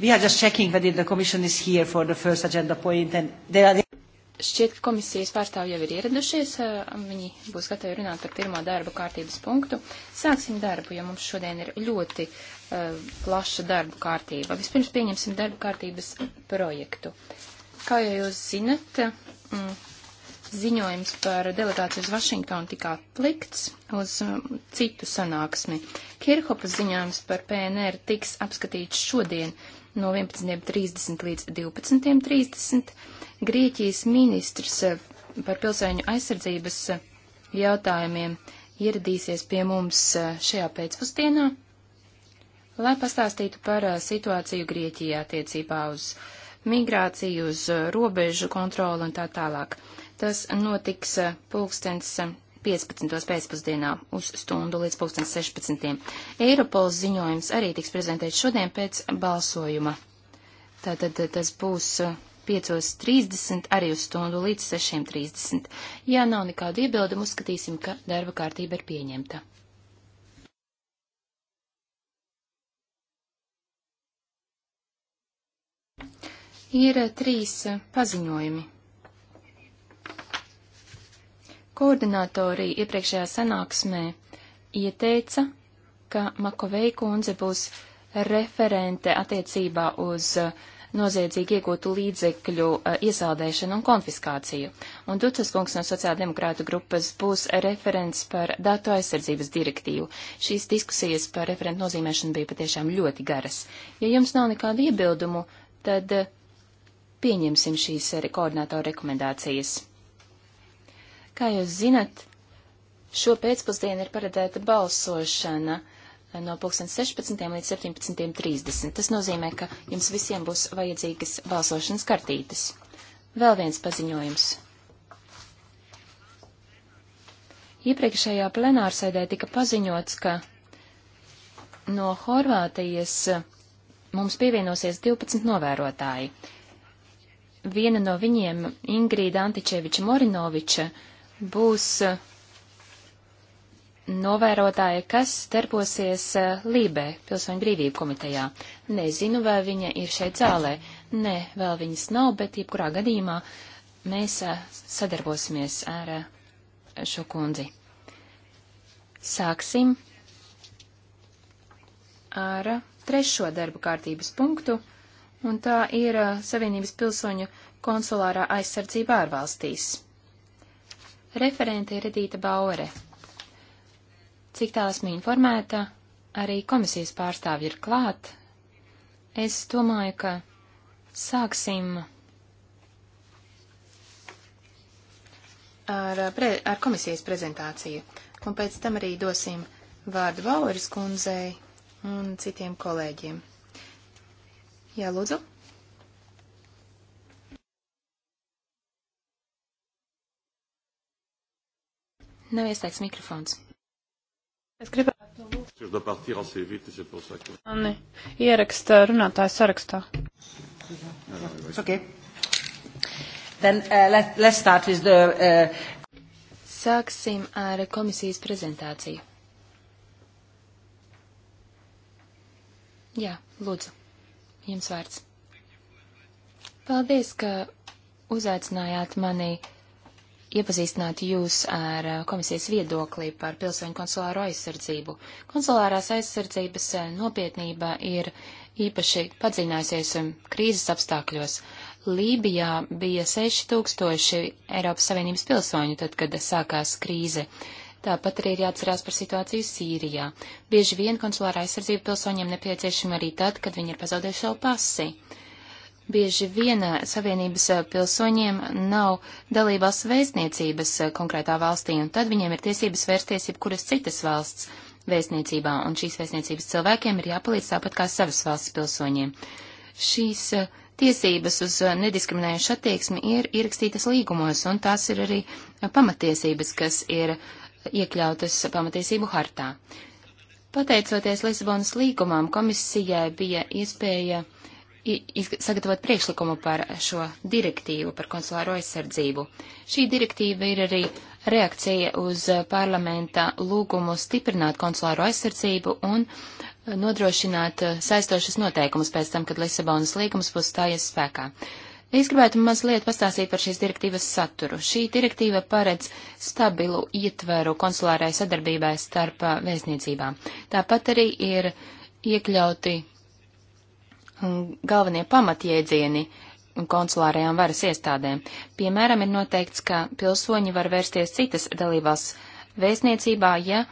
We are just checking whether the commission is here for the first agenda point and there are Šķiet, ka komisijas pārstāvji jau ir ieradušies, eh, viņi būs gatavi runāt par pirmo darba kārtības punktu. Sāksim darbu, jo mums šodien ir ļoti uh, plaša darba kārtība. Vispirms pieņemsim darba kārtības projektu. Kā jau jūs zinat, mm, ziņojums par delegāciju uz Vašingtonu tika atlikts uz um, citu sanāksmi. Kirhopas ziņojums par PNR tiks apskatīts šodien. Uh, no 11.30 līdz 12.30. Grieķijas ministrs eh, par pilsēņu aizsardzības eh, jautājumiem ieradīsies pie mums eh, šajā pēcpusdienā, lai pastāstītu par situāciju Grieķijā attiecībā uz migrāciju, uz robežu kontroli un tā tālāk. Tas notiks pulkstens 15. pēcpusdienā uz stundu līdz 16. Eiropols ziņojums arī tiks prezentēts šodien pēc balsojuma. Tātad eh, tas būs 5.30 eh, arī uz stundu līdz 6.30. Ja nav nekādu iebildumu, uzskatīsim, ka darba kārtība ir pieņemta. Ir eh, trīs paziņojumi. Koordinatori iepriekšējā sanāksmē ieteica, ka Makovei kundze būs referente attiecībā uz uh, noziedzīgi iegūtu līdzekļu uh, iesaldēšanu un konfiskāciju. Un Ducas kungs no sociāldemokrātu grupas būs referents par datu aizsardzības direktīvu. Šīs diskusijas par referentu nozīmēšanu bija patiešām ļoti garas. Ja jums nav nekādu iebildumu, tad uh, pieņemsim šīs koordinātoru rekomendācijas. Kā jūs zinat, šo pēcpusdienu ir paredzēta balsošana no 16. līdz 17.30. Tas nozīmē, ka jums visiem būs vajadzīgas balsošanas kartītes. Vēl viens paziņojums. Iepriekšējā plenārsēdē tika paziņots, ka no Horvātijas mums pievienosies 12 novērotāji. Viena no viņiem, Ingrīda Antičeviča Morinoviča, uh, būs eh, novērotāja, kas darbosies eh, Lībē, Pilsoņu brīvību komitejā. Nezinu, vai viņa ir šeit zālē. Nē, vēl viņas nav, bet jebkurā gadījumā mēs eh, sadarbosimies ar šo kundzi. Sāksim ar trešo darba kārtības punktu, un tā ir Savienības pilsoņu konsulārā aizsardzība ārvalstīs. Referente ir Edīta Bauere. Cik tā esmu informēta, arī komisijas pārstāvji ir klāt. Es domāju, ka sāksim ar, pre, ar komisijas prezentāciju, un pēc tam arī dosim vārdu Baueres kundzei un citiem kolēģiem. Jā, lūdzu. Nav ieslēgts mikrofons. Es gribētu lūgt. Mani ieraksta runātāju sarakstā. Okay. Then, uh, let, let's start with the, uh... Sāksim ar komisijas prezentāciju. Jā, lūdzu, jums vārds. Paldies, ka uzaicinājāt mani uh, iepazīstināt jūs ar eh, komisijas viedoklī par pilsoņu konsulāro aizsardzību. Konsulārās aizsardzības eh, nopietnība ir īpaši padziļinājusies um, krīzes apstākļos. Lībijā bija 6000 Eiropas Savienības pilsoņu, tad, kad sākās krīze. Tāpat arī ir jāatcerās par situāciju Sīrijā. Bieži vien konsulāra aizsardzība pilsoņiem nepieciešama arī tad, kad viņi ir pazaudējuši savu pasi. Bieži vien eh, Savienības eh, pilsoņiem nav dalībās vēstniecības eh, konkrētā valstī, un tad viņiem ir tiesības vērsties jebkuras citas valsts vēstniecībā, un šīs vēstniecības cilvēkiem ir jāpalīdz tāpat kā savas valsts pilsoņiem. Šīs tiesības uz nediskriminējušu attieksmi ir ierakstītas līgumos, un tās ir arī pamatiesības, kas ir iekļautas pamatiesību hartā. Pateicoties Lisabonas līgumām, komisijai bija iespēja uh, sagatavot priekšlikumu par šo direktīvu par konsulāro aizsardzību. Šī direktīva ir arī reakcija uz parlamenta lūgumu stiprināt konsulāro aizsardzību un eh, nodrošināt eh, saistošas noteikumus pēc tam, kad Lisabonas līgums būs stājies spēkā. Es gribētu mazliet pastāstīt par šīs direktīvas saturu. Šī direktīva paredz stabilu ietveru konsulārai sadarbībai starp eh, vēstniecībām. Tāpat arī ir iekļauti Mm, galvenie pamatjēdzieni konsulārajām varas iestādēm. Piemēram, ir noteikts, ka pilsoņi var vērsties citas dalībās vēstniecībā, ja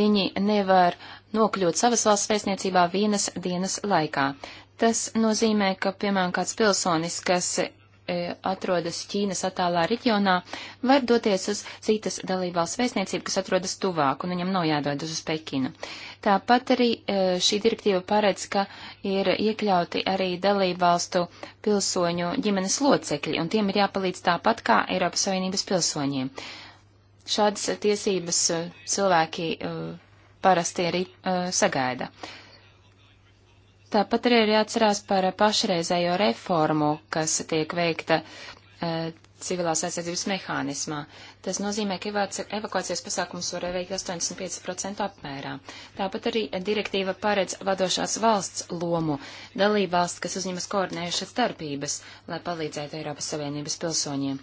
viņi nevar nokļūt savas valsts vēstniecībā vienas dienas laikā. Tas nozīmē, ka, piemēram, kāds pilsonis, kas E, atrodas Ķīnas attālā reģionā, var doties uz citas dalībvalsts vēstniecību, kas atrodas tuvāk, un viņam nav jādodas uz Pekinu. Tāpat arī e, šī direktīva paredz, ka ir iekļauti arī dalībvalstu pilsoņu ģimenes locekļi, un tiem ir jāpalīdz tāpat kā Eiropas Savienības pilsoņiem. Šādas tiesības e, cilvēki parasti arī sagaida. Tāpat arī ir jāatcerās par pašreizējo reformu, kas tiek veikta e, civilās aizsardzības mehānismā. Tas nozīmē, ka evakuācijas pasākums var veikt 85% apmērā. Tāpat arī direktīva paredz vadošās valsts lomu, dalībvalsts, kas uzņemas koordinējušas darbības, lai palīdzētu Eiropas Savienības pilsoņiem.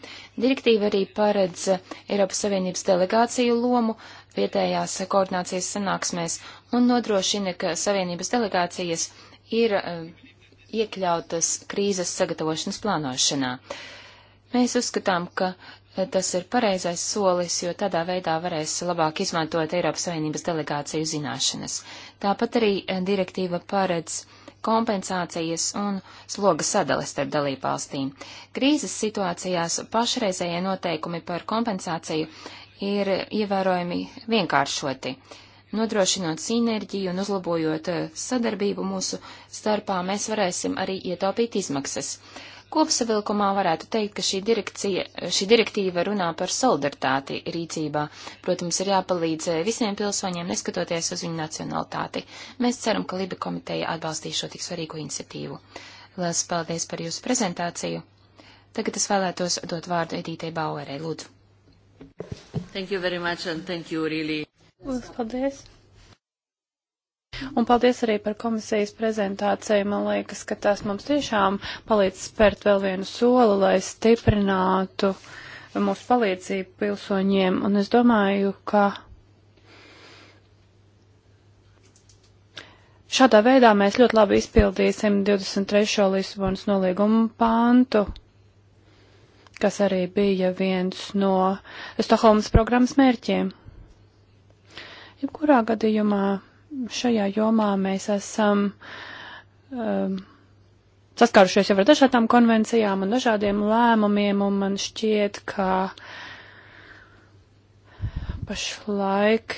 Direktīva arī paredz Eiropas Savienības delegāciju lomu vietējās koordinācijas sanāksmēs un nodrošina, ka Savienības delegācijas ir e, iekļautas krīzes sagatavošanas plānošanā. Mēs uzskatām, ka e, tas ir pareizais solis, jo tādā veidā varēs labāk izmantot Eiropas Savienības delegāciju zināšanas. Tāpat arī e, direktīva paredz kompensācijas un sloga sadales starp dalībvalstīm. Krīzes situācijās pašreizējie noteikumi par kompensāciju ir ievērojami vienkāršoti. Uh, nodrošinot sinerģiju un uzlabojot eh, sadarbību mūsu starpā, mēs varēsim arī ietaupīt izmaksas. Kopsavilkumā varētu teikt, ka šī, šī direktīva runā par solidaritāti rīcībā. Protams, ir jāpalīdz eh, visiem pilsoņiem, neskatoties uz viņu nacionalitāti. Mēs ceram, ka Liba komiteja atbalstīs šo tik svarīgo iniciatīvu. Lielas paldies par jūsu prezentāciju. Tagad es vēlētos dot vārdu Edītei Bauerei. Lūdzu. Thank you very much and thank you really. Lūdzu, paldies! Un paldies arī par komisijas prezentāciju. Man liekas, ka tas mums tiešām palīdz spērt vēl vienu soli, lai stiprinātu mūsu palīdzību pilsoņiem. Un es domāju, ka šādā veidā mēs ļoti labi izpildīsim 23. Lisabonas nolīgumu pāntu kas arī bija viens no Stokholmas programmas mērķiem. Jebkurā gadījumā šajā jomā mēs esam um, saskārušies jau ar dažādām konvencijām un dažādiem lēmumiem, un man šķiet, ka pašlaik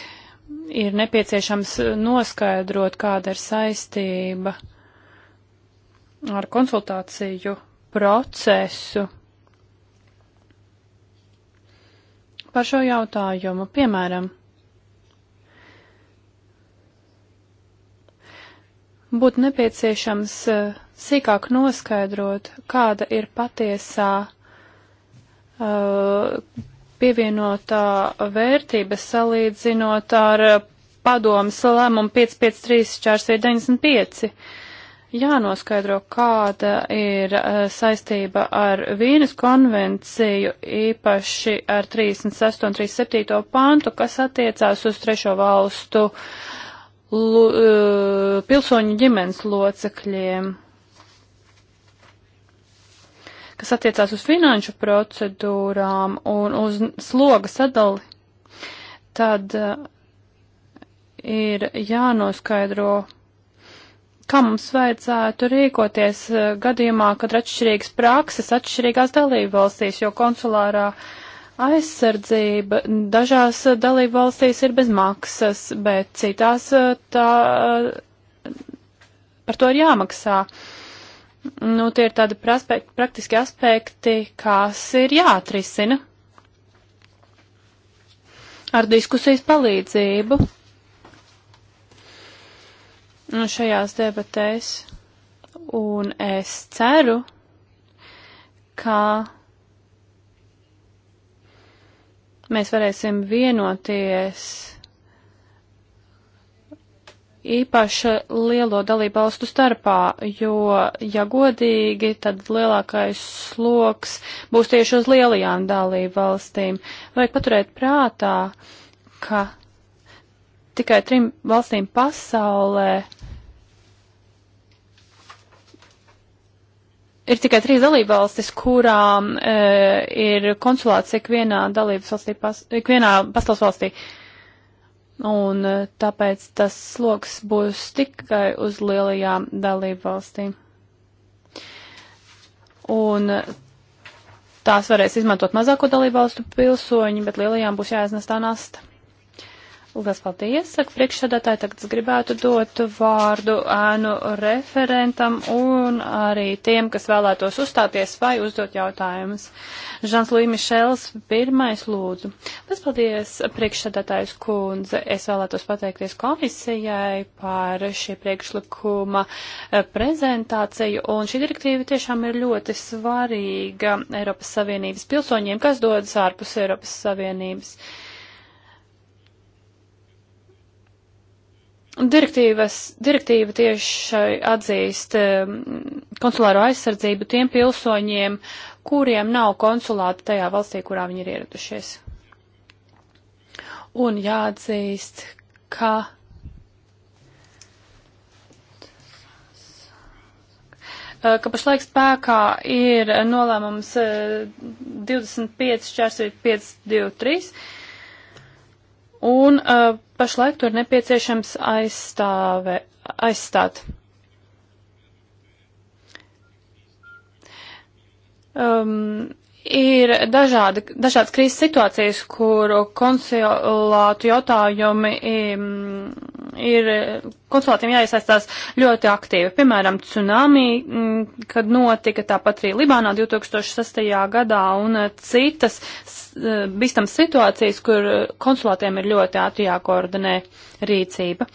ir nepieciešams noskaidrot, kāda ir saistība ar konsultāciju procesu par šo jautājumu. Piemēram, būtu nepieciešams eh, sīkāk noskaidrot, kāda ir patiesā eh, pievienotā vērtība salīdzinot ar eh, padomas lēmumu 553-495. Jānoskaidro, kāda ir saistība ar Vīnes konvenciju, īpaši ar 38. un 37. pantu, kas attiecās uz trešo valstu uh, E, pilsoņu ģimenes locekļiem, kas attiecās uz finanšu procedūrām un uz sloga sadali, tad e, ir jānoskaidro, kā mums vajadzētu rīkoties e, gadījumā, kad ir atšķirīgas prakses atšķirīgās dalībvalstīs, jo konsulārā uh, Aizsardzība dažās dalību valstīs ir bez maksas, bet citās uh, tā, uh, par to ir jāmaksā. Nu, tie ir tādi praspekt, praktiski aspekti, kas ir jāatrisina ar diskusijas palīdzību nu, šajās debatēs. Un es ceru, ka mēs varēsim vienoties īpaši lielo dalību valstu starpā, jo, ja godīgi, tad lielākais sloks būs tieši uz lielajām dalību valstīm. Vajag paturēt prātā, ka tikai trim valstīm pasaulē ir tikai trīs dalībvalstis, kurām e, ir konsulāts ikvienā dalības valstī, pas, ikvienā pasaules valstī. Un e, tāpēc tas sloks būs tikai uz lielajām dalībvalstīm. Un e, tās varēs izmantot mazāko dalībvalstu pilsoņi, bet lielajām būs jāiznes tā nasta. Lielas paldies, saka priekšsēdētāji, tagad es gribētu dot vārdu ēnu referentam un arī tiem, kas vēlētos uzstāties vai uzdot jautājumus. Žans Lui Mišels, pirmais lūdzu. Lielas paldies, priekšsēdētājs kundze, es vēlētos pateikties komisijai par šī priekšlikuma eh, prezentāciju un šī direktīva tiešām ir ļoti svarīga Eiropas Savienības pilsoņiem, kas dodas ārpus Eiropas Savienības. Uh, Direktīvas, direktīva tieši atzīst ehm, konsulāro aizsardzību tiem pilsoņiem, kuriem nav konsulāta tajā valstī, kurā viņi ir ieradušies. Un jāatzīst, ka eh, ka pašlaik spēkā ir nolēmums 25, 45, 23, un eh, pašlaik to ir nepieciešams aizstāve, aizstāt. Um, ir dažādi, dažādas krīzes situācijas, kur konsulātu jautājumi ir, mm, ir konsulātiem jāiesaistās ļoti aktīvi. Piemēram, tsunami, mm, kad notika tāpat arī Libānā 2006. gadā un citas bīstams situācijas, kur konsulātiem ir ļoti ātri jākoordinē rīcība.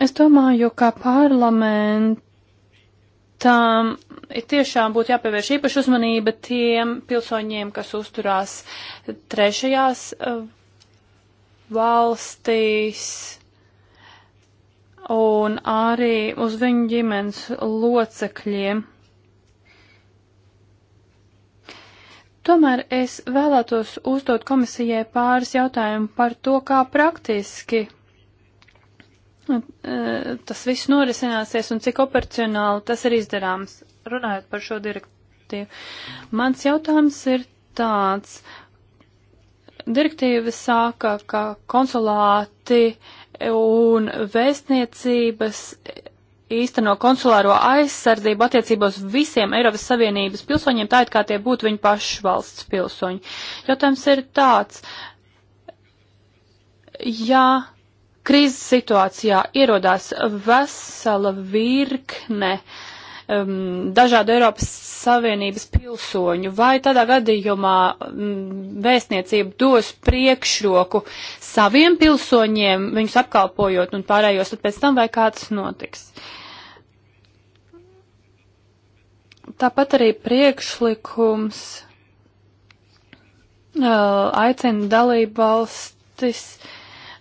Es domāju, ka parlamentam tiešām būtu jāpievērš īpaši uzmanība tiem pilsoņiem, kas uzturās trešajās eh, valstīs un arī uz viņu ģimenes locekļiem. Tomēr es vēlētos uzdot komisijai pāris jautājumu par to, kā praktiski eh, tas viss norisināsies un cik operacionāli tas ir izdarāms runājot par šo direktīvu. Mans jautājums ir tāds. Direktīva sāka, ka konsulāti un vēstniecības īsteno konsulāro aizsardzību attiecībos visiem Eiropas Savienības pilsoņiem, tā it kā tie būtu viņu pašu valsts pilsoņi. Jautājums ir tāds, ja krīzes situācijā ierodās vesela virkne uh, um, dažādu Eiropas Savienības pilsoņu, vai tādā gadījumā um, vēstniecība dos priekšroku saviem pilsoņiem, viņus apkalpojot un pārējos, tad pēc tam vai kā tas notiks? Tāpat arī priekšlikums uh, aicina dalību valstis uh,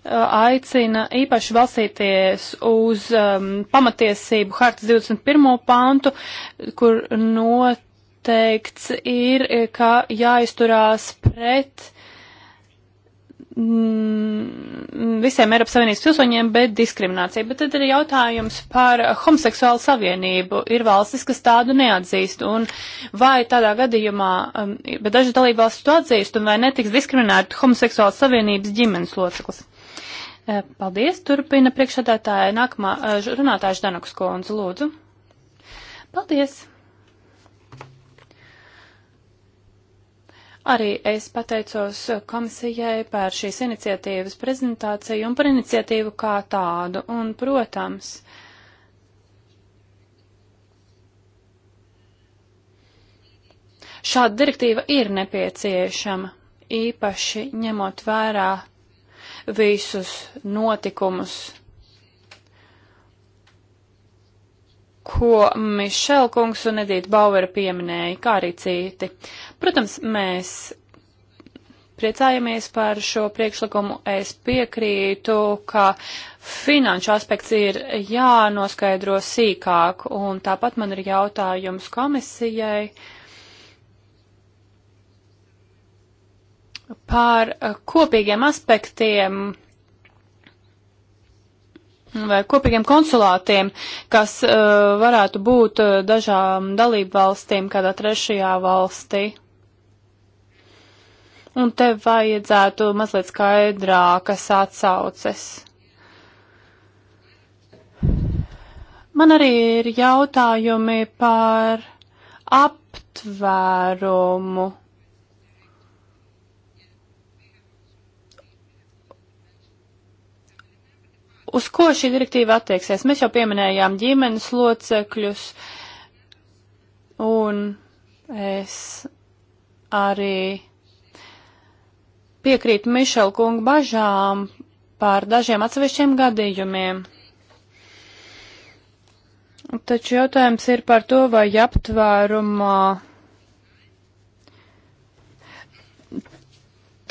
aicina īpaši balstīties uz um, pamatiesību hartas 21. pantu, kur noteikts ir, ka jāizturās pret mm, visiem Eiropas Savienības pilsoņiem, bet diskriminācija. Bet tad ir jautājums par homoseksuālu savienību. Ir valstis, kas tādu neatzīst, un vai tādā gadījumā, um, bet daži dalībvalstis to atzīst, un vai netiks diskriminēta homoseksuālas savienības ģimenes loceklis? Eh, paldies, turpina priekšsēdētāja nākamā eh, runātāja Ždanuks Kolons, lūdzu. Paldies. Arī es pateicos komisijai par šīs iniciatīvas prezentāciju un par iniciatīvu kā tādu. Un, protams, šāda direktīva ir nepieciešama, īpaši ņemot vērā visus notikumus, ko Mišela kungs un Edita Bauera pieminēja, kā arī citi. Protams, mēs priecājamies par šo priekšlikumu. Es piekrītu, ka finanšu aspekts ir jānoskaidro sīkāk, un tāpat man ir jautājums komisijai. Uh, par eh, kopīgiem aspektiem vai kopīgiem konsulātiem, kas uh, varētu būt uh, dažām dalību valstīm kādā trešajā valstī. Un te vajadzētu mazliet skaidrākas atsauces. Man arī ir jautājumi par aptvērumu Uz ko šī direktīva attieksies? Mēs jau pieminējām ģimenes locekļus, un es arī piekrītu Mišela kungu bažām par dažiem atsevišķiem gadījumiem. Taču jautājums ir par to, vai aptvērumā. Uh,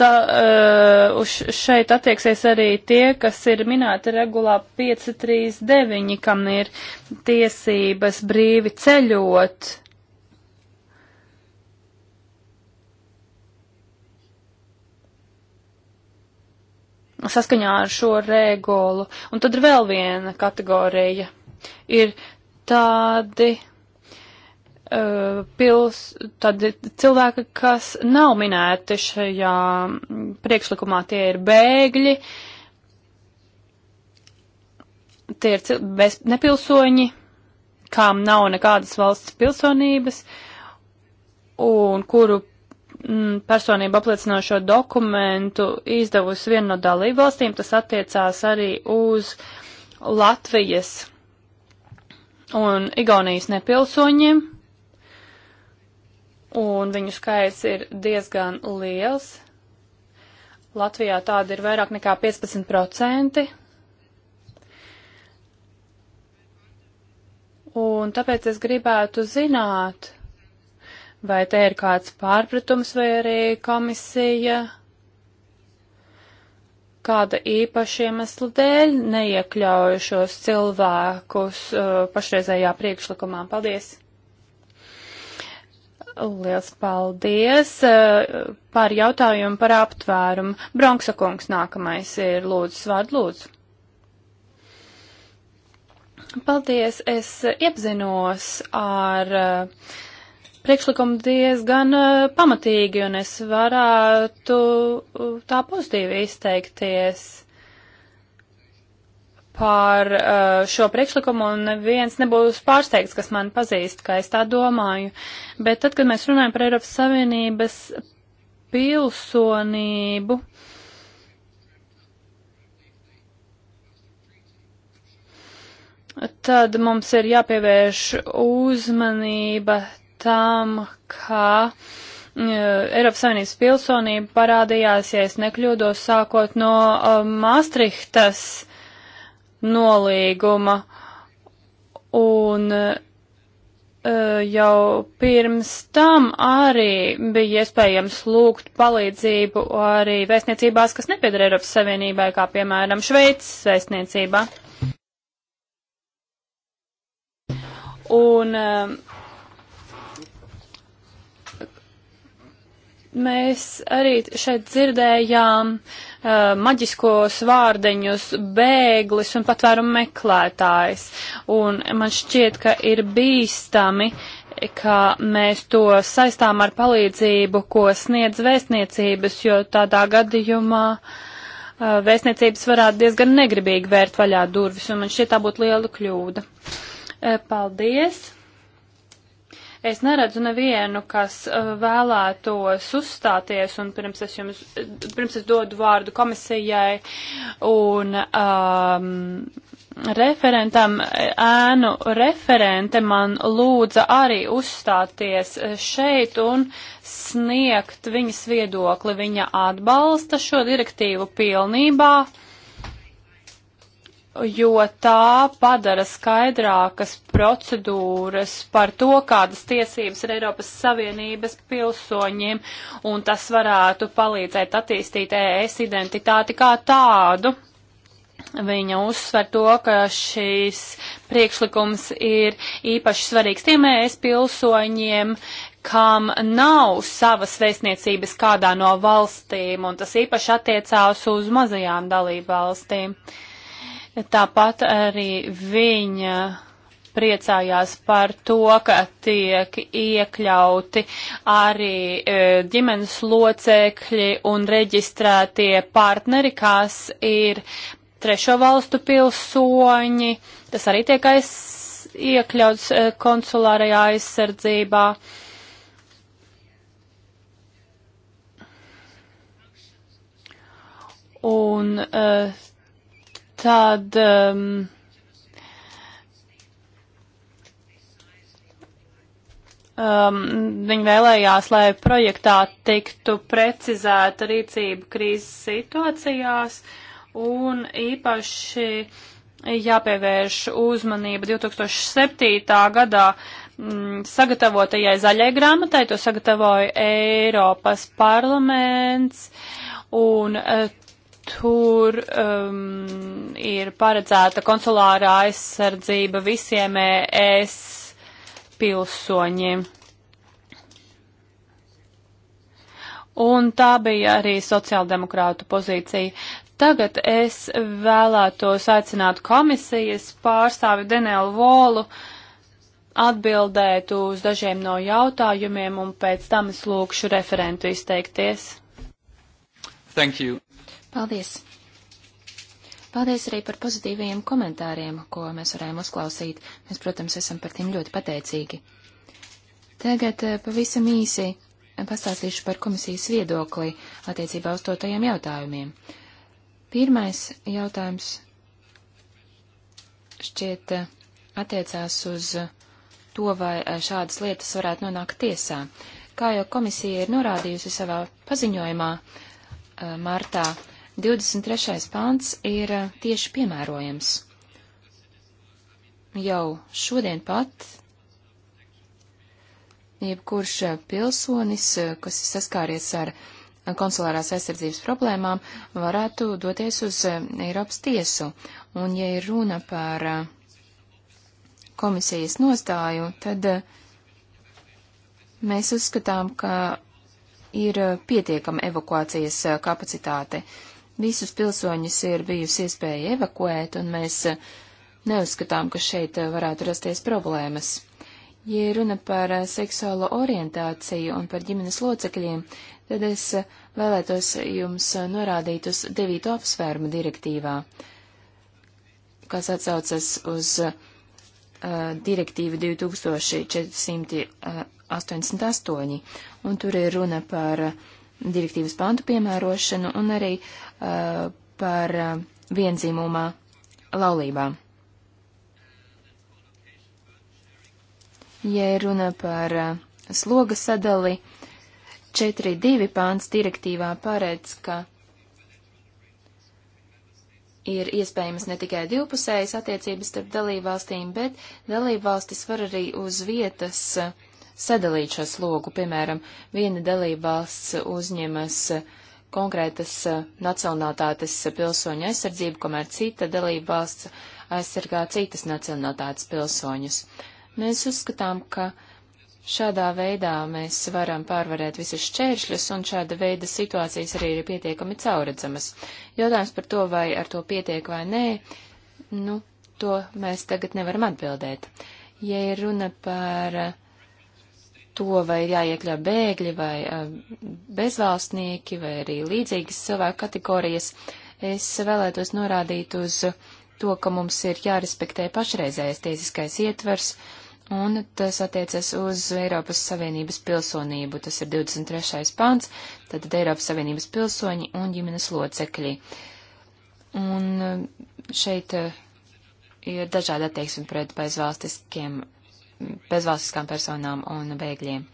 tā, eh, uz šeit attieksies arī tie, kas ir minēti regulā 539, kam ir tiesības brīvi ceļot. Saskaņā ar šo regulu. Un tad ir vēl viena kategorija. Ir tādi Uh, pils, tad cilvēki, kas nav minēti šajā priekšlikumā, tie ir bēgļi, tie ir bez, nepilsoņi, kām nav nekādas valsts pilsonības un kuru mm, personību apliecinošo dokumentu izdevusi viena no dalībvalstīm, tas attiecās arī uz Latvijas un Igaunijas nepilsoņiem un viņu skaits ir diezgan liels. Latvijā tāda ir vairāk nekā 15%. Un tāpēc es gribētu zināt, vai te ir kāds pārpratums vai arī komisija kāda īpaša iemesla dēļ neiekļauju šos cilvēkus uh, pašreizējā priekšlikumā. Paldies! Liels paldies eh, par jautājumu par aptvērumu. Bronksa kungs nākamais ir lūdzu svārdu lūdzu. Paldies, es iepzinos ar eh, priekšlikumu diezgan eh, pamatīgi un es varētu tā pozitīvi izteikties par uh, šo priekšlikumu, un neviens nebūs pārsteigts, kas mani pazīst, ka es tā domāju. Bet tad, kad mēs runājam par Eiropas Savienības pilsonību, tad mums ir jāpievērš uzmanība tam, kā uh, eh, Eiropas Savienības pilsonība parādījās, ja es nekļūdos, sākot no uh, Maastrichtas nolīguma un e, jau pirms tam arī bija iespējams lūgt palīdzību arī vēstniecībās, kas nepiedara Eiropas Savienībai, kā piemēram Šveices vēstniecībā. Un e, mēs arī šeit dzirdējām uh, Uh, maģiskos vārdeņus bēglis un patvērumu meklētājs. Un man šķiet, ka ir bīstami, ka mēs to saistām ar palīdzību, ko sniedz vēstniecības, jo tādā gadījumā uh, vēstniecības varētu diezgan negribīgi vērt vaļā durvis, un man šķiet tā būtu liela kļūda. Uh, paldies! Es neredzu nevienu, kas uh, vēlētos uzstāties, un pirms es jums, pirms es dodu vārdu komisijai un um, referentam, ēnu referente man lūdza arī uzstāties šeit un sniegt viņas viedokli. Viņa atbalsta šo direktīvu pilnībā jo tā padara skaidrākas procedūras par to, kādas tiesības ir Eiropas Savienības pilsoņiem, un tas varētu palīdzēt attīstīt ES identitāti kā tādu. Viņa uzsver to, ka šīs priekšlikums ir īpaši svarīgs tiem ES pilsoņiem, kam nav savas vēstniecības kādā no valstīm, un tas īpaši attiecās uz mazajām dalību valstīm. Uh, Tāpat arī viņa priecājās par to, ka tiek iekļauti arī e, ģimenes locekļi un reģistrētie partneri, kas ir trešo valstu pilsoņi. Tas arī tiek aiz, iekļauts e, konsulārajā aizsardzībā. Un uh, tad. Um, Um, viņi vēlējās, lai projektā tiktu precizēta rīcība krīzes situācijās un īpaši jāpievērš uzmanība 2007. gadā mm, sagatavotajai zaļai grāmatai, to sagatavoja Eiropas parlaments un eh, tur um, ir paredzēta konsulārā aizsardzība visiem ES pilsoņiem. Un tā bija arī sociāldemokrātu pozīcija. Tagad es vēlētos aicināt komisijas pārstāvi Denēlu Volu atbildēt uz dažiem no jautājumiem, un pēc tam es lūkšu referentu izteikties. Thank you. Paldies! Paldies arī par pozitīvajiem komentāriem, ko mēs varējām uzklausīt. Mēs, protams, esam par tiem ļoti pateicīgi. Tagad eh, pavisam īsi eh, pastāstīšu par komisijas viedokli attiecībā uz to tajiem jautājumiem. Pirmais jautājums šķiet eh, attiecās uz to, vai šādas lietas varētu nonākt tiesā. Kā jau komisija ir norādījusi savā paziņojumā martā, 23. pāns ir eh, tieši piemērojams. Jau šodien pat jebkurš eh, pilsonis, eh, kas ir saskāries ar konsulārās aizsardzības problēmām, varētu doties uz Eiropas tiesu. Un, ja ir runa par komisijas nostāju, tad mēs uzskatām, ka ir pietiekama evakuācijas kapacitāte. Uh, Visus pilsoņus ir bijusi iespēja evakuēt, un mēs eh, neuzskatām, ka šeit eh, varētu rasties problēmas. Ja runa par eh, seksuālo orientāciju un par ģimenes locekļiem, tad es vēlētos jums norādīt uz devīto apsvērumu direktīvā, kas atsaucas uz uh, direktīvu 2488, un tur ir runa par uh, direktīvas pantu piemērošanu un arī uh, par uh, vienzīmumā laulībām. Ja runa par uh, sloga sadali, 4.2. pāns direktīvā paredz, ka ir iespējams ne tikai divpusējas attiecības starp dalībvalstīm, bet dalībvalstis var arī uz vietas uh, sadalīt šo slogu. Piemēram, viena dalībvalsts uzņemas konkrētas eh, nacionālitātes pilsoņu aizsardzību, kamēr cita dalībvalsts aizsargā citas nacionālitātes pilsoņus. Mēs uzskatām, ka šādā veidā mēs varam pārvarēt visas šķēršļus, un šāda veida situācijas arī ir pietiekami cauredzamas. Jautājums par to, vai ar to pietiek vai nē, nu, to mēs tagad nevaram atbildēt. Ja ir runa par to, vai ir jāiekļauj bēgļi vai eh, bezvalstnieki vai arī līdzīgas cilvēku kategorijas, es vēlētos norādīt uz to, ka mums ir jārespektē pašreizējais tiesiskais ietvers, un tas attiecas uz Eiropas Savienības pilsonību. Tas ir 23. pants, tad Eiropas Savienības pilsoņi un ģimenes locekļi. Un eh, šeit eh, ir dažāda attieksme pret bezvalstiskiem bezvalstiskām personām un bēgļiem.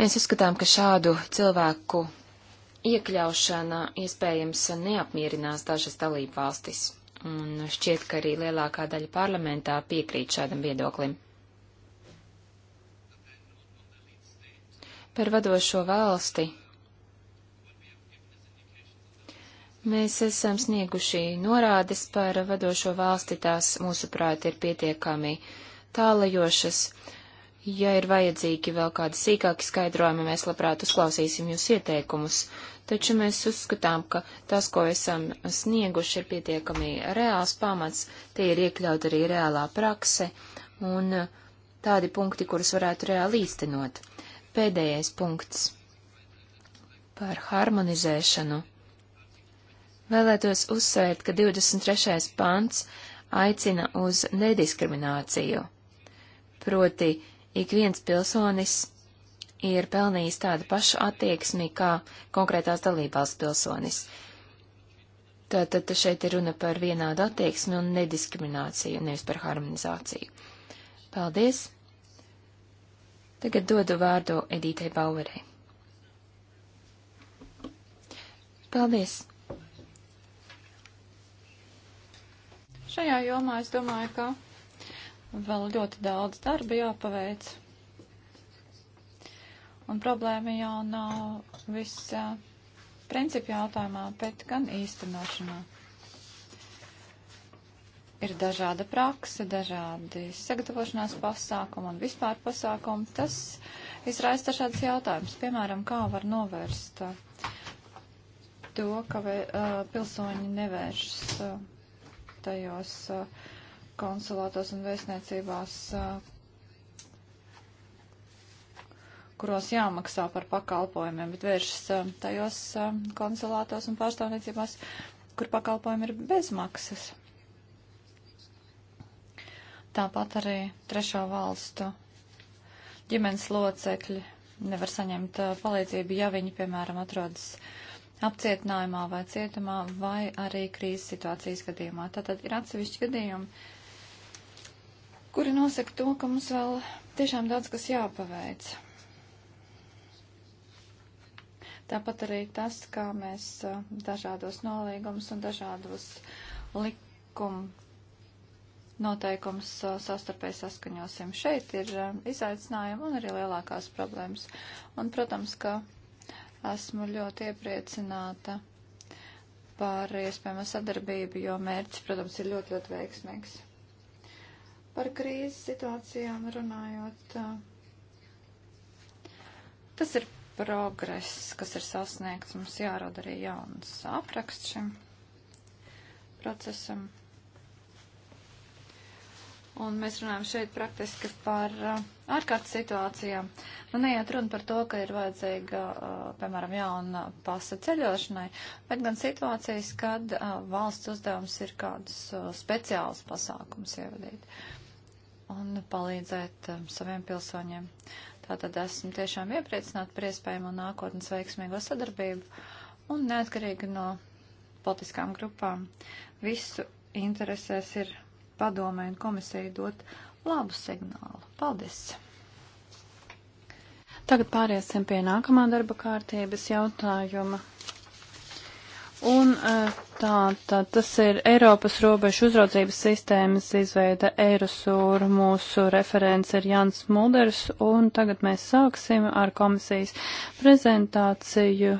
Mēs uzskatām, ka šādu cilvēku iekļaušana iespējams neapmierinās dažas dalību valstis, un šķiet, ka arī lielākā daļa parlamentā piekrīt šādam viedoklim. Par vadošo valsti Mēs esam snieguši norādes par vadošo valsti, tās mūsuprāt ir pietiekami tālajošas. Ja ir vajadzīgi vēl kādi sīkāki skaidrojumi, mēs labprāt uzklausīsim jūs ieteikumus, taču mēs uzskatām, ka tas, ko esam snieguši, ir pietiekami reāls pamats, tie ir iekļaut arī reālā prakse un tādi punkti, kurus varētu reāli īstenot. Pēdējais punkts par harmonizēšanu. Vēlētos uzsvērt, ka 23. pants aicina uz nediskrimināciju. Proti, ik viens pilsonis ir pelnījis tādu pašu attieksmi kā konkrētās dalībvalsts pilsonis. Tātad šeit ir runa par vienādu attieksmi un nediskrimināciju, nevis par harmonizāciju. Paldies! Tagad dodu vārdu Edītei Bauerei. Paldies! Šajā jomā es domāju, ka vēl ļoti daudz darba jāpaveic. Un problēma jau nav viss eh, principu jautājumā, bet gan īstenošanā. Ir dažāda praksa, dažādi sagatavošanās pasākumi un vispār pasākumi. Tas izraisa dažādas jautājumas. Piemēram, kā var novērst eh, to, ka eh, pilsoņi nevēršas tajos konsulātos un vēstniecībās, kuros jāmaksā par pakalpojumiem, bet vēršas tajos konsulātos un pārstāvniecībās, kur pakalpojumi ir bezmaksas. Tāpat arī trešo valstu ģimenes locekļi nevar saņemt palīdzību, ja viņi, piemēram, atrodas uh, apcietinājumā vai cietumā, vai arī krīzes situācijas gadījumā. Tātad ir atsevišķi gadījumi, kuri nosaka to, ka mums vēl tiešām daudz kas jāpaveic. Tāpat arī tas, kā mēs uh, dažādos nolīgumus un dažādos likumu noteikumus uh, sastarpēji saskaņosim. Šeit ir uh, izaicinājumi un arī lielākās problēmas. Un, protams, ka Esmu ļoti iepriecināta par iespējamo sadarbību, jo mērķis, protams, ir ļoti, ļoti veiksmīgs. Par krīzes situācijām runājot, tas ir progress, kas ir sasniegts. Mums jārada arī jauns apraksts šim procesam. Un mēs runājam šeit praktiski par uh, ārkārtas situācijām. Nu, neiet runa par to, ka ir vajadzīga, uh, piemēram, jauna pasa ceļošanai, bet gan situācijas, kad uh, valsts uzdevums ir kādus uh, speciālus pasākums ievadīt un palīdzēt uh, saviem pilsoņiem. Tātad esmu tiešām iepriecināta par iespējamo nākotnes veiksmīgo sadarbību un neatkarīgi no politiskām grupām. Visu interesēs ir padomē un komisiju dot labu signālu. Paldies! Tagad pāriesim pie nākamā darba kārtības jautājuma. Un eh, tā, tā tas ir Eiropas robežu uzraudzības sistēmas izveida Eirosūra. Mūsu referents ir Jans Mulders, un tagad mēs sāksim ar komisijas prezentāciju.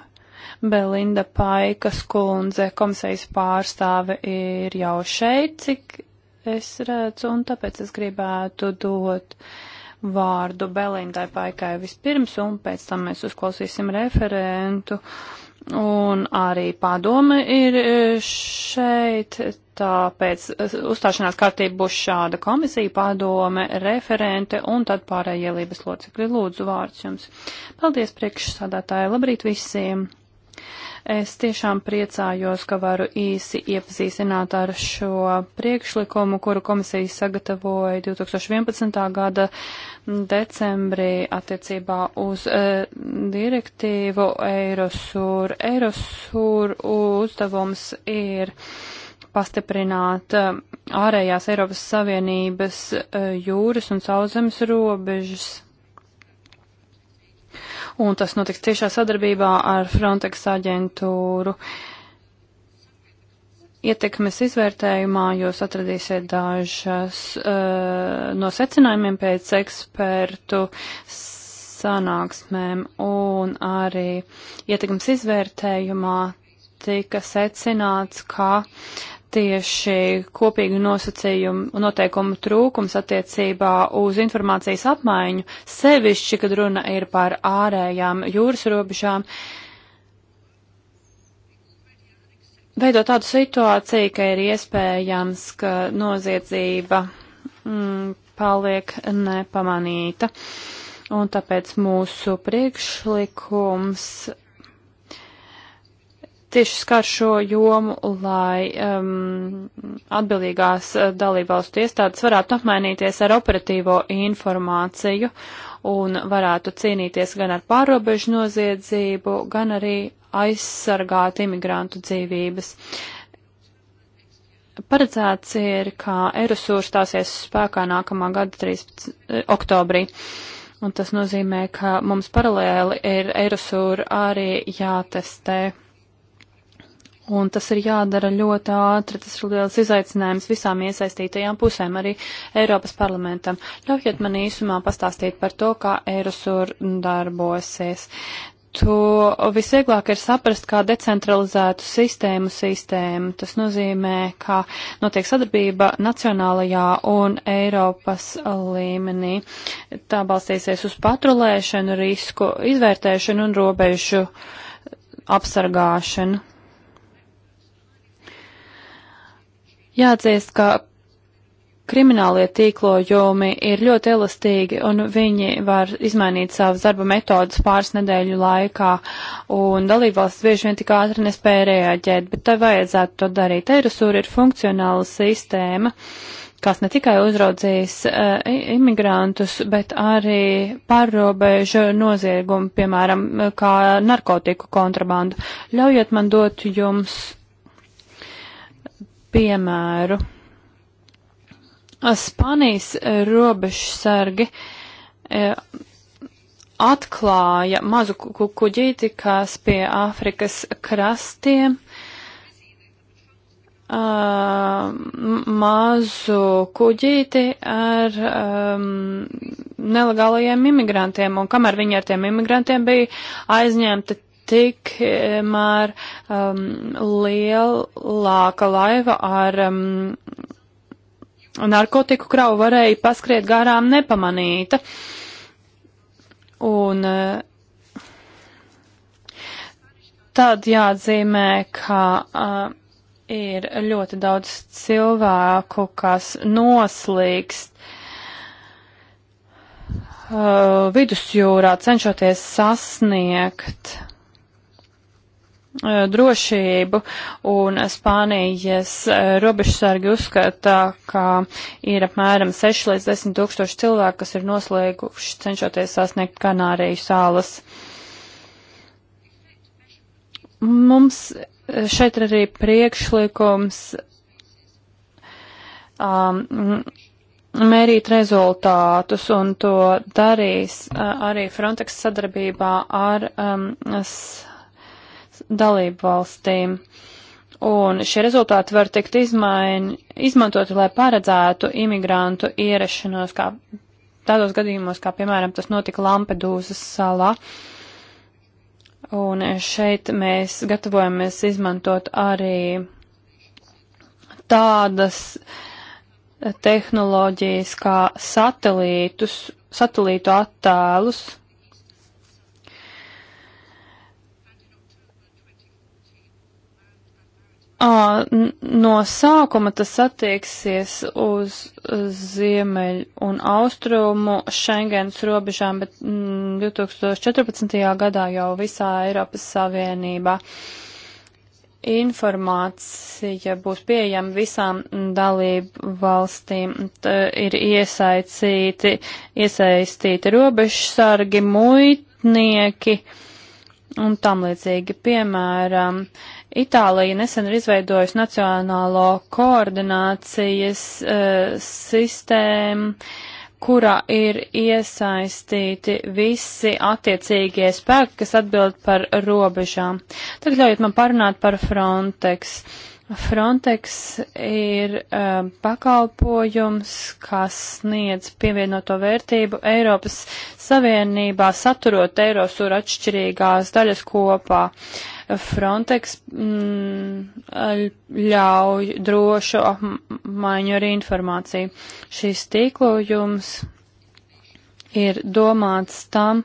Belinda Paikas kundze, komisijas pārstāve, ir jau šeit, cik es redzu, un tāpēc es gribētu dot vārdu Belindai Paikai vispirms, un pēc tam mēs uzklausīsim referentu. Un arī padome ir e, šeit, tāpēc uzstāšanās kārtība būs šāda komisija, padome, referente un tad pārējie lības locekļi. Lūdzu, vārds jums. Paldies priekšsādātāji, labrīt visiem! Es tiešām priecājos, ka varu īsi iepazīstināt ar šo priekšlikumu, kuru komisija sagatavoja 2011. gada decembrī attiecībā uz e, direktīvu Eirosur. Eirosur uzdevums ir pastiprināt e, ārējās Eiropas Savienības e, jūras un sauszemes robežas un tas notiks tiešā sadarbībā ar Frontex aģentūru. Ietekmes izvērtējumā jūs atradīsiet dažas uh, no secinājumiem pēc ekspertu sanāksmēm un arī ietekmes izvērtējumā tika secināts, ka tieši kopīgu nosacījumu un noteikumu trūkums attiecībā uz informācijas apmaiņu, sevišķi, kad runa ir par ārējām jūras robežām, veido tādu situāciju, ka ir iespējams, ka noziedzība mm, paliek nepamanīta. Un tāpēc mūsu priekšlikums tieši skar šo jomu, lai um, atbildīgās uh, dalībvalstu iestādes varētu apmainīties ar operatīvo informāciju un varētu cīnīties gan ar pārobežu noziedzību, gan arī aizsargāt imigrantu dzīvības. Paredzēts ir, ka Erosūra stāsies spēkā nākamā gada 13. Eh, oktobrī. Un tas nozīmē, ka mums paralēli ir Erosūra arī jātestē Un tas ir jādara ļoti ātri, tas ir liels izaicinājums visām iesaistītajām pusēm, arī Eiropas parlamentam. Ļaujiet man īsumā pastāstīt par to, kā Eirosur darbosies. To visvieglāk ir saprast kā decentralizētu sistēmu sistēmu. Tas nozīmē, ka notiek sadarbība nacionālajā un Eiropas līmenī. Tā balstīsies uz patrulēšanu, risku izvērtēšanu un robežu apsargāšanu Jāatzīst, ka kriminālie tīklojumi ir ļoti elastīgi un viņi var izmainīt savas darba metodas pāris nedēļu laikā un dalībvalsts bieži vien tik ātri nespēja reaģēt, bet tai vajadzētu to darīt. Eirosūra ir funkcionāla sistēma kas ne tikai uzraudzīs uh, imigrantus, bet arī pārrobežu noziegumu, piemēram, kā narkotiku kontrabandu. Ļaujiet man dot jums piemēru. Spānijas robežsargi e, atklāja mazu kukuģīti, kas pie Āfrikas krastiem Uh, mazu kuģīti ar um, nelegālajiem imigrantiem, un kamēr viņi ar tiem imigrantiem bija aizņemti tikmēr um, lielāka laiva ar um, narkotiku kravu varēja paskriet garām nepamanīta. Un uh, tad jāatzīmē, ka. Uh, ir ļoti daudz cilvēku, kas noslīkst uh, vidusjūrā, cenšoties sasniegt Eh, drošību, un Spānijas eh, robežsargi uzskata, ka ir apmēram 6 līdz 10 tūkstoši cilvēku, kas ir noslēguši cenšoties sasniegt Kanāriju salas. Mums eh, šeit ir arī priekšlikums um, mērīt rezultātus, un to darīs uh, arī Frontex sadarbībā ar um, s, dalību valstīm. Un šie rezultāti var tikt izmaini, izmantoti, lai paredzētu imigrantu ierašanos kā tādos gadījumos, kā piemēram tas notika Lampedūzas salā. Un šeit mēs gatavojamies izmantot arī tādas tehnoloģijas kā satelītus, satelītu attēlus, No sākuma tas attieksies uz ziemeļu un austrumu Schengens robežām, bet 2014. Mm, gadā jau visā Eiropas Savienībā informācija būs pieejama visām dalību valstīm. Tā ir iesaicīti, iesaistīti robežsargi, muitnieki un tam līdzīgi piemēram. Uh, Itālija nesen ir izveidojusi nacionālo koordinācijas uh, sistēmu, kurā ir iesaistīti visi attiecīgie spēki, kas atbild par robežām. Tagad ļaujiet man parunāt par Frontex. Uh, Frontex ir um, pakalpojums, kas sniedz pievienoto vērtību Eiropas Savienībā, saturot Eirosūra atšķirīgās daļas kopā. Frontex mm, ļauj drošu apmaiņu ar informāciju. Šis tīklojums ir domāts tam,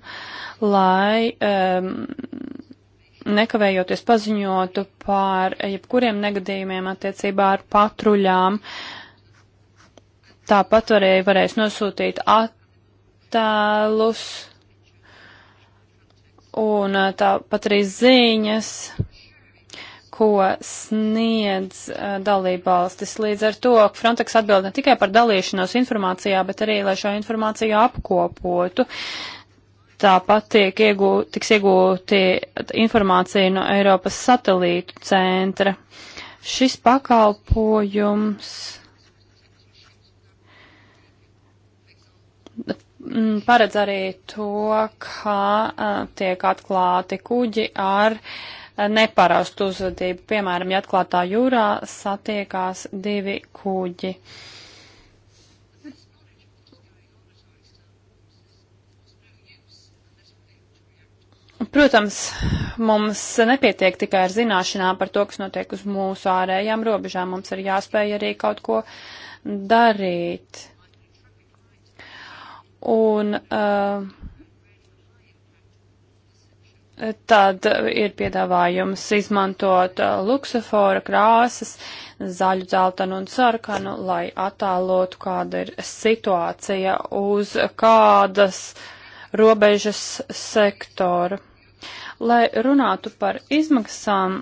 lai um, nekavējoties paziņotu par jebkuriem negadījumiem attiecībā ar patruļām. Tāpat varēja varēs nosūtīt attēlus un uh, tāpat arī ziņas, ko sniedz uh, dalībvalstis. Līdz ar to Frontex atbild ne tikai par dalīšanos informācijā, bet arī, lai šo informāciju apkopotu. Uh, Tāpat tiek iegū, tiks iegūti informācija no Eiropas satelītu centra. Šis pakalpojums mm, paredz arī to, ka tiek atklāti kuģi ar neparastu uzvedību. Piemēram, ja atklātā jūrā satiekās divi kuģi. Uh, Protams, mums nepietiek tikai ar zināšanām par to, kas notiek uz mūsu ārējām robežām. Mums ir jāspēj arī kaut ko darīt. Un uh, tad ir piedāvājums izmantot uh, eh, luksofora krāsas, zaļu, dzeltenu un sarkanu, lai attēlotu, kāda ir situācija uz kādas uh, robežas sektoru. Lai runātu par izmaksām,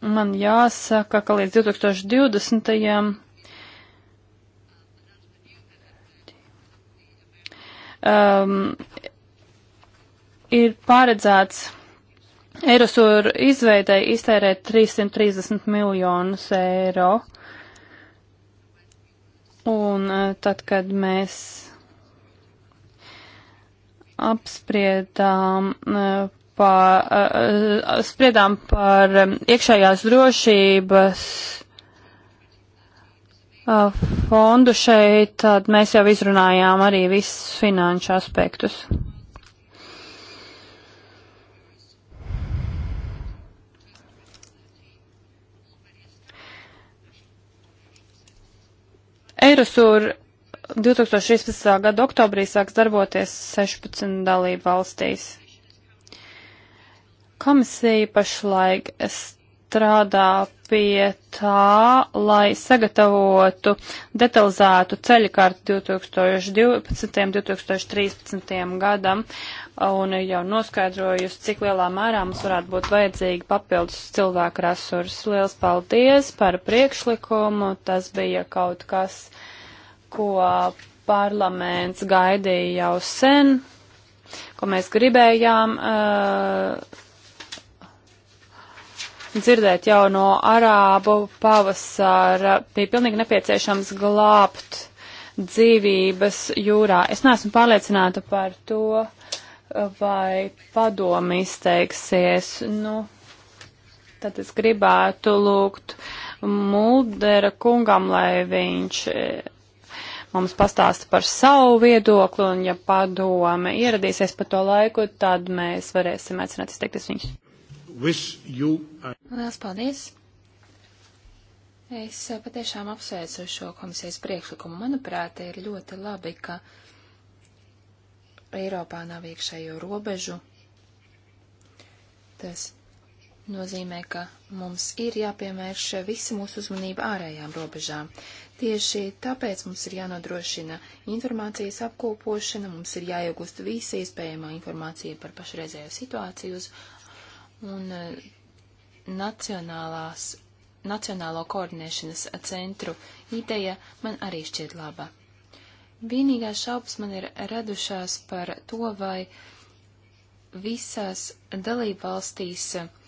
man jāsaka, ka līdz 2020. Um, ir paredzēts Eirosur izveidai iztērēt 330 miljonus eiro. Un uh, tad, kad mēs apspriedām eh, par, eh, eh, spriedām par iekšējās drošības fondu šeit, tad mēs jau izrunājām arī visus finanšu aspektus. Eirosur 2016. gada oktobrī sāks darboties 16 dalību valstīs. Komisija pašlaik strādā pie tā, lai sagatavotu detalizētu ceļu kārtu 2012. un 2013. gadam, un jau noskaidrojusi, cik lielā mērā mums varētu būt vajadzīgi papildus cilvēku resursi. Liels paldies par priekšlikumu, tas bija kaut kas, uh, ko parlaments gaidīja jau sen, ko mēs gribējām uh, dzirdēt jau no arābu pavasara. Bija pilnīgi nepieciešams glābt dzīvības jūrā. Es neesmu pārliecināta par to, vai padomi izteiksies. Nu, tad es gribētu lūgt Muldera kungam, lai viņš mums pastāsta par savu viedokli, un ja padome ieradīsies pa to laiku, tad mēs varēsim aicināt izteikties viņus. Lielas paldies! Es eh, patiešām apsveicu šo komisijas priekšlikumu. Manuprāt, ir ļoti labi, ka Eiropā nav iekšējo robežu. Tas nozīmē, ka mums ir jāpiemērš visa mūsu uzmanība ārējām robežām. Tieši tāpēc mums ir jānodrošina informācijas apkopošana, mums ir jāiegūst visa iespējamā informācija par pašreizējo situāciju un eh, nacionālās, nacionālo koordinēšanas centru ideja man arī šķiet laba. Vienīgās šaubas man ir radušās par to, vai visās dalībvalstīs valstīs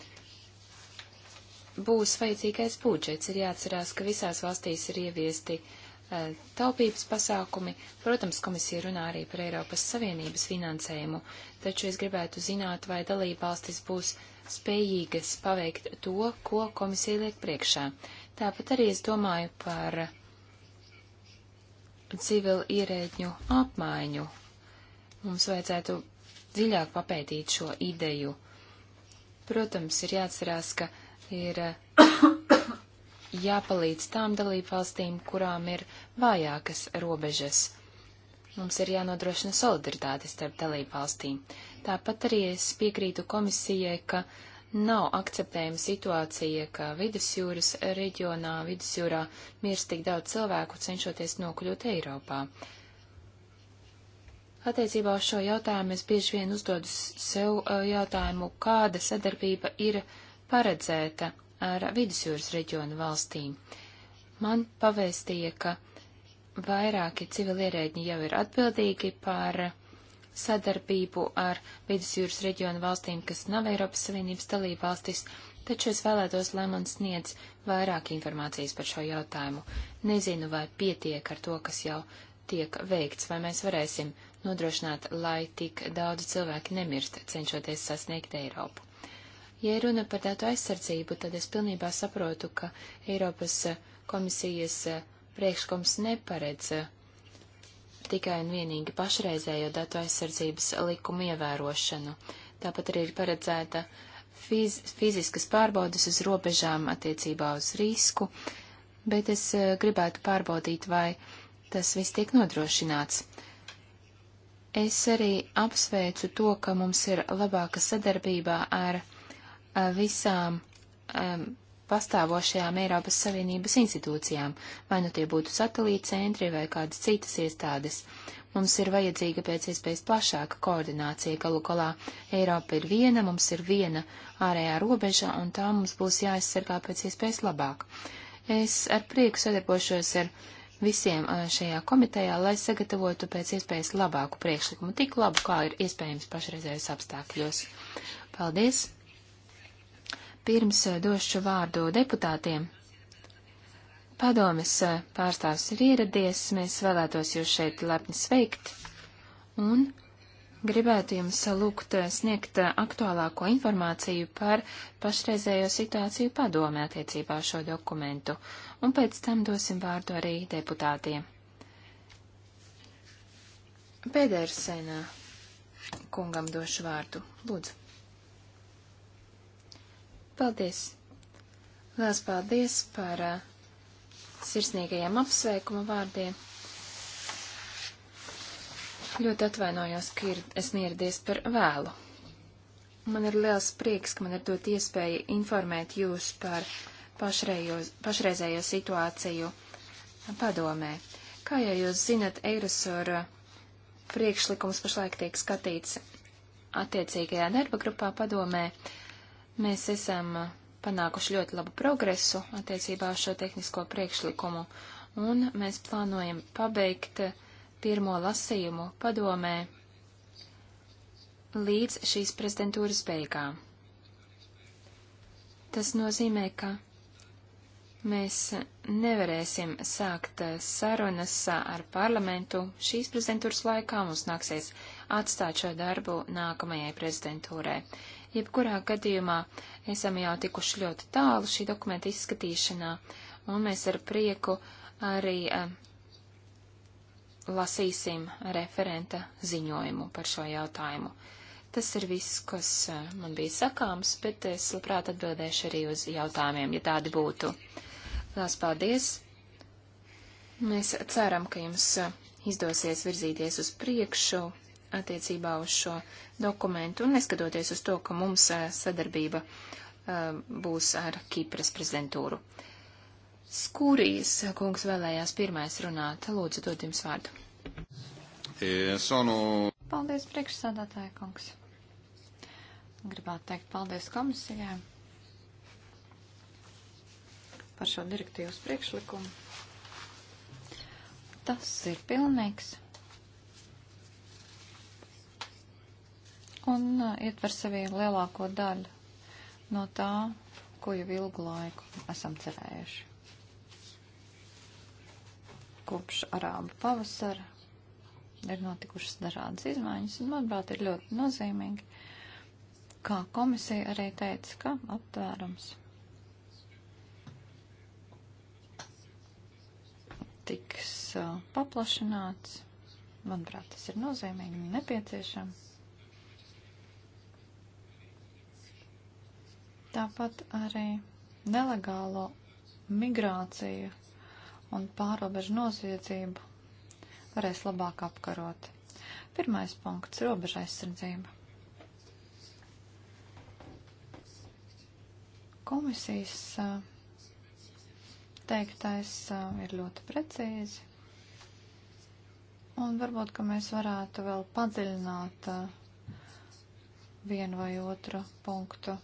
būs vajadzīgais budžets. Ir jāatcerās, ka visās valstīs ir ieviesti uh, taupības pasākumi. Protams, komisija runā arī par Eiropas Savienības finansējumu, taču es gribētu zināt, vai dalība valstis būs spējīgas paveikt to, ko komisija liek priekšā. Tāpat arī es domāju par civilu ierēģņu apmaiņu. Mums vajadzētu dziļāk papētīt šo ideju. Protams, ir jāatcerās, ka ir eh, jāpalīdz tām dalībvalstīm, kurām ir vājākas robežas. Mums ir jānodrošina solidaritāte starp dalībvalstīm. Tāpat arī es piekrītu komisijai, ka nav akceptējama situācija, ka vidusjūras reģionā, vidusjūrā mirst tik daudz cilvēku, cenšoties nokļūt Eiropā. Attiecībā uz šo jautājumu es bieži vien uzdodu sev eh, jautājumu, kāda sadarbība ir uh, paredzēta ar vidusjūras reģionu valstīm. Man pavēstīja, ka vairāki civilierēģi jau ir atbildīgi par sadarbību ar vidusjūras reģionu valstīm, kas nav Eiropas Savienības dalība valstis, taču es vēlētos, lai man sniedz vairāk informācijas par šo jautājumu. Nezinu, vai pietiek ar to, kas jau tiek veikts, vai mēs varēsim nodrošināt, lai tik daudz cilvēki nemirst, cenšoties sasniegt Eiropu. Ja runa par datu aizsardzību, tad es pilnībā saprotu, ka Eiropas eh, komisijas eh, priekšlikums neparedz eh, tikai un vienīgi pašreizējo datu aizsardzības likumu ievērošanu. Tāpat arī ir paredzēta fiz fiziskas pārbaudas uz robežām attiecībā uz risku, bet es gribētu pārbaudīt, vai tas viss tiek nodrošināts. Es arī apsveicu to, ka mums ir labāka sadarbībā ar Eh, visām um, pastāvošajām Eiropas Savienības institūcijām, vai nu tie būtu satelīta centri vai kādas citas iestādes. Mums ir vajadzīga pēc iespējas plašāka koordinācija, galu galā Eiropa ir viena, mums ir viena ārējā robeža, un tā mums būs jāaizsargā pēc iespējas labāk. Es ar prieku sadarbošos ar visiem eh, šajā komitejā, lai sagatavotu pēc iespējas labāku priekšlikumu, tik labu, kā ir iespējams pašreizējos apstākļos. Paldies! Pirms eh, došu vārdu deputātiem. Padomes eh, pārstāvs ir ieradies, mēs vēlētos jūs šeit lepni sveikt un gribētu jums eh, lūgt sniegt aktuālāko informāciju par pašreizējo situāciju padomē attiecībā šo dokumentu, un pēc tam dosim vārdu arī deputātiem. Pēdersēnā kungam došu vārdu. Lūdzu. Paldies! Lielas paldies par uh, sirsnīgajiem apsveikuma vārdiem. Ļoti atvainojos, ka ir, es nieradies par vēlu. Man ir liels prieks, ka man ir dot iespēja informēt jūs par pašreizējo, pašreizējo situāciju padomē. Kā jau jūs zinat, Eirosora priekšlikums pašlaik tiek skatīts attiecīgajā darba grupā padomē. Uh, Mēs esam uh, panākuši ļoti labu progresu attiecībā uz šo tehnisko priekšlikumu, un mēs plānojam pabeigt uh, pirmo lasījumu padomē līdz šīs prezidentūras beigām. Tas nozīmē, ka mēs uh, nevarēsim sākt sarunas ar parlamentu šīs prezidentūras laikā. Mums nāksies atstāt šo darbu nākamajai prezidentūrai. Jebkurā gadījumā esam jau tikuši ļoti tālu šī dokumenta izskatīšanā, un mēs ar prieku arī a, eh, lasīsim referenta ziņojumu par šo jautājumu. Tas ir viss, kas a, eh, man bija sakāms, bet es labprāt atbildēšu arī uz jautājumiem, ja tādi būtu. Lās paldies! Mēs ceram, ka jums eh, izdosies virzīties uz priekšu attiecībā uz šo dokumentu, un neskatoties uz to, ka mums sadarbība būs ar Kipras prezidentūru. Skūrijas kungs vēlējās pirmais runāt. Lūdzu, dod jums vārdu. E, sonu... Paldies, priekšsādātāja kungs. Gribētu teikt paldies komisijai par šo direktīvas priekšlikumu. Tas ir pilnīgs. un uh, ietver sevī lielāko daļu no tā, ko jau ilgu laiku esam cerējuši. Kopš arābu pavasara ir notikušas dažādas izmaiņas, un, manuprāt, ir ļoti nozīmīgi, kā komisija arī teica, ka aptvērums tiks uh, paplašināts. Manuprāt, tas ir nozīmīgi un nepieciešams. Tāpat arī nelegālo migrāciju un pārobežu noziedzību varēs labāk apkarot. Pirmais punkts - robeža aizsardzība. Komisijas eh, teiktais eh, ir ļoti precīzi, un varbūt, ka mēs varētu vēl padziļināt eh, vienu vai otru punktu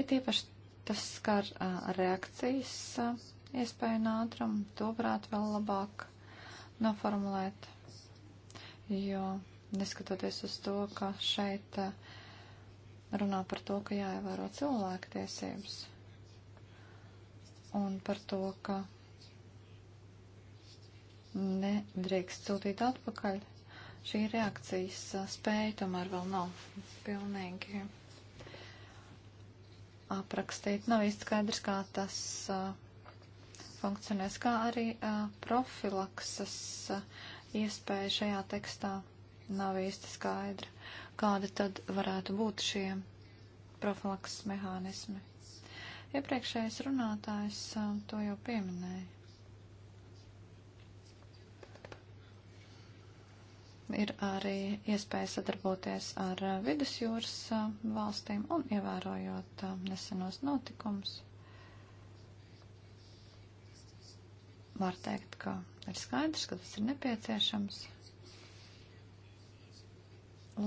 Ir tīpaši tas skar uh, reakcijas uh, iespēju un ātrumu. To varētu vēl labāk noformulēt, jo neskatoties uz to, ka šeit uh, runā par to, ka jāievēro cilvēku tiesības un par to, ka nedrīkst sūtīt atpakaļ. Šī reakcijas spēja tomēr vēl nav pilnīgi aprakstīt. Nav īsti skaidrs, kā tas funkcionēs, kā arī profilakses iespēja šajā tekstā nav īsti skaidra. Kādi tad varētu būt šie profilakses mehānismi? Iepriekšējais runātājs to jau pieminēja. ir arī iespēja sadarboties ar vidusjūras valstīm un ievērojot nesenos notikumus. Var teikt, ka ir skaidrs, ka tas ir nepieciešams,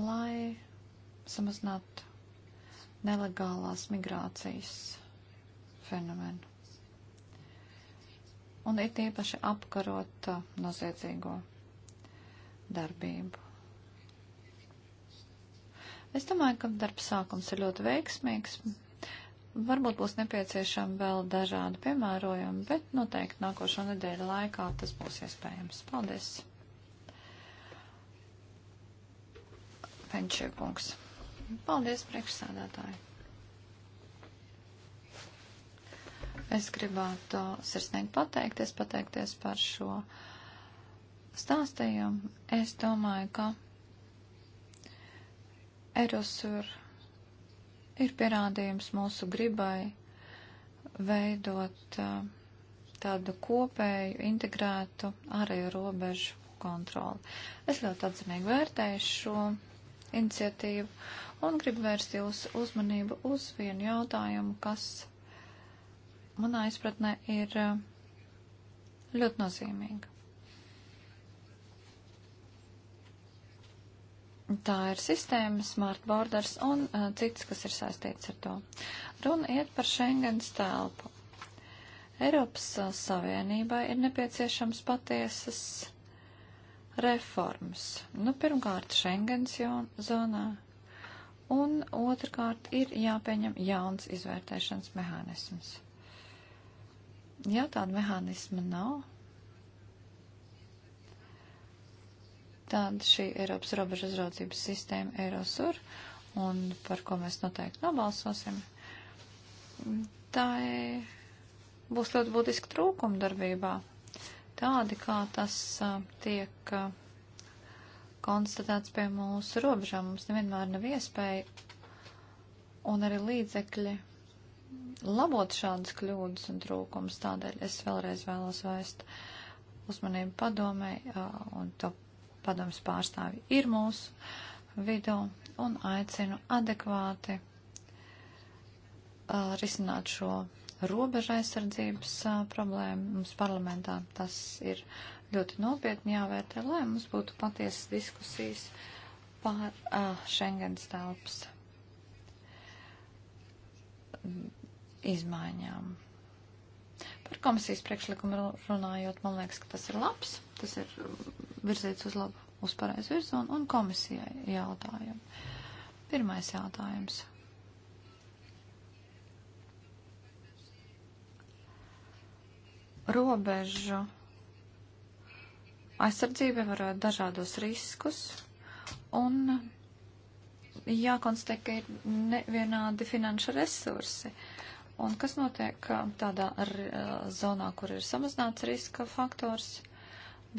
lai samazinātu nelegālās migrācijas fenomenu. Un it īpaši apkarot noziedzīgo darbību. Es domāju, ka darba sākums ir ļoti veiksmīgs. Varbūt būs nepieciešama vēl dažādi piemērojumi, bet noteikti nākošo nedēļu laikā tas būs iespējams. Paldies! Penčie kungs. Paldies, priekšsādātāji! Es gribētu sirsnīgi pateikties, pateikties par šo stāstījumu, es domāju, ka Erosur ir pierādījums mūsu gribai veidot uh, tādu kopēju, integrētu ārēju robežu kontroli. Es ļoti atzinīgi vērtēju šo iniciatīvu un gribu vērst jūsu uzmanību uz vienu jautājumu, kas manā izpratnē ir uh, ļoti nozīmīga. Tā ir sistēma, smart borders un uh, cits, kas ir saistīts ar to. Runa iet par Schengens telpu. Eiropas uh, Savienībai ir nepieciešams patiesas reformas. Nu, pirmkārt, Schengens zonā, un otrkārt ir jāpieņem jauns izvērtēšanas mehānisms. Ja tāda mehānisma nav, tad šī Eiropas robežu uzraudzības sistēma Eirosur, un par ko mēs noteikti nobalsosim, tā e, būs ļoti būtiski trūkumi darbībā. Tādi, kā tas tiek konstatēts pie mūsu robežām, mums nevienmēr nav iespēja un arī līdzekļi labot šādas kļūdas un trūkums. Tādēļ es vēlreiz vēlos vēst uzmanību padomē un to padomas pārstāvji ir mūsu vidū un aicinu adekvāti uh, risināt šo robeža aizsardzības uh, problēmu mums parlamentā. Tas ir ļoti nopietni jāvērtē, lai mums būtu patiesas diskusijas par uh, Schengens telpas mm, izmaiņām. Par komisijas priekšlikumu runājot, man liekas, ka tas ir labs, tas ir mm, virzīts uz labu, uz pareizu virzonu un komisijai jautājumu. Pirmais jautājums. Robežu aizsardzība var dažādos riskus un jākonstatē, ka ir nevienādi finanšu resursi. Uh, Un kas notiek tādā ar, zonā, kur ir samazināts riska faktors,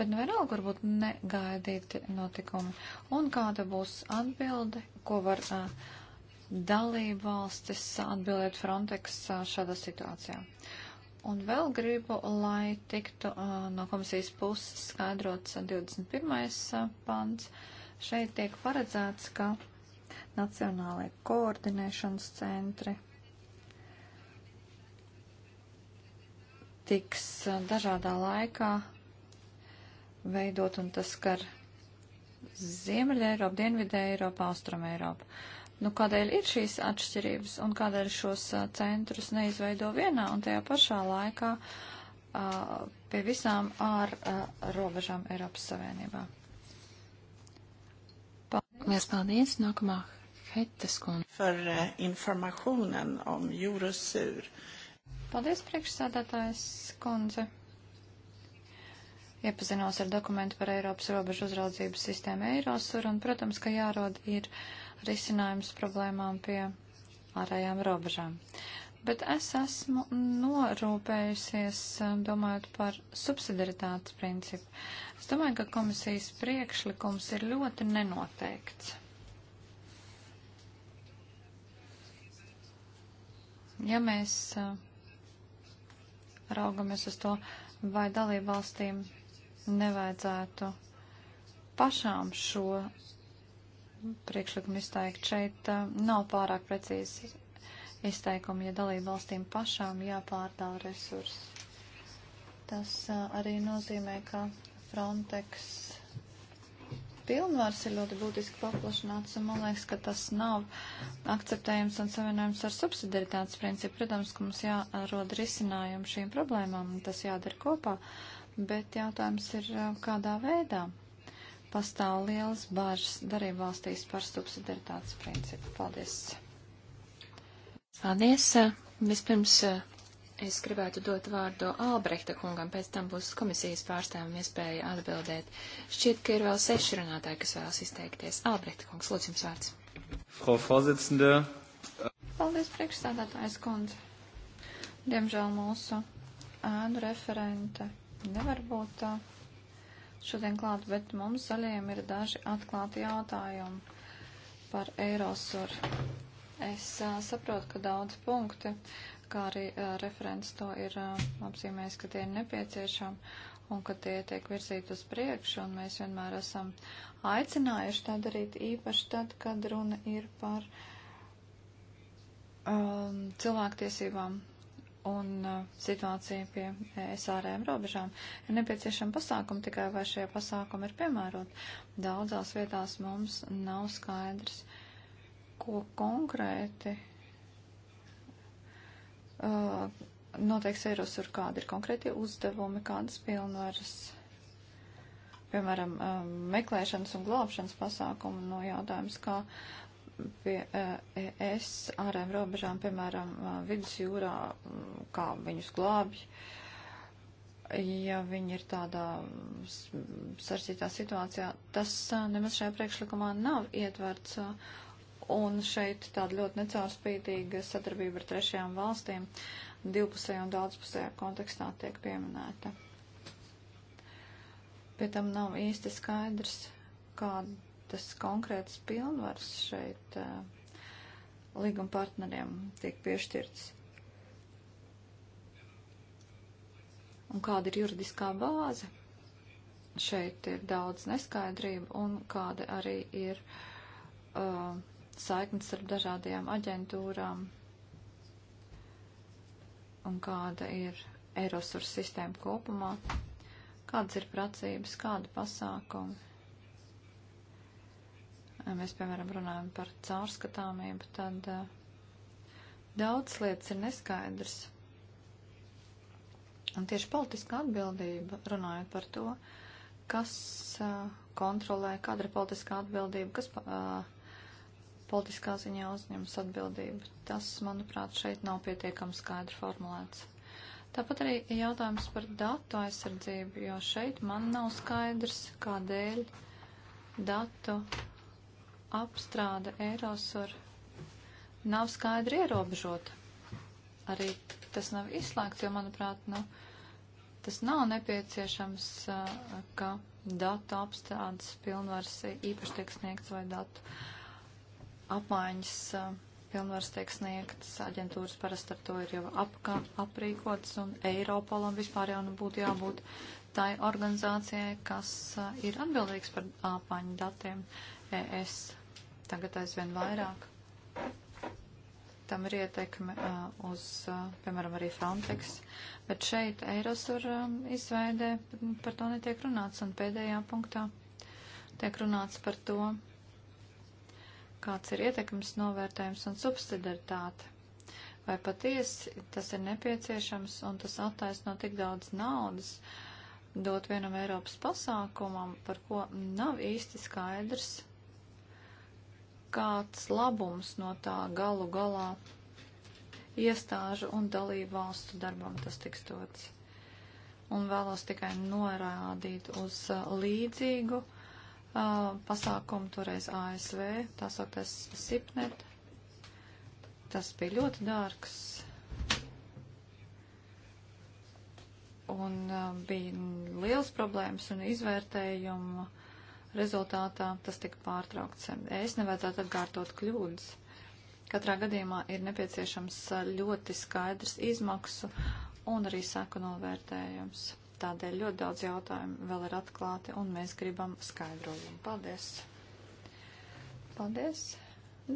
bet nu vienalga varbūt negaidīti notikumi? Un kāda būs atbilde, ko var dalību valstis atbildēt Frontex šādā situācijā? Un vēl gribu, lai tiktu no komisijas puses skaidrots 21. pants. Šeit tiek paredzēts, ka Nacionālajie koordinēšanas centri tiks eh, dažādā laikā veidot, un tas skar Ziemeļa Eiropu, Dienvidē Eiropu, Austrum Eiropu. Nu, kādēļ ir šīs atšķirības un kādēļ šos eh, centrus neizveido vienā un tajā pašā laikā uh, pie visām ār uh, robežām Eiropas Savienībā? Paldies. Lies paldies. Nākamā Hetteskundze. Par uh, informāciju om jūras sūru. Uh, Paldies, priekšsādātājs kundze. Iepazinos ar dokumentu par Eiropas robežu uzraudzības sistēmu Eirosur, un, protams, ka jārod ir risinājums problēmām pie ārējām robežām. Bet es esmu norūpējusies, um, domājot par subsidiaritātes principu. Es domāju, ka komisijas priekšlikums ir ļoti nenoteikts. Ja mēs uh, raugamies uz to, vai dalībvalstīm nevajadzētu pašām šo priekšlikumu izteikt. Šeit uh, nav pārāk precīzi izteikumi, ja dalībvalstīm pašām jāpārdala resursi. Tas uh, arī nozīmē, ka Frontex pilnvars ir ļoti būtiski paplašināts, un man liekas, ka tas nav akceptējums un savienojums ar subsidiaritātes principu. Protams, ka mums jārod risinājumu šīm problēmām, un tas jādara kopā, bet jautājums ir, uh, kādā veidā pastāv liels bāžas darību valstīs par subsidiaritātes principu. Paldies! Paldies! Vispirms uh, es gribētu dot vārdu Albrehta kungam, pēc tam būs komisijas pārstāvim iespēja atbildēt. Šķiet, ka ir vēl seši runātāji, kas vēlas izteikties. Albrehta kungs, lūdzu jums vārds. Frau Vorsitzende. Paldies, priekšstādātājs kundze. Diemžēl mūsu ēnu referente nevar būt uh, šodien klāt, bet mums zaļajiem ir daži atklāti jautājumi par Eirosuru Es uh, saprotu, ka daudz punkti, kā arī uh, referents to ir uh, apzīmējis, ka tie ir nepieciešami un ka tie tiek virzīti uz priekšu, un mēs vienmēr esam aicinājuši tā darīt īpaši tad, kad runa ir par um, cilvēktiesībām un uh, situāciju pie ES ārējām robežām. Ir nepieciešama pasākuma, tikai vai šie pasākumi ir piemērot. Daudzās vietās mums nav skaidrs, ko konkrēti uh, noteiks Eirosur, kādi ir konkrēti uzdevumi, kādas pilnvaras, piemēram, uh, meklēšanas un glābšanas pasākumu no jautājums, kā pie uh, es ārēm robežām, piemēram, uh, vidusjūrā, mm, kā viņus glābj ja viņi ir tādā mm, sarsītā situācijā, tas uh, nemaz šajā priekšlikumā nav ietverts. Uh, Un šeit tāda ļoti necaurspīdīga sadarbība ar trešajām valstīm divpusējā un daudzpusējā kontekstā tiek pieminēta. Pie tam nav īsti skaidrs, kādas konkrētas pilnvaras šeit uh, līguma partneriem tiek piešķirtas. Un kāda ir juridiskā bāze? Šeit ir daudz neskaidrību un kāda arī ir uh, saiknes ar dažādajām aģentūrām un kāda ir Eirosurs sistēma kopumā, kādas ir pracības, kāda pasākumi. Mēs, piemēram, runājam par caurskatāmību, tad eh, daudz lietas ir neskaidrs. Un tieši politiska atbildība, runājot par to, kas eh, kontrolē, kāda ir politiskā atbildība, kas eh, politiskā ziņā uzņems atbildību. Tas, manuprāt, šeit nav pietiekami skaidri formulēts. Tāpat arī jautājums par datu aizsardzību, jo šeit man nav skaidrs, kādēļ datu apstrāde Eirosur nav skaidri ierobežota. Arī tas nav izslēgts, jo, manuprāt, nu, tas nav nepieciešams, ka datu apstrādes pilnvars īpaši tiek sniegts vai datu apmaiņas eh, pilnvars tiek sniegtas, aģentūras parasti ar to ir jau apka, aprīkotas un Eiropolam vispār jau nu būtu jābūt tai organizācijai, kas eh, ir atbildīgs par apmaiņu datiem ES. Tagad aizvien vairāk. Tam ir ietekme eh, uz, piemēram, arī Frontex, bet šeit Eirosur izveidē par to netiek runāts un pēdējā punktā tiek runāts par to, kāds ir ietekmes novērtējums un subsidaritāte. Vai patiesi tas ir nepieciešams un tas attaisno tik daudz naudas dot vienam Eiropas pasākumam, par ko nav īsti skaidrs, kāds labums no tā galu galā iestāžu un dalību valstu darbam tas tiks dots. Un vēlos tikai norādīt uz uh, līdzīgu uh, uh, pasākumu toreiz ASV, tā sauktās SIPNET. Tas bija ļoti dārgs. Un uh, bija liels problēmas un izvērtējumu rezultātā tas tika pārtraukts. Es nevajadzētu atkārtot kļūdas. Katrā gadījumā ir nepieciešams ļoti skaidrs izmaksu un arī seku novērtējums. Tādēļ ļoti daudz jautājumu vēl ir atklāti, un mēs gribam skaidrojumu. Paldies! Paldies!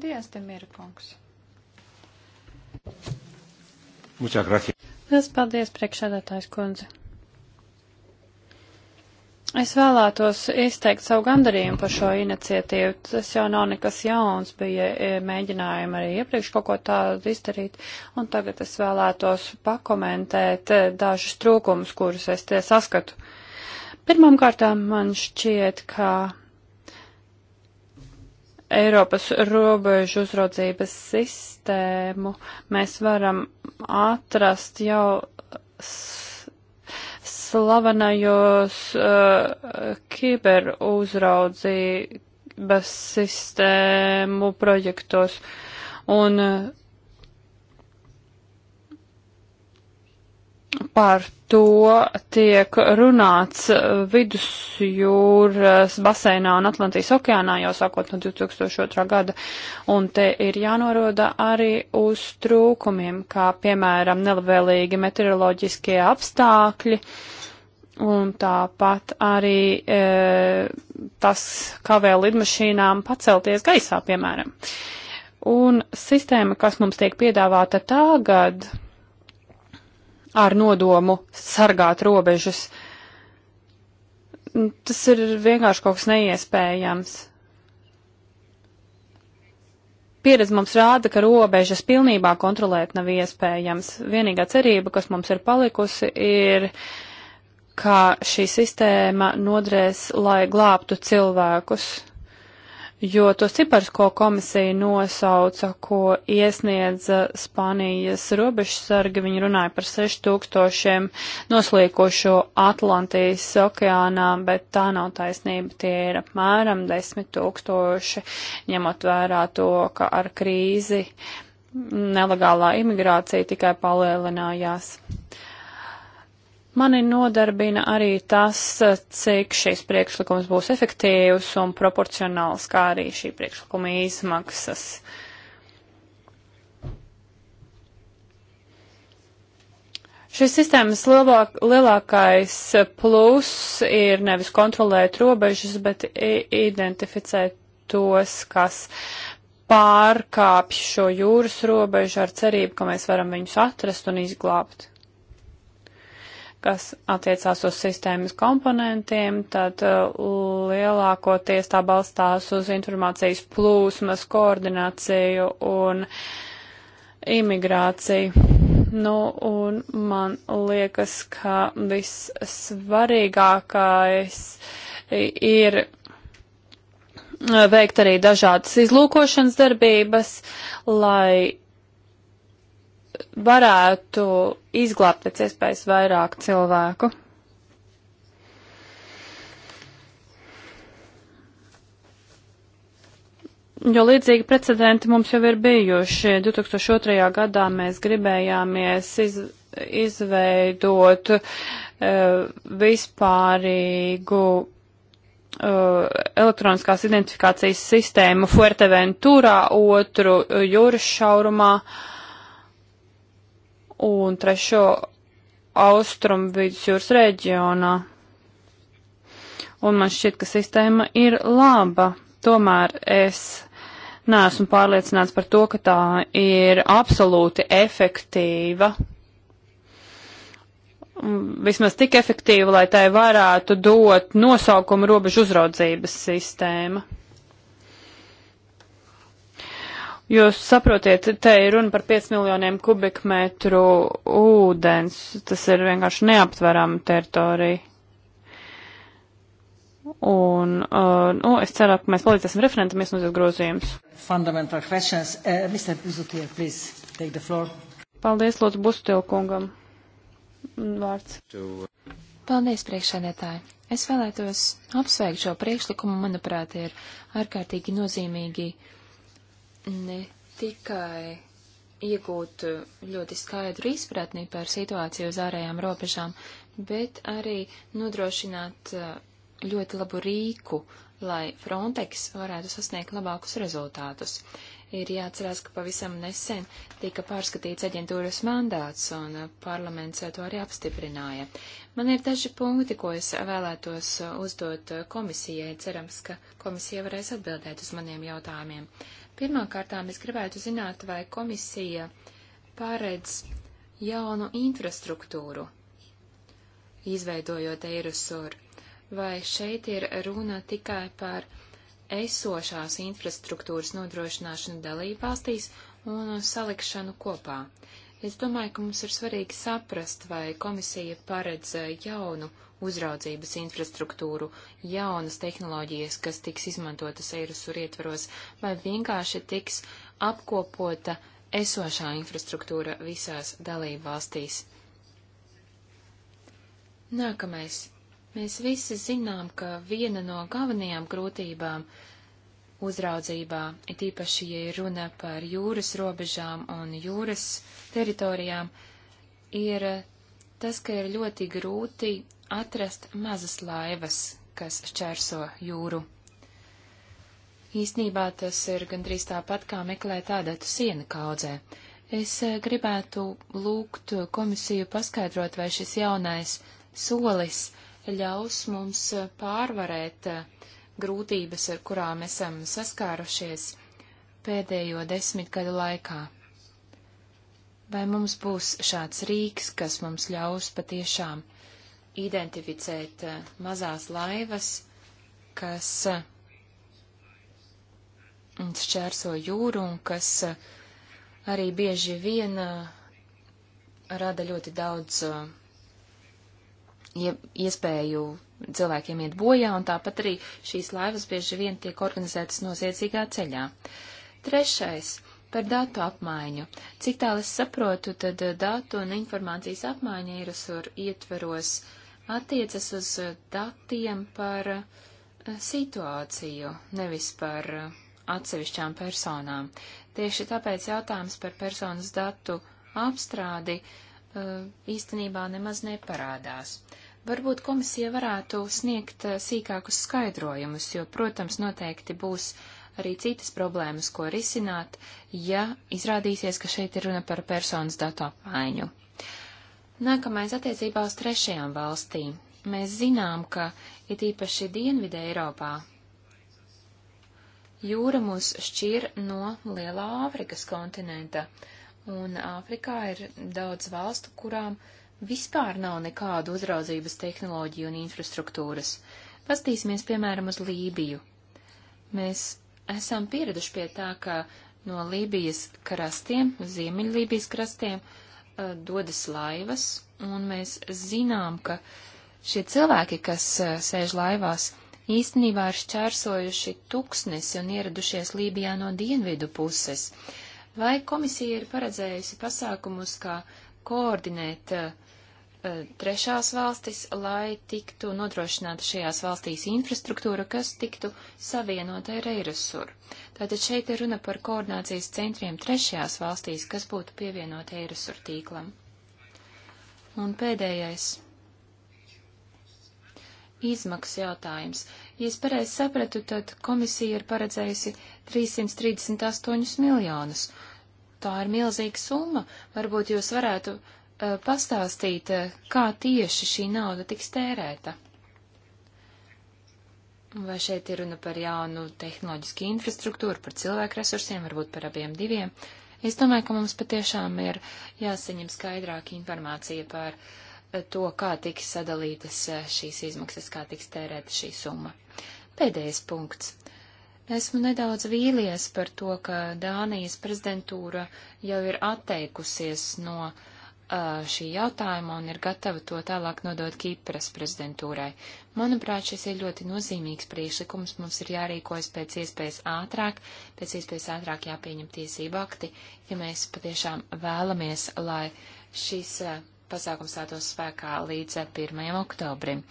Dievs, te mira kungs! Liels paldies, priekšsēdētājs kundze! Es vēlētos izteikt savu gandarījumu par šo iniciatīvu. Tas jau nav nekas jauns, bija e, mēģinājumi arī iepriekš kaut ko tādu izdarīt, un tagad es vēlētos pakomentēt e, dažus trūkumus, kurus es tie saskatu. Pirmām kārtām man šķiet, ka Eiropas robežu uzraudzības sistēmu mēs varam atrast jau slavenajos uh, kiberuzraudzības sistēmu projektos. Un uh, par to tiek runāts uh, vidusjūras baseinā un Atlantijas okeānā jau sākot no 2002. gada, un te ir jānoroda arī uz trūkumiem, kā piemēram nelabvēlīgi meteoroloģiskie apstākļi, un tāpat arī e, tas kavē lidmašīnām pacelties gaisā, piemēram. Un sistēma, kas mums tiek piedāvāta tagad, ar nodomu sargāt robežas. Tas ir vienkārši kaut kas neiespējams. Pieredze mums rāda, ka robežas pilnībā kontrolēt nav iespējams. Vienīgā cerība, kas mums ir palikusi, ir, ka šī sistēma nodrēs, lai glābtu cilvēkus jo tos cipars, ko komisija nosauca, ko iesniedza eh, Spānijas robežsargi, viņi runāja par 6000 nosliekošo Atlantijas okeānā, bet tā nav taisnība, tie ir apmēram 10 tūkstoši, ņemot vērā to, ka ar krīzi nelegālā imigrācija tikai palielinājās. Mani nodarbina arī tas, cik šīs priekšlikums būs efektīvs un proporcionāls, kā arī šī priekšlikuma izmaksas. Šīs sistēmas lielāk, lielākais pluss ir nevis kontrolēt robežas, bet identificēt tos, kas pārkāpj šo jūras robežu ar cerību, ka mēs varam viņus atrast un izglābt kas attiecās uz sistēmas komponentiem, tad uh, lielākoties tā balstās uz informācijas plūsmas, koordināciju un imigrāciju. Nu, un man liekas, ka vissvarīgākais ir veikt arī dažādas izlūkošanas darbības, lai varētu izglābt pēc iespējas vairāk cilvēku. Jo līdzīgi precedenti mums jau ir bijuši. 2002. gadā mēs gribējāmies iz, izveidot uh, vispārīgu uh, elektroniskās identifikācijas sistēmu Fuerteventurā, otru uh, jūras šaurumā. Uh, un trešo austrumu vidusjūras reģionā. Un man šķiet, ka sistēma ir laba. Tomēr es neesmu pārliecināts par to, ka tā ir absolūti efektīva. Vismaz tik efektīva, lai tai varētu dot nosaukumu robežu uzraudzības sistēma. Jūs saprotiet, te ir runa par 5 miljoniem kubikmetru ūdens. Tas ir vienkārši neaptverama teritorija. Un, uh, nu, es ceru, ka mēs palīdzēsim referentam iesniedzēt grozījumus. Fundamental questions. Uh, Mr. Buzutil, please, take the floor. Paldies, Lūdzu, Buzutil kungam. Vārds. Paldies, priekšsēdētāji. Es vēlētos apsveikt šo priekšlikumu, manuprāt, ir ārkārtīgi nozīmīgi. Uh, ne tikai iegūt ļoti skaidru izpratni par situāciju uz ārējām robežām, bet arī nodrošināt uh, ļoti labu rīku, lai Frontex varētu sasniegt labākus rezultātus. Ir jāatcerās, ka pavisam nesen tika pārskatīts aģentūras mandāts, un uh, parlaments to arī apstiprināja. Man ir daži punkti, ko es vēlētos uh, uzdot komisijai, cerams, ka komisija varēs atbildēt uz maniem jautājumiem. Pirmkārtām es gribētu zināt, vai komisija pārēdz jaunu infrastruktūru, izveidojot Eirosur, vai šeit ir runa tikai par esošās infrastruktūras nodrošināšanu dalībvalstīs un salikšanu kopā. Es domāju, ka mums ir svarīgi saprast, vai komisija paredz jaunu uzraudzības infrastruktūru, jaunas tehnoloģijas, kas tiks izmantotas eirusur ietvaros, vai vienkārši tiks apkopota esošā infrastruktūra visās dalību valstīs. Nākamais. Mēs visi zinām, ka viena no galvenajām grūtībām uzraudzībā, it īpaši, ja ir runa par jūras robežām un jūras teritorijām, ir tas, ka ir ļoti grūti atrast mazas laivas, kas šķērso jūru. Īsnībā tas ir gandrīz tāpat kā meklēt ādētu sienu kaudzē. Es eh, gribētu lūgt komisiju paskaidrot, vai šis jaunais solis ļaus mums eh, pārvarēt eh, grūtības, ar kurām esam saskārušies pēdējo desmit gadu laikā. Vai mums būs šāds rīks, kas mums ļaus patiešām identificēt eh, mazās laivas, kas eh, šķērso jūru un kas eh, arī bieži vien rada ļoti daudz iespēju cilvēkiem iet bojā, un tāpat arī šīs laivas bieži vien tiek organizētas noziedzīgā ceļā. Trešais - par datu apmaiņu. Cik tālu es saprotu, tad datu un informācijas apmaiņa ir uzsver ietveros uh, attiecas uz eh, datiem par eh, situāciju, nevis par eh, atsevišķām personām. Tieši tāpēc jautājums par personas datu apstrādi īstenībā nemaz neparādās. Varbūt komisija varētu sniegt sīkākus skaidrojumus, jo, protams, noteikti būs arī citas problēmas, ko risināt, ja izrādīsies, ka šeit ir runa par personas datu apmaiņu. Nākamais attiecībā uz trešajām valstīm. Mēs zinām, ka it īpaši Dienvidē Eiropā jūra mūs šķir no lielā Āfrikas kontinenta, un Āfrikā ir daudz valstu, kurām vispār nav nekādu uzraudzības tehnoloģiju un infrastruktūras. Pastīsimies, piemēram, uz Lībiju. Mēs esam pieraduši pie tā, ka no Lībijas krastiem, Ziemeļlībijas krastiem, uh, uh, dodas laivas, un mēs zinām, ka šie cilvēki, kas uh, sēž laivās, īstenībā ir šķērsojuši tuksnesi un ieradušies Lībijā no dienvidu puses. Vai komisija ir paredzējusi pasākumus, kā koordinēt uh, Eh, trešās valstis, lai tiktu nodrošināta šajās valstīs infrastruktūra, kas tiktu savienota ar Eirosuru. Tātad šeit ir runa par koordinācijas centriem trešajās valstīs, kas būtu pievienoti Eirosuru tīklam. Un pēdējais. Izmaksu jautājums. Ja es pareizi sapratu, tad komisija ir paredzējusi 338 miljonus. Tā ir milzīga summa. Varbūt jūs varētu uh, Eh, pastāstīt, eh, kā tieši šī nauda tiks tērēta? Vai šeit ir runa par jaunu tehnoloģisku infrastruktūru, par cilvēku resursiem, varbūt par abiem diviem? Es domāju, ka mums patiešām ir jāsaņem skaidrāka informācija par eh, to, kā tiks sadalītas šīs izmaksas, kā tiks tērēta šī summa. Pēdējais punkts. Esmu nedaudz vīlies par to, ka Dānijas prezidentūra jau ir atteikusies no uh, šī jautājuma un ir gatava to tālāk nodot Kipras prezidentūrai. Manuprāt, šis ir ļoti nozīmīgs priekšlikums, mums ir jārīkojas pēc iespējas ātrāk, pēc iespējas ātrāk jāpieņem tiesību akti, ja mēs patiešām vēlamies, lai šis pasākums stātos spēkā līdz 1. oktobrim.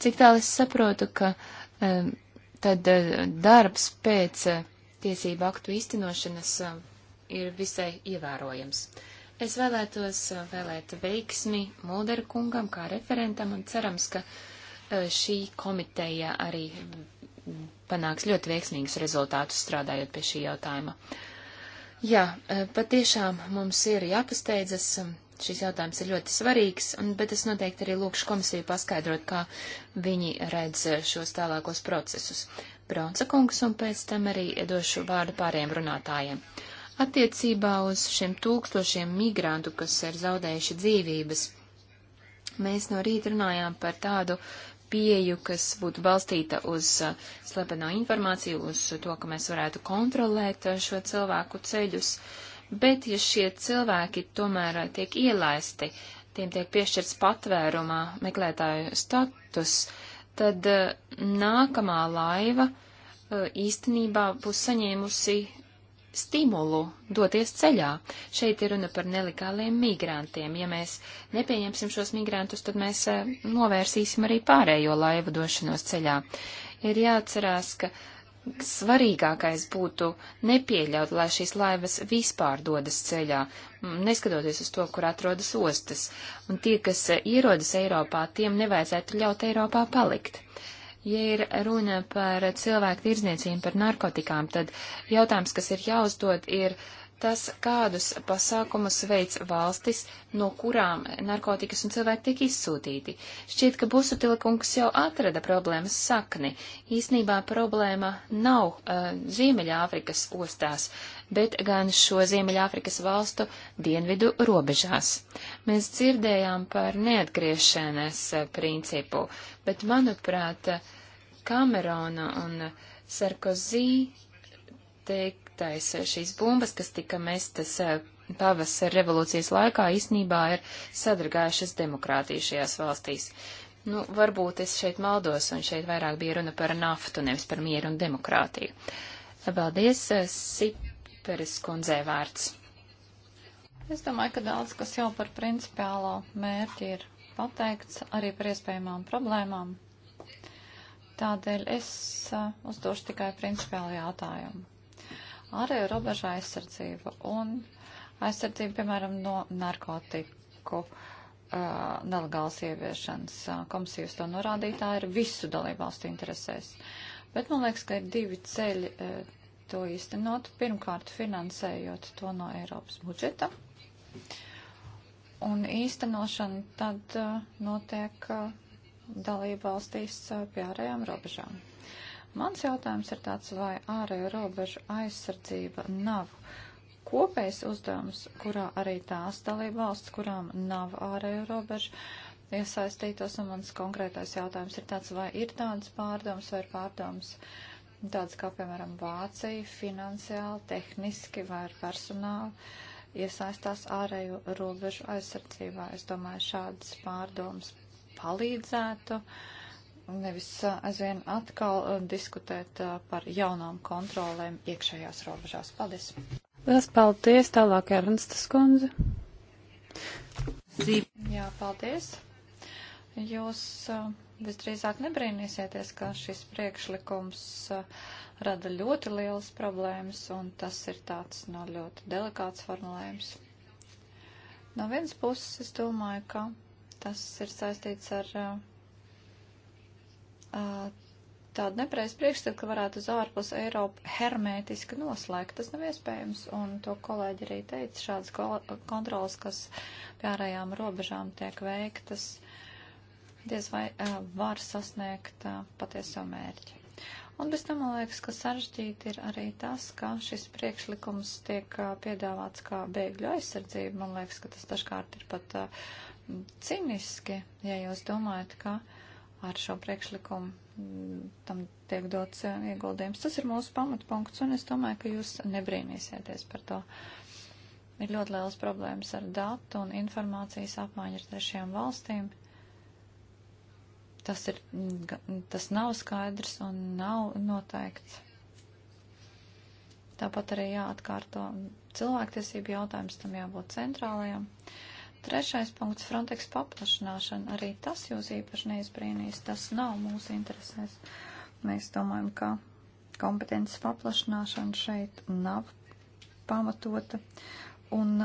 Cik tālu es saprotu, ka tad darbs pēc tiesību aktu īstenošanas ir visai ievērojams. Es vēlētos uh, vēlēt veiksmi Mulderu kungam kā referentam un cerams, ka uh, šī komiteja arī panāks ļoti veiksmīgus rezultātus strādājot pie šī jautājuma. Jā, uh, patiešām mums ir jāpasteidzas, um, šis jautājums ir ļoti svarīgs, un, bet es noteikti arī lūkšu komisiju paskaidrot, kā viņi redz šos tālākos procesus. Bronsa kungs un pēc tam arī došu vārdu pāriem runātājiem. Attiecībā uz šiem tūkstošiem migrantu, kas ir zaudējuši dzīvības, mēs no rīta runājām par tādu pieju, kas būtu balstīta uz slepeno informāciju, uz to, ka mēs varētu kontrolēt šo cilvēku ceļus. Bet, ja šie cilvēki tomēr tiek ielaisti, tiem tiek piešķirts patvērumā meklētāju status, tad nākamā laiva īstenībā būs saņēmusi stimulu doties ceļā. Šeit ir runa par nelegāliem migrantiem. Ja mēs nepieņemsim šos migrantus, tad mēs eh, novērsīsim arī pārējo laivu došanos ceļā. Ir jāatcerās, ka svarīgākais būtu nepieļaut, lai šīs laivas vispār dodas ceļā, neskatoties uz to, kur atrodas ostas. Un tie, kas ierodas Eiropā, tiem nevajadzētu ļaut Eiropā palikt. Uh, Ja ir runa par cilvēku tirdzniecību, par narkotikām, tad jautājums, kas ir jāuzdod, ir tas, kādus pasākumus veids valstis, no kurām narkotikas un cilvēki tiek izsūtīti. Šķiet, ka Busutilkungs jau atrada problēmas sakni. Īsnībā problēma nav uh, Ziemeļāfrikas ostās bet gan šo Ziemeļāfrikas valstu dienvidu robežās. Mēs dzirdējām par neatgriešanas eh, principu, bet, manuprāt, Kamerona un Sarkozī teiktais eh, šīs bumbas, kas tika mestas eh, pavasara revolūcijas laikā, īsnībā ir sadragājušas demokrātiju šajās valstīs. Nu, varbūt es šeit maldos, un šeit vairāk bija runa par naftu, nevis par mieru un demokrātiju. Paldies, Sip Peres kundzē vārds. Es domāju, ka daudz kas jau par principiālo mērķi ir pateikts, arī par iespējamām problēmām. Tādēļ es uzdošu tikai principiālu jautājumu. Arī robeža aizsardzība un aizsardzība, piemēram, no narkotiku uh, nelegālas ieviešanas. Komisijas to norādītā ir visu dalībvalstu interesēs. Bet man liekas, ka ir divi ceļi. Uh, to īstenot, pirmkārt finansējot to no Eiropas budžeta. Un īstenošana tad uh, notiek uh, dalību valstīs uh, pie ārējām robežām. Mans jautājums ir tāds, vai ārējo robežu aizsardzība nav kopējs uzdevums, kurā arī tās dalība valsts, kurām nav ārējo robežu, iesaistītos, un mans konkrētais jautājums ir tāds, vai ir tādas pārdomas vai pārdomas uh, tādas kā, piemēram, Vācija finansiāli, tehniski vai ar personālu iesaistās ārēju robežu aizsardzībā. Es domāju, šādas pārdomas palīdzētu nevis aizvien atkal diskutēt par jaunām kontrolēm iekšējās robežās. Paldies! Lielas paldies! Tālāk Ernstas kundze. Jā, paldies! Jūs uh, visdrīzāk nebrīnīsieties, ka šis priekšlikums uh, rada ļoti lielas problēmas, un tas ir tāds no ļoti delikāts formulējums. No vienas puses, es domāju, ka tas ir saistīts ar uh, uh tādu nepreiz priekšstatu, ka varētu uz ārpus Eiropu hermētiski noslēgt. Tas nav iespējams, un to kolēģi arī teica, šādas kontrolas, kas pie ārējām robežām tiek veiktas, uh, diez vai uh, var sasniegt uh, patieso mērķi. Un bez tam, man liekas, ka sarežģīti ir arī tas, ka šis priekšlikums tiek uh, piedāvāts kā bēgļu aizsardzība. Man liekas, ka tas dažkārt ir pat uh, ciniski, ja jūs domājat, ka ar šo priekšlikumu m, tam tiek dots uh, ieguldījums. Tas ir mūsu pamatpunkts, un es domāju, ka jūs nebrīnīsieties par to. Ir ļoti liels problēmas ar datu un informācijas apmaiņu ar trešajām valstīm Tas, ir, tas nav skaidrs un nav noteikts. Tāpat arī jāatkārto cilvēktiesību jautājums, tam jābūt centrālajam. Trešais punkts - Frontex paplašināšana. Arī tas jūs īpaši neizbrīnīs, tas nav mūsu interesēs. Mēs domājam, ka kompetences paplašināšana šeit nav pamatota. Un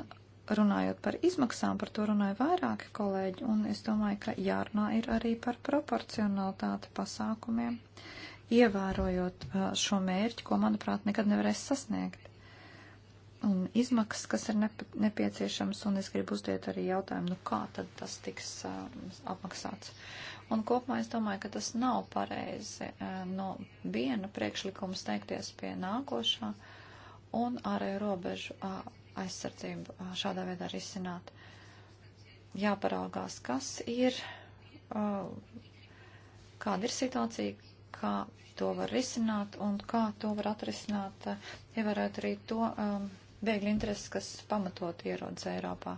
runājot par izmaksām, par to runāja vairāki kolēģi, un es domāju, ka jārunā ir arī par proporcionalitāti pasākumiem, ievērojot uh, šo mērķi, ko, manuprāt, nekad nevarēs sasniegt. Un izmaksas, kas ir nepieciešams, un es gribu uzdiet arī jautājumu, nu kā tad tas tiks uh, apmaksāts. Un kopumā es domāju, ka tas nav pareizi uh, no viena priekšlikuma steigties pie nākošā un ārēju robežu aizsardzību šādā veidā risināt. Jāparaugās, kas ir, kāda ir situācija, kā to var risināt un kā to var atrisināt, ievērēt arī to bēgļu intereses, kas pamatot ierodas Eiropā.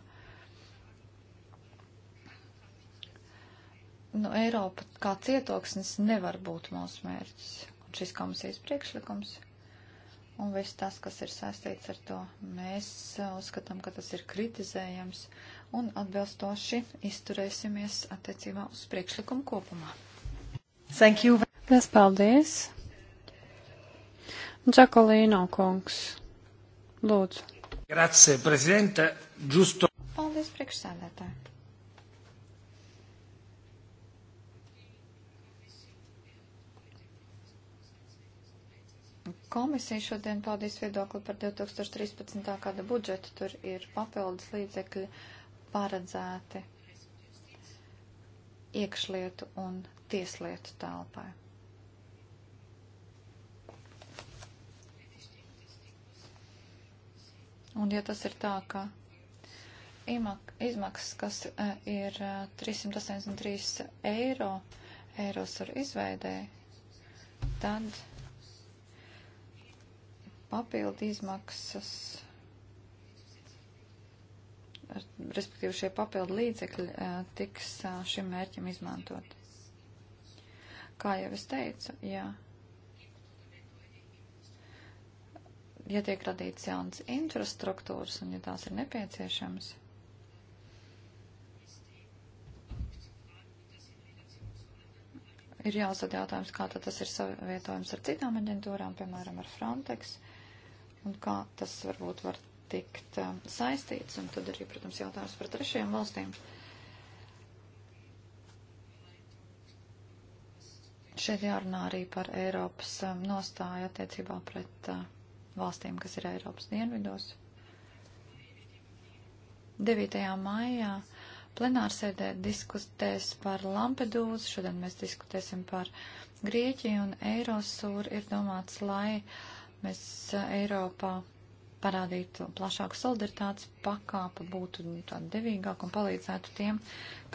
nu, Eiropa kā cietoksnis nevar būt mūsu mērķis. Un šis komisijas priekšlikums un viss tas, kas ir saistīts ar to. Mēs uzskatām, ka tas ir kritizējams un atbilstoši izturēsimies attiecībā uz priekšlikumu kopumā. Thank you. Lies paldies. Džakolīno kungs. Lūdzu. Grazie, prezidente. Justo. Paldies, priekšsēdētāji. Komisija šodien paudīs viedokli par 2013. gada budžetu. Tur ir papildus līdzekļi paredzēti iekšlietu un tieslietu telpai. Un ja tas ir tā, ka izmaksas, kas e, ir 383 e, eiro, eiros ar izveidēju, tad papildu izmaksas, respektīvi šie papildu līdzekļi tiks šim mērķim izmantot. Kā jau es teicu, jā. Ja tiek radīts jauns infrastruktūras un ja tās ir nepieciešams, ir jāuzdod jautājums, kā tas ir savietojums ar citām aģentūrām, piemēram, ar Frontex. Uh, un kā tas varbūt var tikt uh, saistīts. Un tad arī, protams, jautājums par trešajām valstīm. Šeit jārunā arī par Eiropas um, nostāju attiecībā pret uh, valstīm, kas ir Eiropas dienvidos. 9. maijā plenārsēdē diskutēs par Lampedūzu, šodien mēs diskutēsim par Grieķiju un Eirosūru ir domāts, lai uh, mēs Eiropā parādītu plašāku solidaritātes pakāpu, būtu tāda devīgāka un palīdzētu tiem,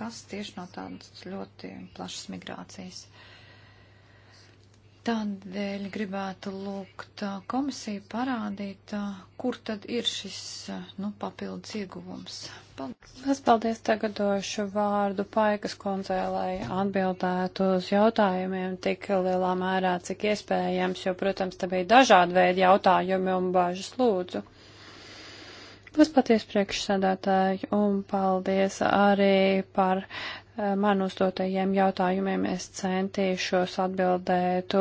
kas tieši no tādas ļoti plašas migrācijas. Uh, Tādēļ gribētu lūgt komisiju parādīt, kur tad ir šis nu, papildus ieguvums. Paldies. Es paldies tagad došu vārdu Paikas kundzē, lai atbildētu uz jautājumiem tik lielā mērā, cik iespējams, jo, protams, te bija dažādi veidi jautājumi un bāžas lūdzu. Paldies paties priekšsēdētāji un paldies arī par man uzdotajiem jautājumiem. Es centīšos atbildēt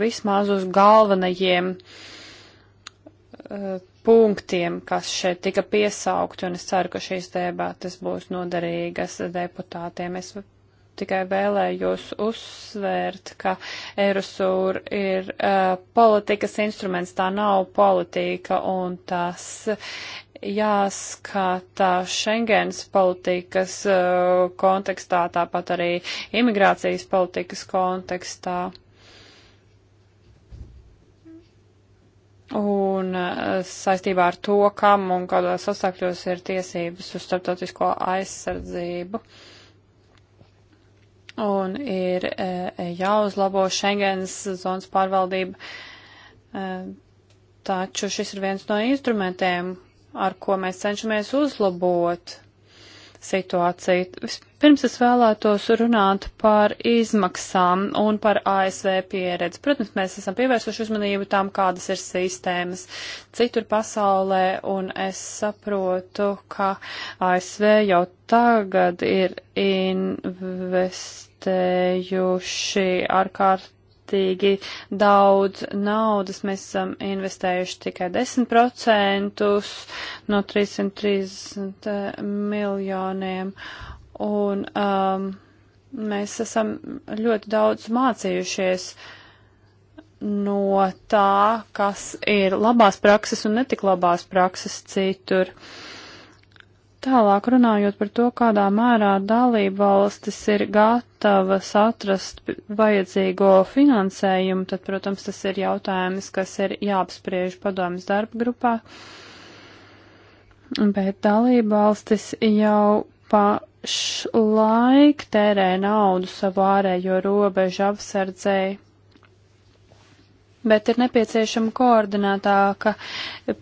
vismaz uz galvenajiem eh, punktiem, kas šeit tika piesaukti, un es ceru, ka šīs debatas būs noderīgas deputātiem. Es tikai vēlējos uzsvērt, ka Eirosūra ir uh, politikas instruments, tā nav politika, un tas jāskatā Schengens politikas uh, kontekstā, tāpat arī imigrācijas politikas kontekstā. Un uh, saistībā ar to, kam un kādos apstākļos ir tiesības uz starptautisko aizsardzību. Un ir uh, jāuzlabo Schengens zonas pārvaldība. Uh, taču šis ir viens no instrumentiem, ar ko mēs cenšamies uzlabot situāciju. Pirms es vēlētos runāt par izmaksām un par ASV pieredzi. Protams, mēs esam pievērsuši uzmanību tām, kādas ir sistēmas citur pasaulē, un es saprotu, ka ASV jau tagad ir investējuši ārkārt ārkārtīgi daudz naudas. Mēs esam investējuši tikai 10% no 330 eh, miljoniem. Un um, mēs esam ļoti daudz mācījušies no tā, kas ir labās prakses un netik labās prakses citur. Uh, Tālāk runājot par to, kādā mērā dalība valstis ir gatavas atrast vajadzīgo finansējumu, tad, protams, tas ir jautājums, kas ir jāapspriež padomjas darba grupā. Bet dalība valstis jau pašlaik tērē naudu savu ārējo robežu apsardzēju bet ir nepieciešama koordinētāka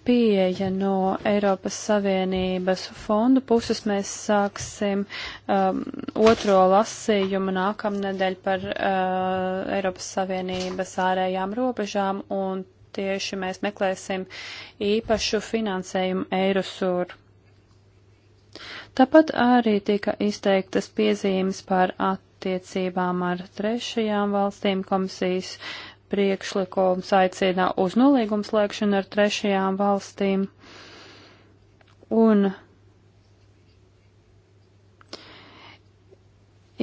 pieeja no Eiropas Savienības fondu puses. Mēs sāksim um, otro lasījumu nākamnedēļ par uh, Eiropas Savienības ārējām robežām, un tieši mēs meklēsim īpašu finansējumu Eirosūru. Tāpat arī tika izteiktas piezīmes par attiecībām ar trešajām valstīm komisijas uh, priekšlikums aicina uz nolīgumu slēgšanu ar trešajām valstīm. Un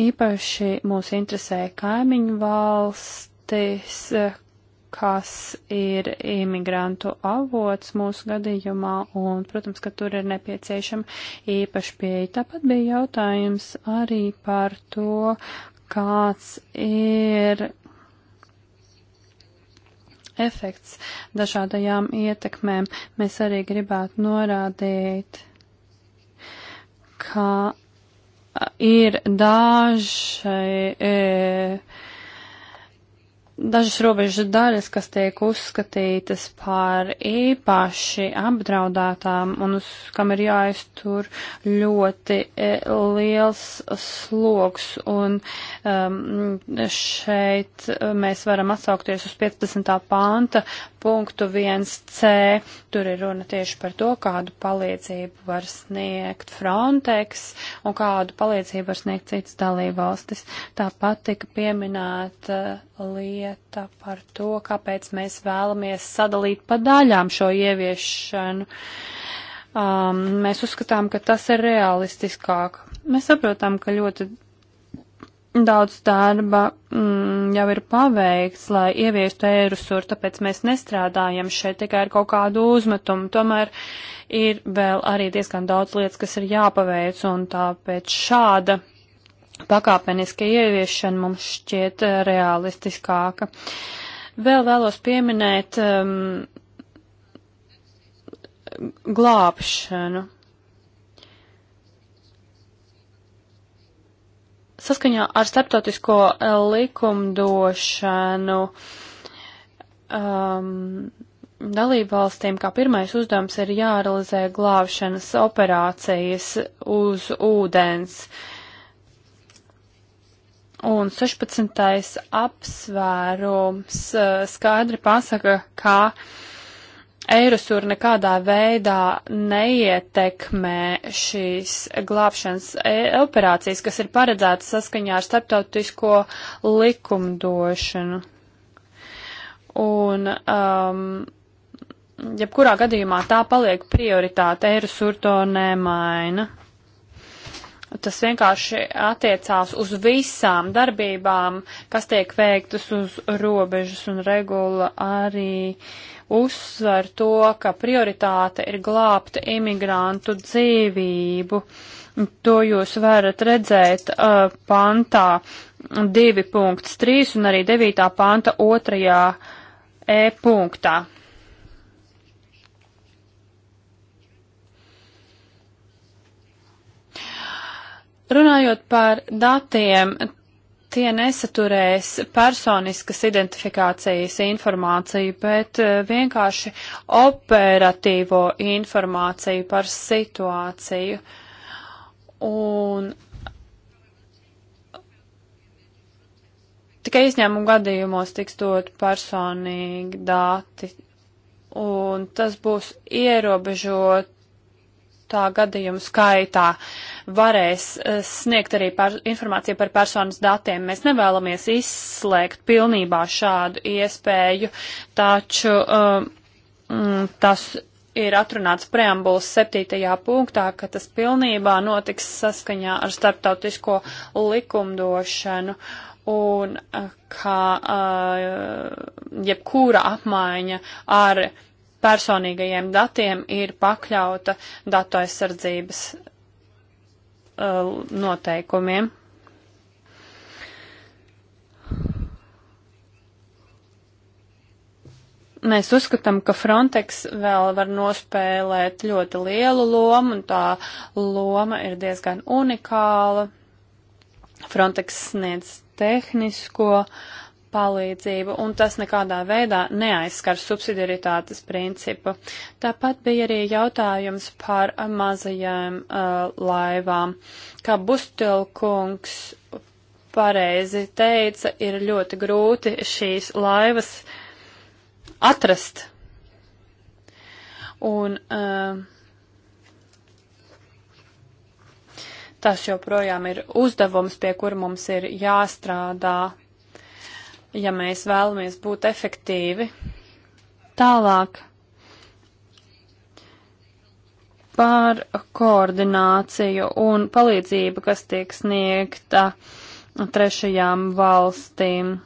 īpaši mūs interesē kaimiņu valstis, kas ir imigrantu avots mūsu gadījumā, un, protams, ka tur ir nepieciešama īpaša pieeja. Tāpat bija jautājums arī par to, kāds ir efekts dažādajām ietekmēm. Mēs arī gribētu norādīt, ka ir daži. E, dažas robežas daļas, kas tiek uzskatītas par īpaši apdraudētām un uz kam ir jāiztur ļoti e, liels sloks. Un um, šeit mēs varam atsaukties uz 15. panta punktu 1C. Tur ir runa tieši par to, kādu palīdzību var sniegt Frontex un kādu palīdzību var sniegt citas dalībvalstis. Tāpat tika pieminēta uh, lieta par to, kāpēc mēs vēlamies sadalīt pa daļām šo ieviešanu. Um, mēs uzskatām, ka tas ir realistiskāk. Mēs saprotam, ka ļoti Daudz darba mm, jau ir paveikts, lai ieviestu eirusur, tāpēc mēs nestrādājam šeit tikai ar kaut kādu uzmetumu. Tomēr ir vēl arī diezgan daudz lietas, kas ir jāpaveic, un tāpēc šāda pakāpeniska ieviešana mums šķiet eh, realistiskāka. Vēl vēlos pieminēt um, glābšanu saskaņā ar starptautisko eh, likumdošanu um, dalībvalstīm kā pirmais uzdevums ir jārealizē glābšanas operācijas uz ūdens. Un 16. apsvērums eh, skaidri pasaka, ka uh, Eirosur nekādā veidā neietekmē šīs glābšanas e, operācijas, kas ir paredzētas saskaņā ar starptautisko likumdošanu. Un, um, jebkurā gadījumā tā paliek prioritāte, Eirosur to nemaina. Tas vienkārši attiecās uz visām darbībām, kas tiek veiktas uz robežas un regula arī uzsver to, ka prioritāte ir glābt imigrantu dzīvību. To jūs varat redzēt uh, pantā 2.3 un arī 9. panta 2. Uh, e punktā. Runājot par datiem, tie nesaturēs personiskas identifikācijas informāciju, bet eh, vienkārši operatīvo informāciju par situāciju. Un tikai izņēmumu gadījumos tiks dot personīgi dati, un tas būs ierobežot tā gadījumu skaitā varēs eh, sniegt arī par, informāciju par personas datiem. Mēs nevēlamies izslēgt pilnībā šādu iespēju, taču um, tas ir atrunāts preambulas septītajā punktā, ka tas pilnībā notiks saskaņā ar starptautisko likumdošanu. Un eh, kā uh, jebkura apmaiņa ar uh, personīgajiem datiem ir pakļauta datu aizsardzības uh, noteikumiem. Mēs uzskatām, ka Frontex vēl var nospēlēt ļoti lielu lomu, un tā loma ir diezgan unikāla. Frontex sniedz tehnisko uh, palīdzību, un tas nekādā veidā neaizskar subsidiaritātes principu. Tāpat bija arī jautājums par mazajām uh, laivām. Kā Bustilkungs pareizi teica, ir ļoti grūti šīs laivas atrast. Un, uh, Tas joprojām ir uzdevums, pie kura mums ir jāstrādā ja mēs vēlamies būt efektīvi. Tālāk par koordināciju un palīdzību, kas tiek sniegta trešajām valstīm.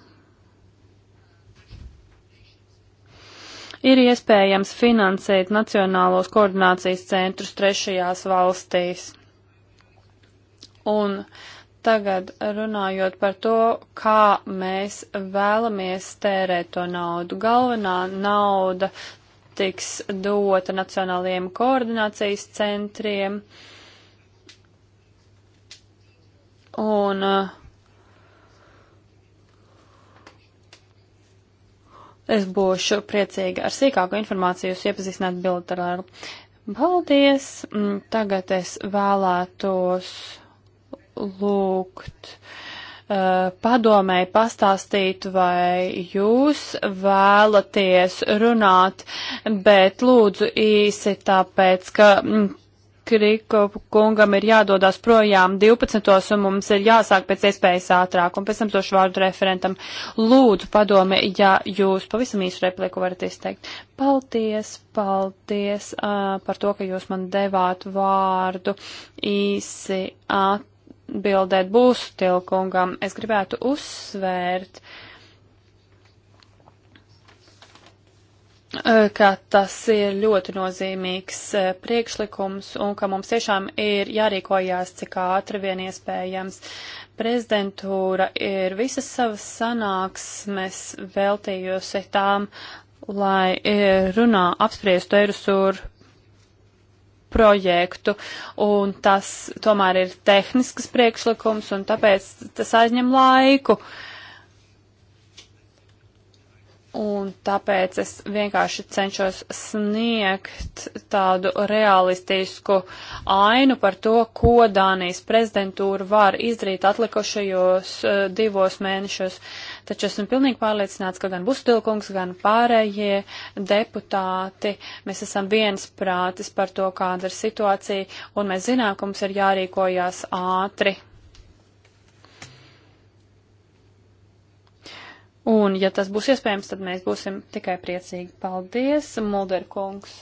Ir iespējams finansēt Nacionālos koordinācijas centrus trešajās valstīs. Un uh, Tagad runājot par to, kā mēs vēlamies tērēt to naudu. Galvenā nauda tiks dota nacionālajiem koordinācijas centriem. Un eh, es būšu priecīga ar sīkāku informāciju jūs iepazīstināt bilaterāli. Paldies! Mm, tagad es vēlētos lūgt uh, padomēji pastāstīt, vai jūs vēlaties runāt, bet lūdzu īsi tāpēc, ka mm, Kriko kungam ir jādodas projām 12. un mums ir jāsāk pēc iespējas ātrāk, un pēc tam došu vārdu referentam. Lūdzu, padome, ja jūs pavisam īsu repliku varat izteikt. Paldies, paldies uh, par to, ka jūs man devāt vārdu īsi at atbildēt būsu tilkungam. Es gribētu uzsvērt, e, ka tas ir ļoti nozīmīgs e, priekšlikums un ka mums tiešām ir jārīkojās cik ātri vien iespējams. Prezidentūra ir visas savas sanāksmes veltījusi tām, lai e, runā apspriestu Eirusūru projektu, un tas tomēr ir tehnisks priekšlikums, un tāpēc tas aizņem laiku. Un tāpēc es vienkārši cenšos sniegt tādu realistisku ainu par to, ko Dānijas prezidentūra var izdarīt atlikušajos uh, divos mēnešos. Uh, taču esmu pilnīgi pārliecināts, ka gan Bustilkungs, gan pārējie deputāti, mēs esam viens prātis par to, kāda ir situācija, un mēs zinām, ka mums ir jārīkojās ātri. Un, ja tas būs iespējams, tad mēs būsim tikai priecīgi. Paldies, Mulder kungs!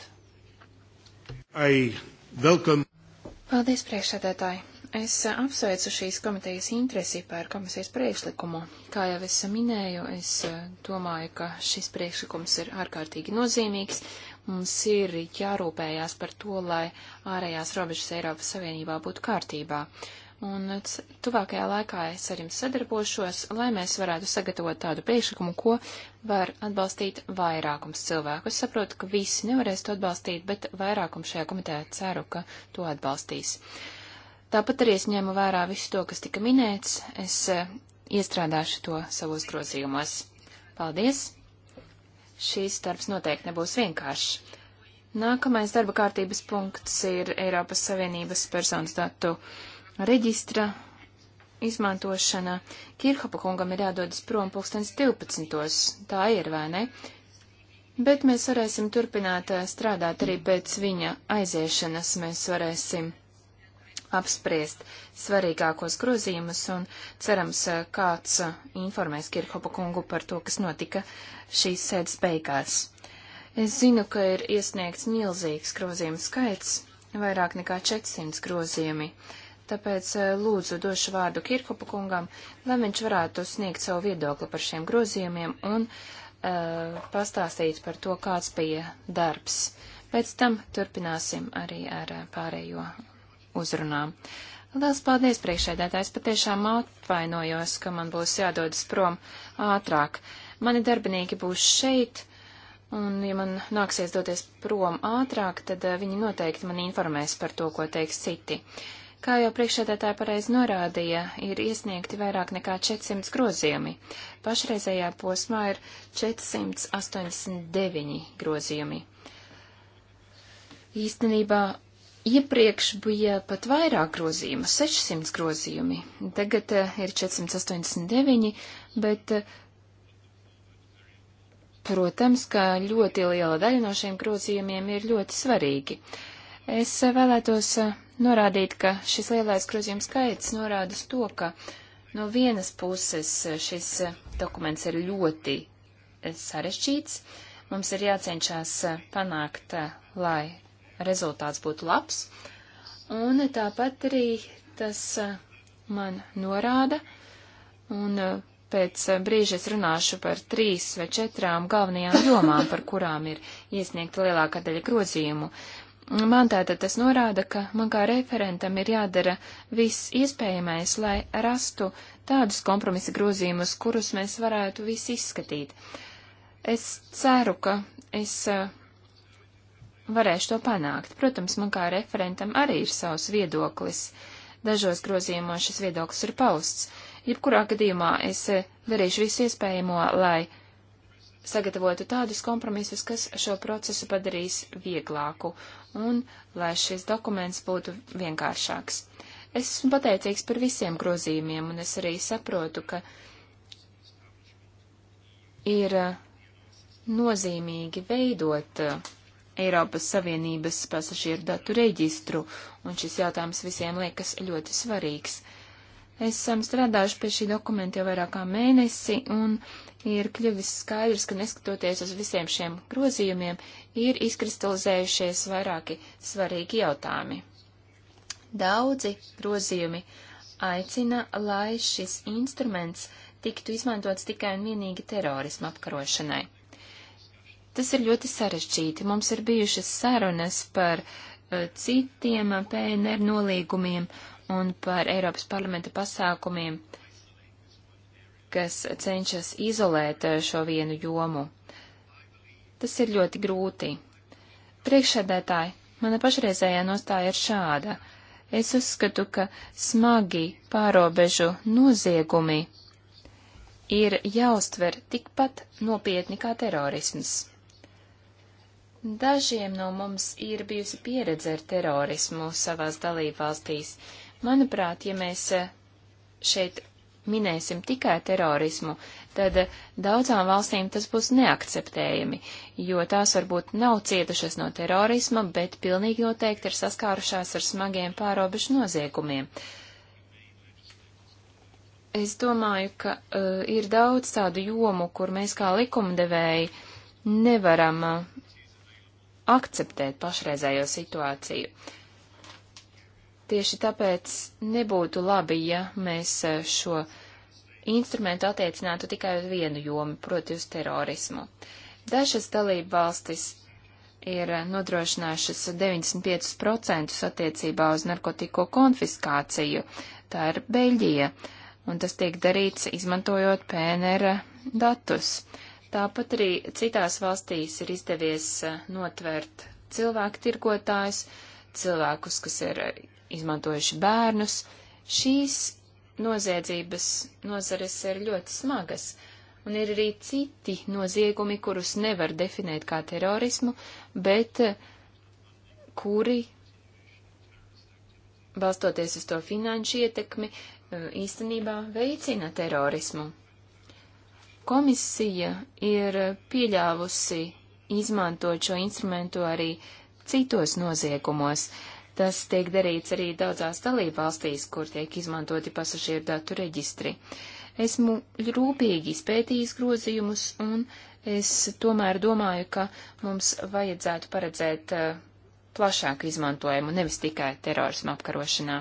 Paldies, priekšsēdētāji! Es apsveicu šīs komitejas interesi par komisijas priekšlikumu. Kā jau es minēju, es eh, domāju, ka šis priekšlikums ir ārkārtīgi nozīmīgs. Mums ir jārūpējās par to, lai ārējās robežas Eiropas Savienībā būtu kārtībā un tuvākajā laikā es ar jums sadarbošos, lai mēs varētu sagatavot tādu priekšlikumu, ko var atbalstīt vairākums cilvēku. Es saprotu, ka visi nevarēs to atbalstīt, bet vairākums šajā komitejā ceru, ka to atbalstīs. Tāpat arī es ņēmu vērā visu to, kas tika minēts. Es eh, iestrādāšu to savos grozījumos. Paldies! Šīs darbs noteikti nebūs vienkāršs. Nākamais darba kārtības punkts ir Eiropas Savienības personas datu reģistra izmantošana. Kirhopa kungam ir jādodas prom pulkstens 12. Tā ir, vai ne? Bet mēs varēsim turpināt eh, strādāt arī pēc viņa aiziešanas. Mēs varēsim apspriest svarīgākos grozījumus un cerams, eh, kāds eh, informēs Kirhopa kungu par to, kas notika šīs sēdes beigās. Es zinu, ka ir iesniegts milzīgs grozījumu skaits, vairāk nekā 400 grozījumi, tāpēc eh, lūdzu došu vārdu Kirhopa kungam, lai viņš varētu sniegt savu viedokli par šiem grozījumiem un uh, pastāstīt par to, kāds bija darbs. Pēc tam turpināsim arī ar pārējo uzrunām. Liels paldies, priekšēdētājs, patiešām atvainojos, ka man būs jādodas prom ātrāk. Mani darbinieki būs šeit, un ja man nāksies doties prom ātrāk, tad eh, viņi noteikti mani informēs par to, ko teiks citi. Kā jau priekšsēdētāja pareizi norādīja, ir iesniegti vairāk nekā 400 grozījumi. Pašreizējā posmā ir 489 grozījumi. Īstenībā Iepriekš bija pat vairāk grozījumu, 600 grozījumi, tagad eh, ir 489, bet, eh, protams, ka ļoti liela daļa no šiem grozījumiem ir ļoti svarīgi. Es eh, vēlētos norādīt, ka šis lielais grozījums skaits norāda uz to, ka no vienas puses šis dokuments ir ļoti sarežģīts, mums ir jācenšas panākt, lai rezultāts būtu labs. Un tāpat arī tas uh, man norāda, un uh, pēc brīža es runāšu par trīs vai četrām galvenajām jomām, par kurām ir iesniegta lielākā daļa grozījumu. Man tātad tas norāda, ka man kā referentam ir jādara viss iespējamais, lai rastu tādus kompromisa grozījumus, kurus mēs varētu visi izskatīt. Es ceru, ka es uh, varēšu to panākt. Protams, man kā referentam arī ir savs viedoklis. Dažos grozījumos šis viedoklis ir pausts. Jebkurā gadījumā es eh, darīšu visu iespējamo, lai sagatavotu tādus kompromisus, kas šo procesu padarīs vieglāku un lai šis dokuments būtu vienkāršāks. Es esmu pateicīgs par visiem grozījumiem, un es arī saprotu, ka ir eh, nozīmīgi veidot eh, Eiropas Savienības pasažieru datu reģistru, un šis jautājums visiem liekas ļoti svarīgs. Esam strādājuši pie šī dokumenta jau vairāk kā mēnesi, un ir kļuvis skaidrs, ka neskatoties uz visiem šiem grozījumiem, ir izkristalizējušies vairāki svarīgi jautājumi. Daudzi grozījumi aicina, lai šis instruments tiktu izmantots tikai un vienīgi terorismu apkarošanai. Tas ir ļoti sarežģīti. Mums ir bijušas sarunas par uh, citiem eh, PNR nolīgumiem un par Eiropas parlamenta pasākumiem, kas cenšas izolēt eh, šo vienu jomu. Tas ir ļoti grūti. Priekšsēdētāji, mana pašreizējā nostāja ir šāda. Es uzskatu, ka smagi pārobežu noziegumi ir jāuztver tikpat nopietni kā terorisms. Dažiem no mums ir bijusi pieredze ar terorismu savās dalībvalstīs. Manuprāt, ja mēs eh, šeit minēsim tikai terorismu, tad eh, daudzām valstīm tas būs neakceptējami, jo tās varbūt nav cietušas no terorisma, bet pilnīgi noteikti ir saskārušās ar smagiem pārobežu noziegumiem. Es domāju, ka uh, ir daudz tādu jomu, kur mēs kā likumdevēji nevaram uh, akceptēt pašreizējo situāciju. Tieši tāpēc nebūtu labi, ja mēs eh, šo instrumentu attiecinātu tikai uz vienu jomu, proti uz terorismu. Dažas dalība valstis ir eh, nodrošinājušas 95% attiecībā uz narkotiku konfiskāciju. Tā ir Beļģija, un tas tiek darīts izmantojot PNR datus. Uh, Tāpat arī citās valstīs ir izdevies eh, notvērt cilvēku tirgotājs, cilvēkus, kas ir eh, izmantojuši bērnus. Šīs noziedzības nozares ir ļoti smagas, un ir arī citi noziegumi, kurus nevar definēt kā terorismu, bet eh, kuri, balstoties uz to finanšu ietekmi, īstenībā veicina terorismu. Komisija ir pieļāvusi izmantot šo instrumentu arī citos noziegumos. Tas tiek darīts arī daudzās dalībvalstīs, kur tiek izmantoti pasažieru datu reģistri. Esmu rūpīgi izpētījis grozījumus, un es tomēr domāju, ka mums vajadzētu paredzēt uh, plašāku izmantojumu, nevis tikai terorismu apkarošanā.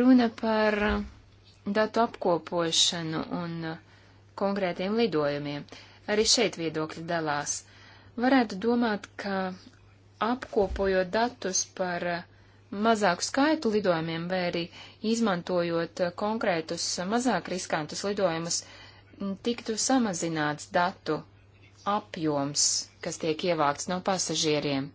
Runa par datu apkopošanu un uh, konkrētiem lidojumiem. Arī šeit viedokļi dalās. Varētu domāt, ka apkopojot datus par eh, mazāku skaitu lidojumiem vai arī izmantojot eh, konkrētus eh, mazāk riskantus lidojumus, tiktu samazināts datu apjoms, kas tiek ievākts no pasažieriem.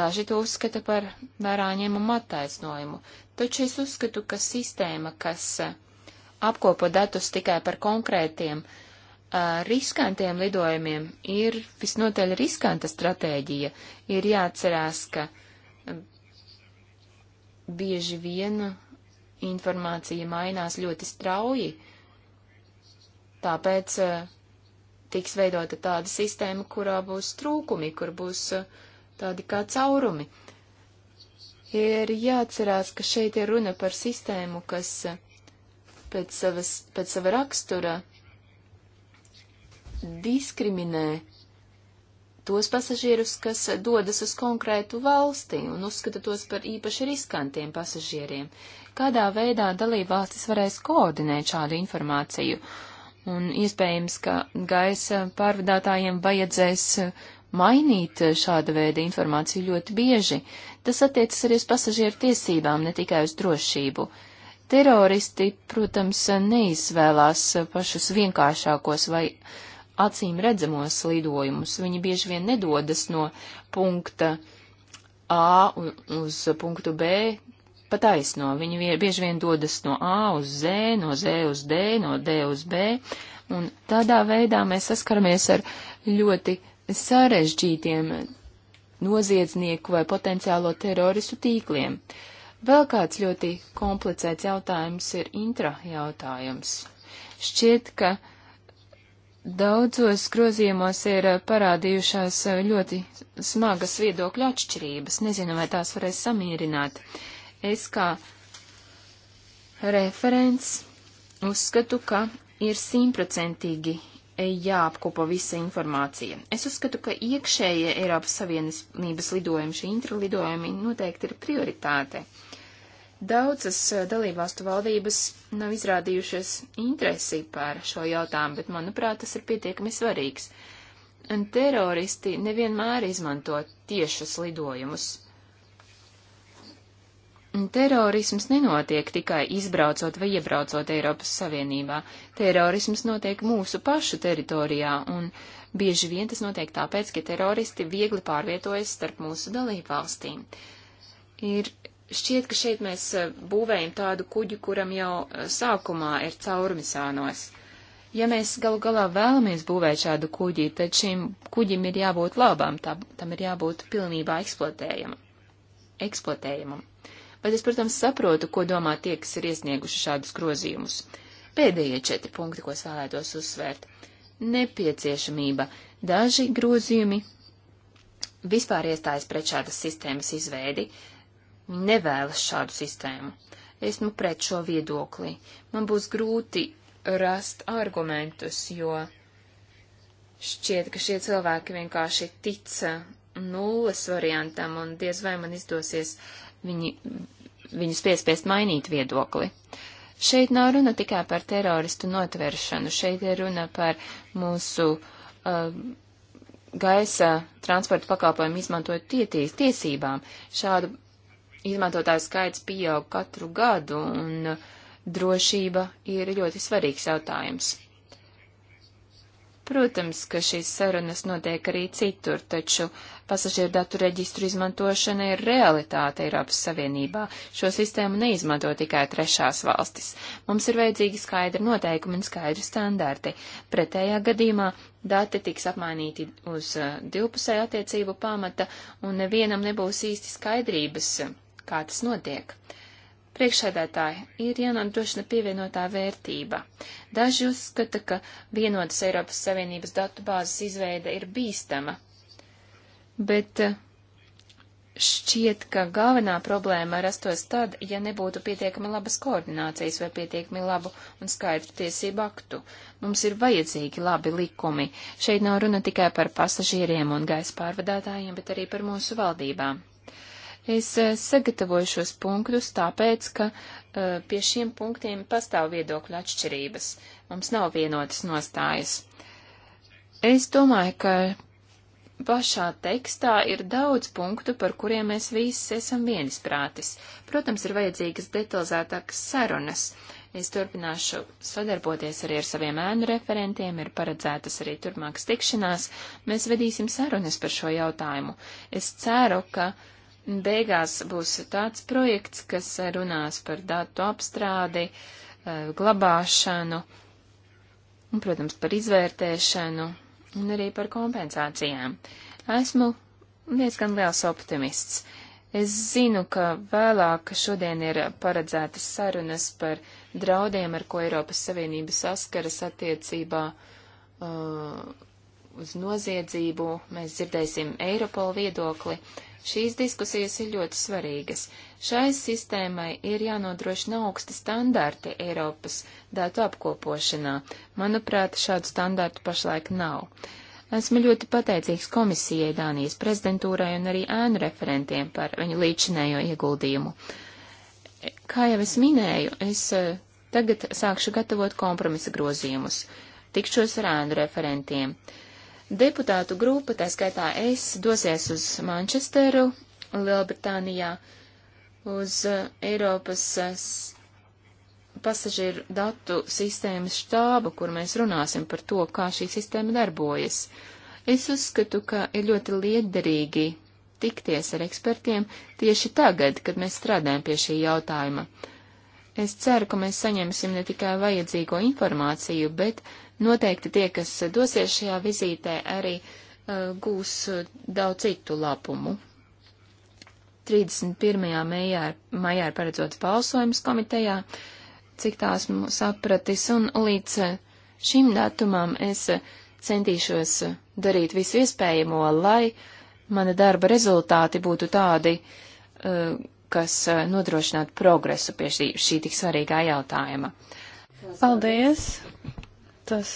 Daži to uzskata par vērā ņēmumu attaisnojumu, taču es uzskatu, ka sistēma, kas uh, apkopot datus tikai par konkrētiem uh, riskantiem lidojumiem, ir visnotaļ riskanta stratēģija. Ir jāatcerās, ka bieži vien informācija mainās ļoti strauji, tāpēc uh, tiks veidota tāda sistēma, kurā būs trūkumi, kur būs uh, tādi kā caurumi. Ir jāatcerās, ka šeit ir runa par sistēmu, kas uh, pēc, savas, pēc sava rakstura diskriminē tos pasažierus, kas dodas uz konkrētu valsti un uzskata tos par īpaši riskantiem pasažieriem. Kādā veidā dalībvalstis varēs koordinēt šādu informāciju? Un iespējams, ka gaisa pārvadātājiem vajadzēs mainīt šāda veida informāciju ļoti bieži. Tas attiecas arī uz pasažieru tiesībām, ne tikai uz drošību. Uh, Teroristi, protams, neizvēlās pašus vienkāršākos vai acīm redzamos lidojumus. Viņi bieži vien nedodas no punkta A uz punktu B pa taisno. Viņi bieži vien dodas no A uz Z, no Z uz D, no D uz B, un tādā veidā mēs saskaramies ar ļoti sarežģītiem noziedznieku vai potenciālo teroristu tīkliem. Uh, Vēl kāds ļoti komplicēts jautājums ir intra jautājums. Šķiet, ka daudzos grozījumos ir parādījušās ļoti smagas viedokļu atšķirības. Nezinu, vai tās varēs samierināt. Es kā referents uzskatu, ka ir simtprocentīgi jāapkopo visa informācija. Es uzskatu, ka iekšējie Eiropas Savienības lidojumi, šī intralidojumi noteikti ir prioritāte. Daudzas eh, dalībvalstu valdības nav izrādījušas interesi par šo jautājumu, bet, manuprāt, tas ir pietiekami svarīgs. Un teroristi nevienmēr izmanto tiešus lidojumus. Un terorisms nenotiek tikai izbraucot vai iebraucot Eiropas Savienībā. Terorisms notiek mūsu pašu teritorijā, un bieži vien tas notiek tāpēc, ka teroristi viegli pārvietojas starp mūsu dalībvalstīm. Ir Šķiet, ka šeit mēs eh, būvējam tādu kuģi, kuram jau eh, sākumā ir caurumi sānos. Ja mēs galu galā vēlamies būvēt šādu kuģi, tad šim kuģim ir jābūt labam, tā, tam ir jābūt pilnībā eksploatējamam. eksploatējamam. Bet es, protams, saprotu, ko domā tie, kas ir iesnieguši šādus grozījumus. Pēdējie četri punkti, ko es vēlētos uzsvērt. Nepieciešamība. Daži grozījumi vispār iestājas pret šādas sistēmas izveidi, nevēlas šādu sistēmu. Esmu pret šo viedoklī. Man būs grūti rast argumentus, jo šķiet, ka šie cilvēki vienkārši tica nulles variantam un diez vai man izdosies viņi, viņus piespiest mainīt viedokli. Šeit nav runa tikai par teroristu notveršanu, šeit ir runa par mūsu uh, gaisa transporta pakalpojumu izmantojot tiesībām. Šādu izmantotāju skaits pieaug katru gadu, un drošība ir ļoti svarīgs jautājums. Protams, ka šīs sarunas notiek arī citur, taču pasažieru datu reģistru izmantošana ir realitāte Eiropas Savienībā. Šo sistēmu neizmanto tikai trešās valstis. Mums ir vajadzīgi skaidri noteikumi un skaidri standarti. Pretējā gadījumā dati tiks apmainīti uz uh, divpusēju attiecību pamata, un nevienam nebūs īsti skaidrības kā tas notiek. Priekšsēdētāji ir jānodrošina pievienotā vērtība. Daži uzskata, ka vienotas Eiropas Savienības datubāzes izveide ir bīstama, bet eh, šķiet, ka galvenā problēma rastos tad, ja nebūtu pietiekami labas koordinācijas vai pietiekami labu un skaidru tiesību aktu. Mums ir vajadzīgi labi likumi. Šeit nav runa tikai par pasažieriem un gaisa pārvadātājiem, bet arī par mūsu valdībām. Es eh, sagatavoju šos punktus tāpēc, ka eh, pie šiem punktiem pastāv viedokļu atšķirības. Mums nav vienotas nostājas. Es domāju, ka pašā tekstā ir daudz punktu, par kuriem mēs visi esam vienisprātis. Protams, ir vajadzīgas detalizētākas sarunas. Es turpināšu sadarboties arī ar saviem ēnu referentiem, ir paredzētas arī turpmākas tikšanās. Mēs vedīsim sarunas par šo jautājumu. Es ceru, ka beigās būs tāds projekts, kas runās par datu apstrādi, eh, glabāšanu, un, protams, par izvērtēšanu un arī par kompensācijām. Esmu diezgan liels optimists. Es zinu, ka vēlāk šodien ir paredzētas sarunas par draudiem, ar ko Eiropas Savienība saskaras attiecībā uh, uz noziedzību, mēs dzirdēsim Eiropola viedokli. Šīs diskusijas ir ļoti svarīgas. Šai sistēmai ir jānodrošina augsti standarti Eiropas datu apkopošanā. Manuprāt, šādu standartu pašlaik nav. Esmu ļoti pateicīgs komisijai, Dānijas prezidentūrai un arī ēnu referentiem par viņu līdzinējo ieguldījumu. Kā jau es minēju, es eh, tagad sākšu gatavot kompromisa grozījumus. Tikšos ar ēnu referentiem. Uh, Deputātu grupa, tā skaitā es, dosies uz Manchesteru, Lielbritānijā, uz eh, Eiropas eh, pasažieru datu sistēmas štābu, kur mēs runāsim par to, kā šī sistēma darbojas. Es uzskatu, ka ir ļoti liederīgi tikties ar ekspertiem tieši tagad, kad mēs strādājam pie šī jautājuma. Es ceru, ka mēs saņemsim ne tikai vajadzīgo informāciju, bet Noteikti tie, kas dosies šajā vizītē, arī uh, gūs uh, daudz citu labumu. 31. maijā, maijā ir paredzēts balsojums komitejā, cik tās mums sapratis, un līdz uh, šim datumam es uh, centīšos darīt visu iespējamo, lai mana darba rezultāti būtu tādi, uh, kas nodrošinātu progresu pie šī, šī tik svarīgā jautājuma. Paldies! Tas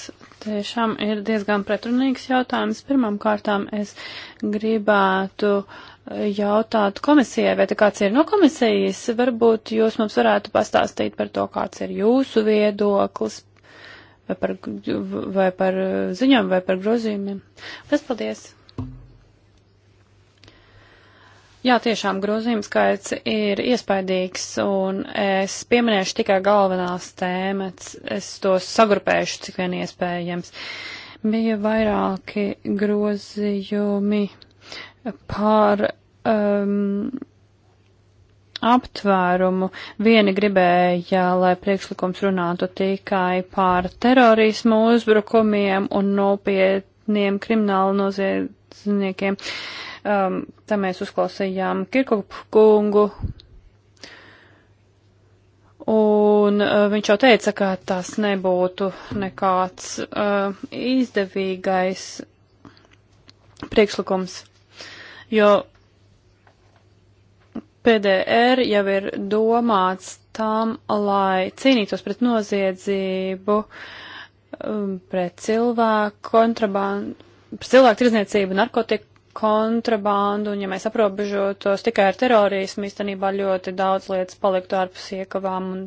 tiešām ir diezgan pretrunīgs jautājums. Pirmām kārtām es gribētu jautāt komisijai, vai te kāds ir no komisijas, varbūt jūs mums varētu pastāstīt par to, kāds ir jūsu viedoklis, vai par, vai par ziņām, vai par grozījumiem. Lies paldies! Jā, tiešām grozījums skaits ir iespaidīgs, un es pieminēšu tikai galvenās tēmas. Es tos sagrupēšu, cik vien iespējams. Bija vairāki grozījumi par um, aptvērumu. Vieni gribēja, lai priekšlikums runātu tikai par terorismu uzbrukumiem un nopietniem kriminālu noziedzniekiem. Uh, Um, tā mēs uzklausījām Kirkupu kungu. Un uh, viņš jau teica, ka tas nebūtu nekāds uh, izdevīgais priekšlikums, jo PDR jau ir domāts tam, lai cīnītos pret noziedzību, um, pret cilvēku kontrabandu, pret cilvēku tirzniecību, narkotiku kontrabandu, un ja mēs aprobežotos tikai ar terorismu, īstenībā ļoti daudz lietas paliktu ārpus iekavām. Un...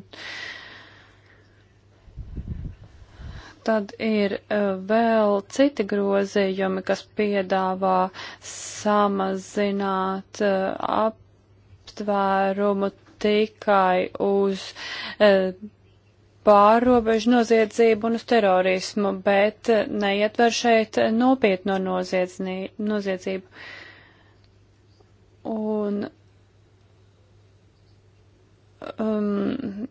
Tad ir e, vēl citi grozījumi, kas piedāvā samazināt e, aptvērumu tikai uz. Uh, pārrobežu noziedzību un uz terorismu, bet neietver šeit nopietno noziedzību. Un, um,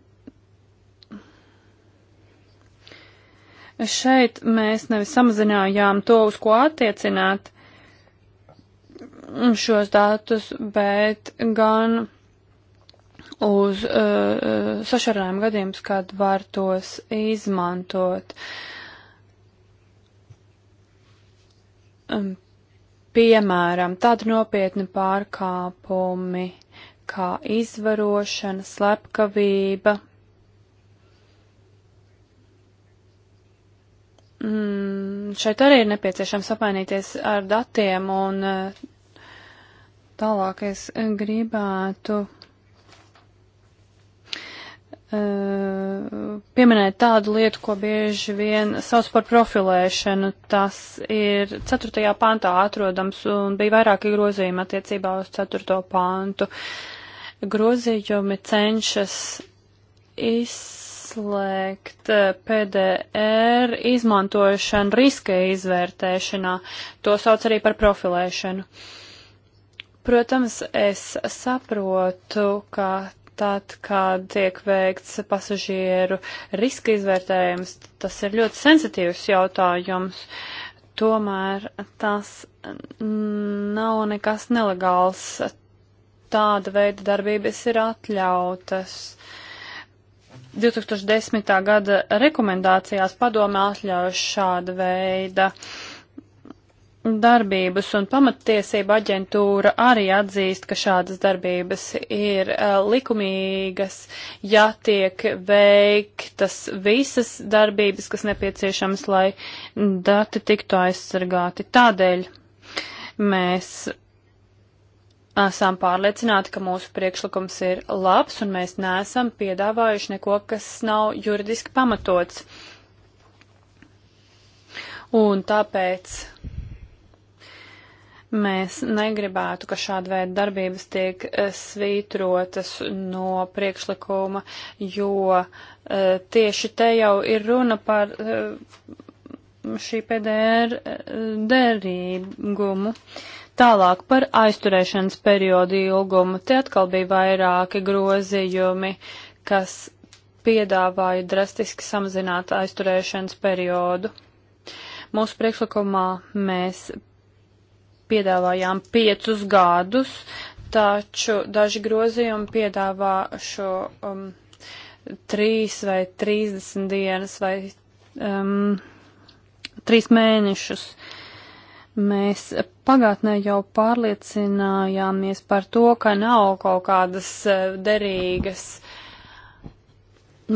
šeit mēs nevis samazinājām to, uz ko attiecināt šos datus, bet gan uz uh, sašarinājumu gadījumus, kad var tos izmantot. Um, piemēram, tādi nopietni pārkāpumi kā izvarošana, slepkavība. Mm, šeit arī ir nepieciešams apmainīties ar datiem un uh, tālāk es gribētu Eh, pieminēt tādu lietu, ko bieži vien sauc par profilēšanu. Tas ir 4. pantā atrodams un bija vairāki grozījumi attiecībā uz 4. pantu. Grozījumi cenšas izslēgt eh, PDR izmantošanu riska izvērtēšanā. To sauc arī par profilēšanu. Protams, es saprotu, ka tad, kad tiek veikts pasažieru riska izvērtējums, tas ir ļoti sensitīvs jautājums. Tomēr tas nav nekas nelegāls. Tāda veida darbības ir atļautas. 2010. gada rekomendācijās padomē atļauj šāda veida uh, darbības un pamattiesība aģentūra arī atzīst, ka šādas darbības ir uh, likumīgas, ja tiek veiktas visas darbības, kas nepieciešamas, lai dati tiktu aizsargāti. Tādēļ mēs esam pārliecināti, ka mūsu priekšlikums ir labs un mēs neesam piedāvājuši neko, kas nav juridiski pamatots. Un tāpēc Mēs negribētu, ka šāda veida darbības tiek eh, svītrotas no priekšlikuma, jo eh, tieši te jau ir runa par eh, šī PDR derīgumu. Tālāk par aizturēšanas periodu ilgumu. Te atkal bija vairāki grozījumi, kas piedāvāja drastiski samazināt aizturēšanas periodu. Mūsu priekšlikumā mēs piedāvājām piecus gadus, taču daži grozījumi piedāvā šo um, trīs vai trīsdesmit dienas vai um, trīs mēnešus. Mēs pagātnē jau pārliecinājāmies par to, ka nav kaut kādas eh, derīgas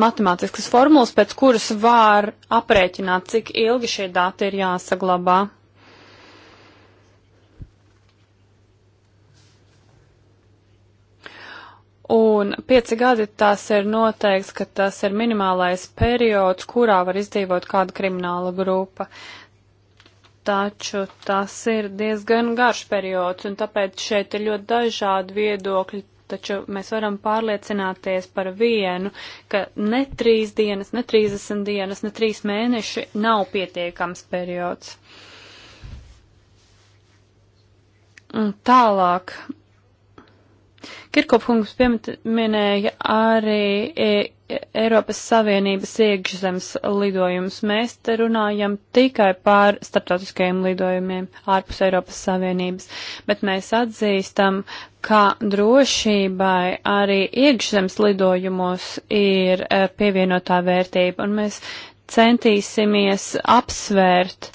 matemātiskas formulas, pēc kuras var aprēķināt, cik ilgi šie dati ir jāsaglabā. Un pieci gadi tas ir noteikts, ka tas ir minimālais periods, kurā var izdzīvot kāda krimināla grupa. Taču tas ir diezgan garš periods, un tāpēc šeit ir ļoti dažādi viedokļi, taču mēs varam pārliecināties par vienu, ka ne trīs dienas, ne trīsdesmit dienas, ne trīs mēneši nav pietiekams periods. Un tālāk Kirkopkungs pieminēja arī e, Eiropas Savienības iekšzemes lidojumus. Mēs te runājam tikai par starptautiskajiem lidojumiem ārpus Eiropas Savienības, bet mēs atzīstam, ka drošībai arī iekšzemes lidojumos ir e, pievienotā vērtība, un mēs centīsimies apsvērt,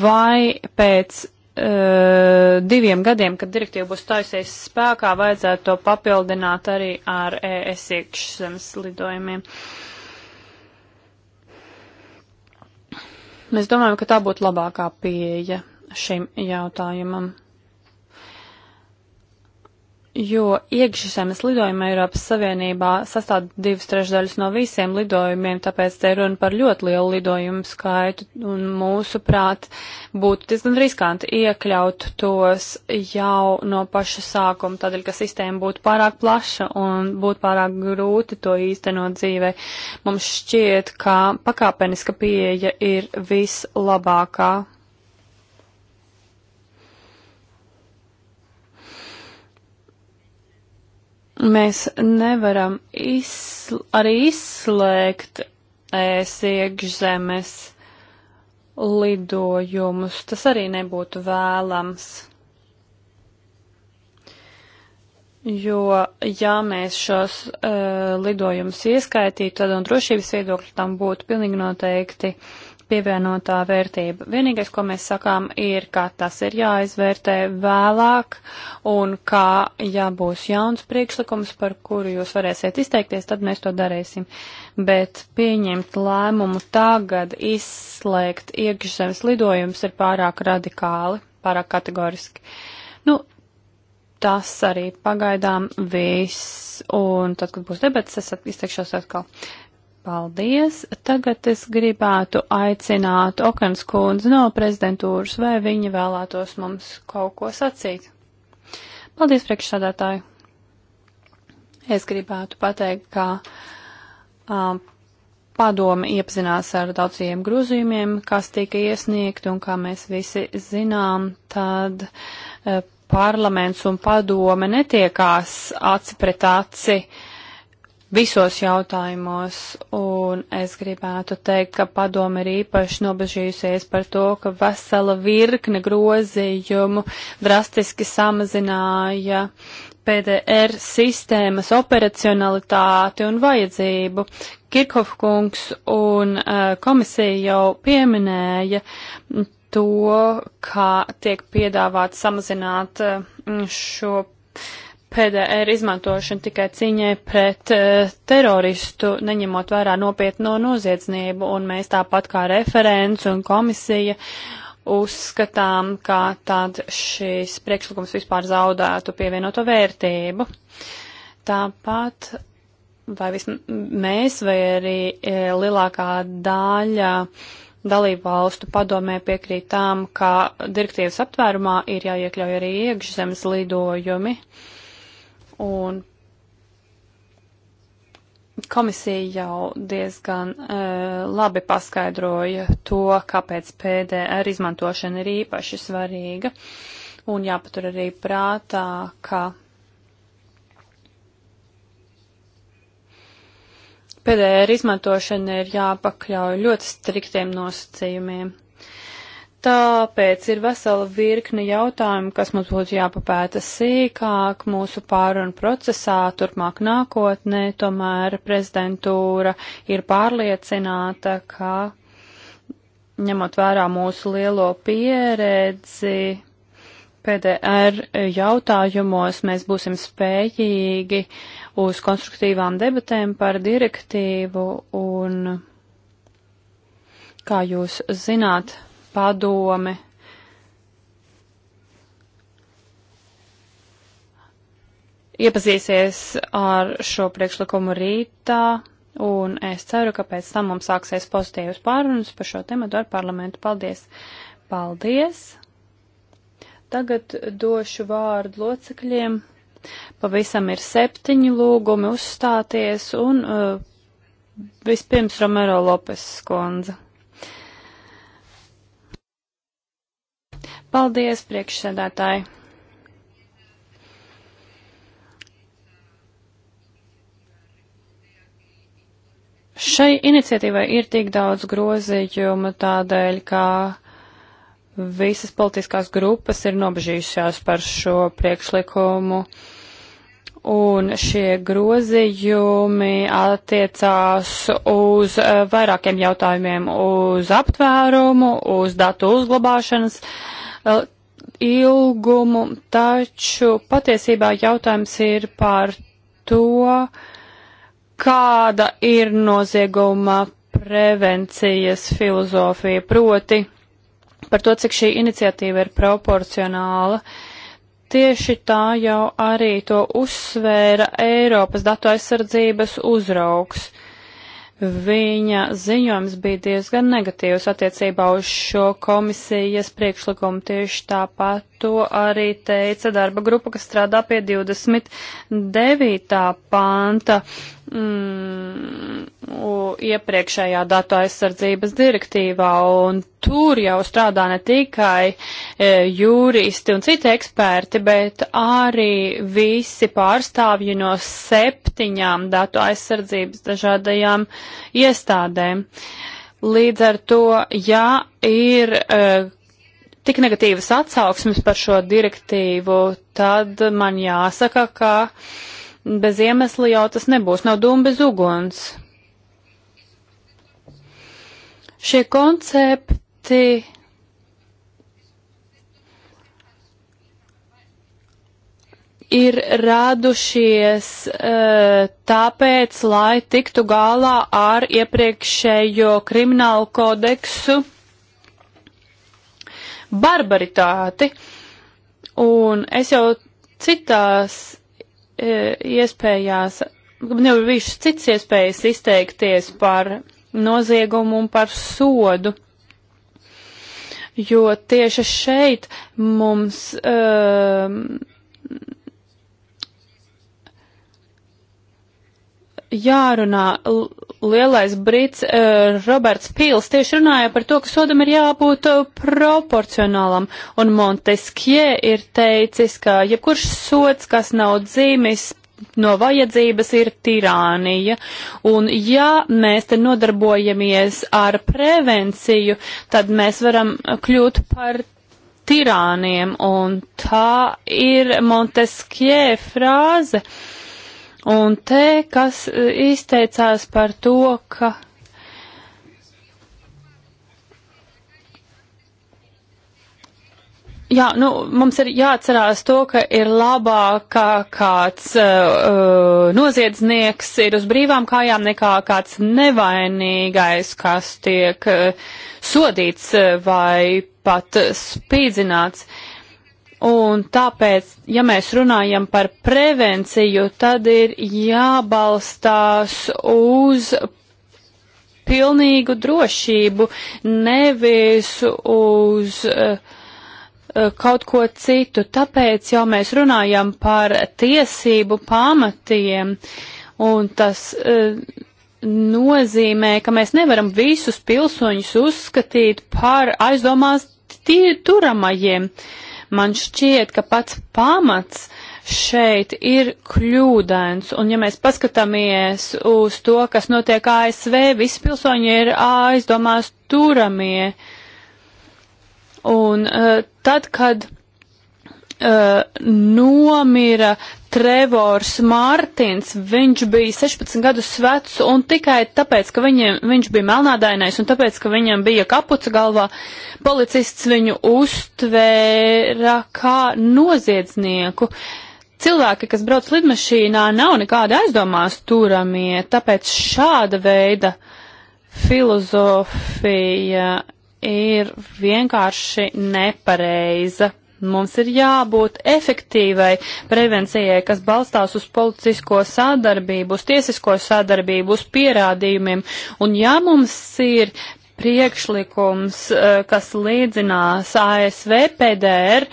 vai pēc Eh, diviem gadiem, kad direktīva būs taisies spēkā, vajadzētu to papildināt arī ar ES iekšzemes lidojumiem. Mēs domājam, ka tā būtu labākā pieeja šim jautājumam jo iekšzemes lidojumi Eiropas Savienībā sastāv divas trešdaļas no visiem lidojumiem, tāpēc te runa par ļoti lielu lidojumu skaitu, un mūsuprāt, būtu diezgan riskanti iekļaut tos jau no paša sākuma, tādēļ, ka sistēma būtu pārāk plaša un būtu pārāk grūti to īstenot dzīvē. Mums šķiet, ka pakāpeniska pieeja ir vislabākā. Mēs nevaram izsl arī izslēgt ēs iekšzemes lidojumus. Tas arī nebūtu vēlams. Jo, ja mēs šos uh, lidojumus ieskaitītu, tad un drošības viedokļi tam būtu pilnīgi noteikti uh, pievienotā vērtība. Vienīgais, ko mēs sakām, ir, ka tas ir jāizvērtē vēlāk un ka, ja būs jauns priekšlikums, par kuru jūs varēsiet izteikties, tad mēs to darīsim. Bet pieņemt lēmumu tagad izslēgt iekšzemes lidojums ir pārāk radikāli, pārāk kategoriski. Nu, tas arī pagaidām viss, un tad, kad būs debats, es izteikšos atkal. Paldies! Tagad es gribētu aicināt Okans kundzi no prezidentūras, vai viņa vēlētos mums kaut ko sacīt. Paldies, priekšsādātāji! Es gribētu pateikt, ka um, padome iepazinās ar daudziem grozījumiem, kas tika iesniegti, un kā mēs visi zinām, tad uh, parlaments un padome netiekās aci pret aci. Uh, visos jautājumos, un es gribētu teikt, ka padome ir īpaši nobežījusies par to, ka vesela virkne grozījumu drastiski samazināja PDR sistēmas operacionalitāti un vajadzību. Kirkhoff kungs un uh, komisija jau pieminēja to, kā tiek piedāvāt samazināt uh, šo uh, PDR izmantošanu tikai cīņai pret uh, teroristu, neņemot vērā nopietno noziedzniebu, un mēs tāpat kā referents un komisija uzskatām, ka tad šīs priekšlikums vispār zaudētu pievienoto vērtību. Tāpat vai vismaz mēs vai arī eh, lielākā daļa dalību valstu padomē piekrīt tām, ka direktīvas aptvērumā ir jāiekļauj arī iekšzemes lidojumi. Uh, Un komisija jau diezgan uh, labi paskaidroja to, kāpēc PDR izmantošana ir īpaši svarīga. Un jāpatur arī prātā, ka PDR izmantošana ir jāpakļauj ļoti striktiem nosacījumiem. Tāpēc ir vesela virkne jautājumu, kas mums būtu jāpapēta sīkāk mūsu pārunu procesā, turpmāk nākotnē. Tomēr prezidentūra ir pārliecināta, ka ņemot vērā mūsu lielo pieredzi PDR jautājumos, mēs būsim spējīgi uz konstruktīvām debatēm par direktīvu un, kā jūs zināt, padome. Iepazīsies ar šo priekšlikumu rītā, un es ceru, ka pēc tam mums sāksies pozitīvas pārunas par šo tematu ar parlamentu. Paldies! Paldies! Tagad došu vārdu locekļiem. Pavisam ir septiņi lūgumi uzstāties, un uh, vispirms Romero Lopes skundze. Paldies, priekšsēdētāji! Šai iniciatīvai ir tik daudz grozījumu tādēļ, ka visas politiskās grupas ir nobežījušās par šo priekšlikumu. Uh, un šie grozījumi attiecās uz eh, vairākiem jautājumiem - uz aptvērumu, uz datu uzglabāšanas eh, ilgumu, taču patiesībā jautājums ir par to, kāda ir nozieguma prevencijas filozofija, proti par to, cik šī iniciatīva ir proporcionāla. Uh, Tieši tā jau arī to uzsvēra Eiropas datu aizsardzības uzraugs. Viņa ziņojums bija diezgan negatīvs attiecībā uz šo komisijas priekšlikumu. Tieši tāpat to arī teica darba grupa, kas strādā pie 29. panta mm, iepriekšējā datu aizsardzības direktīvā, un tur jau strādā ne tikai e, juristi un citi eksperti, bet arī visi pārstāvji no septiņām datu aizsardzības dažādajām iestādēm. Līdz ar to, ja ir. E, Tik negatīvas atsauksmes par šo direktīvu, tad man jāsaka, ka uh, Bez iemesla jau tas nebūs, nav dūma bez uguns. Šie koncepti ir radušies uh, tāpēc, lai tiktu galā ar iepriekšējo kriminālu kodeksu barbaritāti. Un es jau citās E, iespējās, nevar bijušas cits iespējas izteikties par noziegumu un par sodu. Jo tieši šeit mums um, jārunā lielais brits uh, Roberts Pīls tieši runāja par to, ka sodam ir jābūt uh, proporcionālam, un Monteskie ir teicis, ka jebkurš sods, kas nav dzīmis no vajadzības, ir tirānija, un ja mēs te nodarbojamies ar prevenciju, tad mēs varam kļūt par tirāniem, un tā ir Monteskie frāze. Uh, Un te, kas e, izteicās par to, ka Jā, nu, mums ir jāatcerās to, ka ir labāk, ka kāds uh, noziedznieks ir uz brīvām kājām nekā kāds nevainīgais, kas tiek uh, sodīts vai pat spīdzināts. Uh, Un tāpēc, ja mēs runājam par prevenciju, tad ir jābalstās uz pilnīgu drošību, nevis uz uh, kaut ko citu. Tāpēc jau mēs runājam par tiesību pamatiem, un tas uh, nozīmē, ka mēs nevaram visus pilsoņus uzskatīt par aizdomās turamajiem. Uh, Man šķiet, ka pats pamats šeit ir kļūdains, un ja mēs paskatāmies uz to, kas notiek ASV, visi pilsoņi ir aizdomās turamie. Un uh, tad, kad Uh, nomira Trevors Mārtins. Viņš bija 16 gadus vecs un tikai tāpēc, ka viņiem, viņš bija melnādainais un tāpēc, ka viņam bija kapuca galvā, policists viņu uztvēra kā noziedznieku. Cilvēki, kas brauc lidmašīnā, nav nekādi aizdomās turamie, tāpēc šāda veida filozofija ir vienkārši nepareiza. Mums ir jābūt efektīvai prevencijai, kas balstās uz policisko sadarbību, uz tiesisko sadarbību, uz pierādījumiem. Un ja mums ir priekšlikums, eh, kas līdzinās ASV PDR,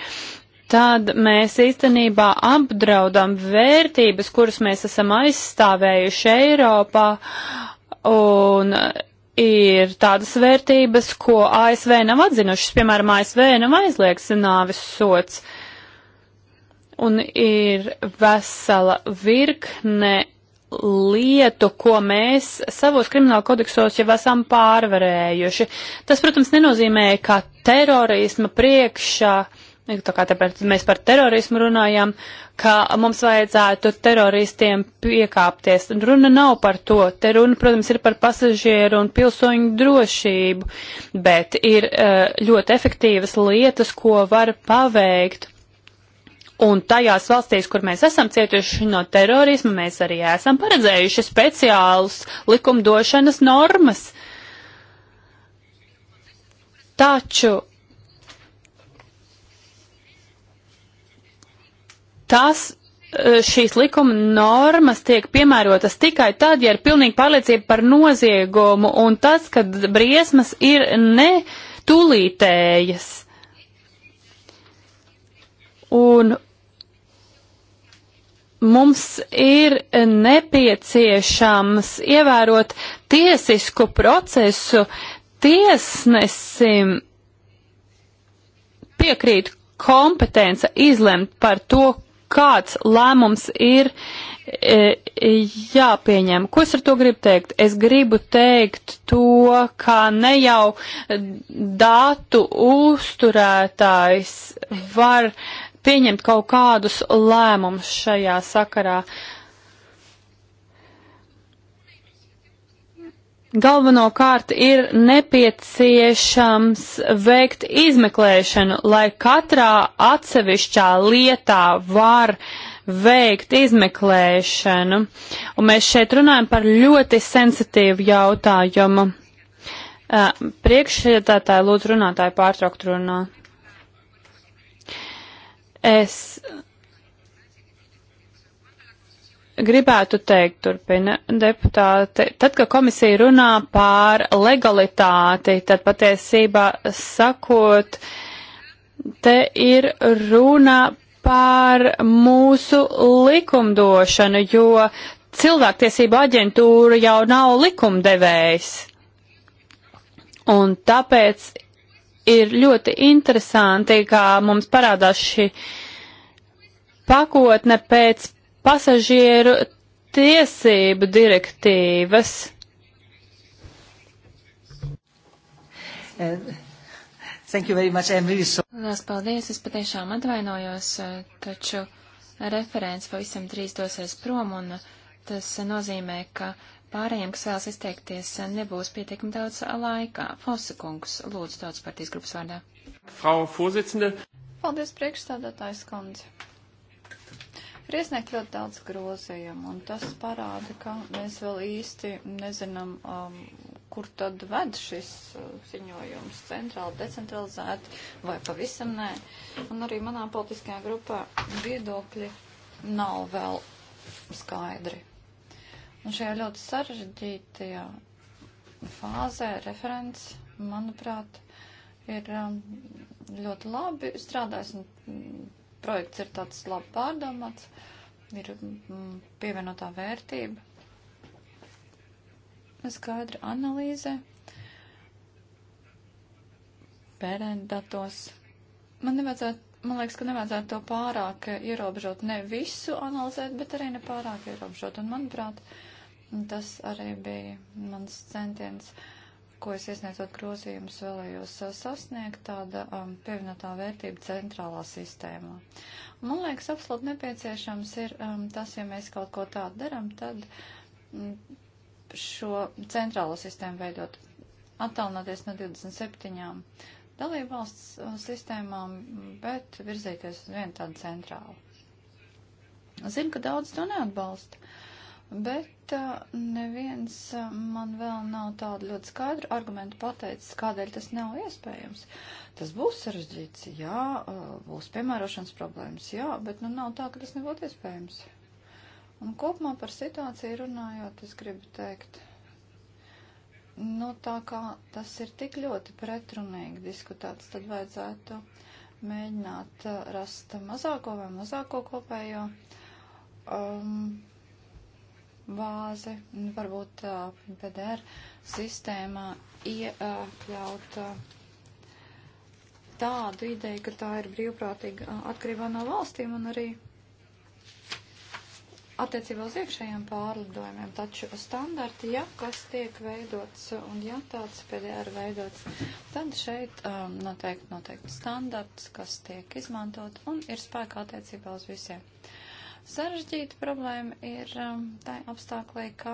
tad mēs īstenībā apdraudam vērtības, kuras mēs esam aizstāvējuši Eiropā. Un ir tādas vērtības, ko ASV nav atzinušas. Piemēram, ASV nav aizliegts nāvis sots. Un ir vesela virkne lietu, ko mēs savos krimināla kodeksos jau esam pārvarējuši. Tas, protams, nenozīmē, ka terorisma priekšā uh, Nu, tā kā tāpēc mēs par terorismu runājam, ka mums vajadzētu teroristiem piekāpties. Runa nav par to. Te runa, protams, ir par pasažieru un pilsoņu drošību, bet ir eh, ļoti efektīvas lietas, ko var paveikt. Un tajās valstīs, kur mēs esam cietuši no terorisma, mēs arī esam paredzējuši speciālus likumdošanas normas. Taču tas eh, šīs likuma normas tiek piemērotas tikai tad, ja ir pilnīgi pārliecība par noziegumu un tas, ka briesmas ir ne tulītējas. Un mums ir nepieciešams ievērot tiesisku procesu tiesnesim piekrīt kompetence izlemt par to, kāds lēmums ir e, jāpieņem. Ko es ar to gribu teikt? Es gribu teikt to, ka ne jau datu uzturētājs var pieņemt kaut kādus lēmumus šajā sakarā. Uh, galvenokārt ir nepieciešams veikt izmeklēšanu, lai katrā atsevišķā lietā var veikt izmeklēšanu. Un mēs šeit runājam par ļoti sensitīvu jautājumu. Priekšsēdētāji lūdzu runātāju pārtraukt runā. Es gribētu teikt, turpina deputāte, tad, kad komisija runā pār legalitāti, tad patiesībā sakot, te ir runa pār mūsu likumdošanu, jo cilvēktiesība aģentūra jau nav likumdevējs. Un tāpēc ir ļoti interesanti, kā mums parādās šī pakotne pēc pasažieru tiesību direktīvas. Thank you very much, Emily. So... Lielas paldies, es patiešām atvainojos, taču referents pavisam drīz dosies prom, un tas nozīmē, ka pārējiem, kas vēlas izteikties, nebūs pietiekami daudz laika. Fosa kungs, lūdzu, tautas partijas grupas vārdā. Frau Vorsitzende. Paldies, priekšstādātājs kundze. Ir iesniegt ļoti daudz grozījumu, un tas parāda, ka mēs vēl īsti nezinām, um, kur tad ved šis uh, ziņojums uh, centrāli, decentralizēti vai pavisam nē. Un arī manā politiskajā grupā viedokļi nav vēl skaidri. Un šajā ļoti sarežģītajā fāzē referents, manuprāt, ir um, ļoti labi strādājis un projekts ir tāds labi pārdomāts, ir mm, pievienotā vērtība. Skaidra analīze, pērēndatos. Man nevajadzētu, man liekas, ka nevajadzētu to pārāk ierobežot, ne visu analizēt, bet arī ne pārāk ierobežot. Un, manuprāt, tas arī bija mans centiens. Uh, ko es iesniedzot grozījumus vēlējos uh, sasniegt, tāda um, pievienotā vērtība centrālā sistēmā. Man liekas, absolūti nepieciešams ir um, tas, ja mēs kaut ko tādu daram, tad um, šo centrālo sistēmu veidot, attālināties no 27 dalību valsts sistēmām, bet virzīties uz vienu tādu centrālu. Zinu, ka daudz to neatbalsta. Uh, Bet neviens man vēl nav tādu ļoti skaidru argumentu pateicis, kādēļ tas nav iespējams. Tas būs sarežģīts, jā, būs piemērošanas problēmas, jā, bet nu nav tā, ka tas nebūtu iespējams. Un kopumā par situāciju runājot, es gribu teikt, nu tā kā tas ir tik ļoti pretrunīgi diskutēts, tad vajadzētu mēģināt rast mazāko vai mazāko kopējo. Um, bāzi, varbūt PDR sistēmā iekļaut tādu ideju, ka tā ir brīvprātīga atkarībā no valstīm un arī attiecībā uz iekšējiem pārlidojumiem, taču standarti, ja kas tiek veidots un ja tāds PDR veidots, tad šeit um, noteikti noteikti standarts, kas tiek izmantot un ir spēkā attiecībā uz visiem. Uh, Sarežģīta problēma ir um, tā apstāklī, ka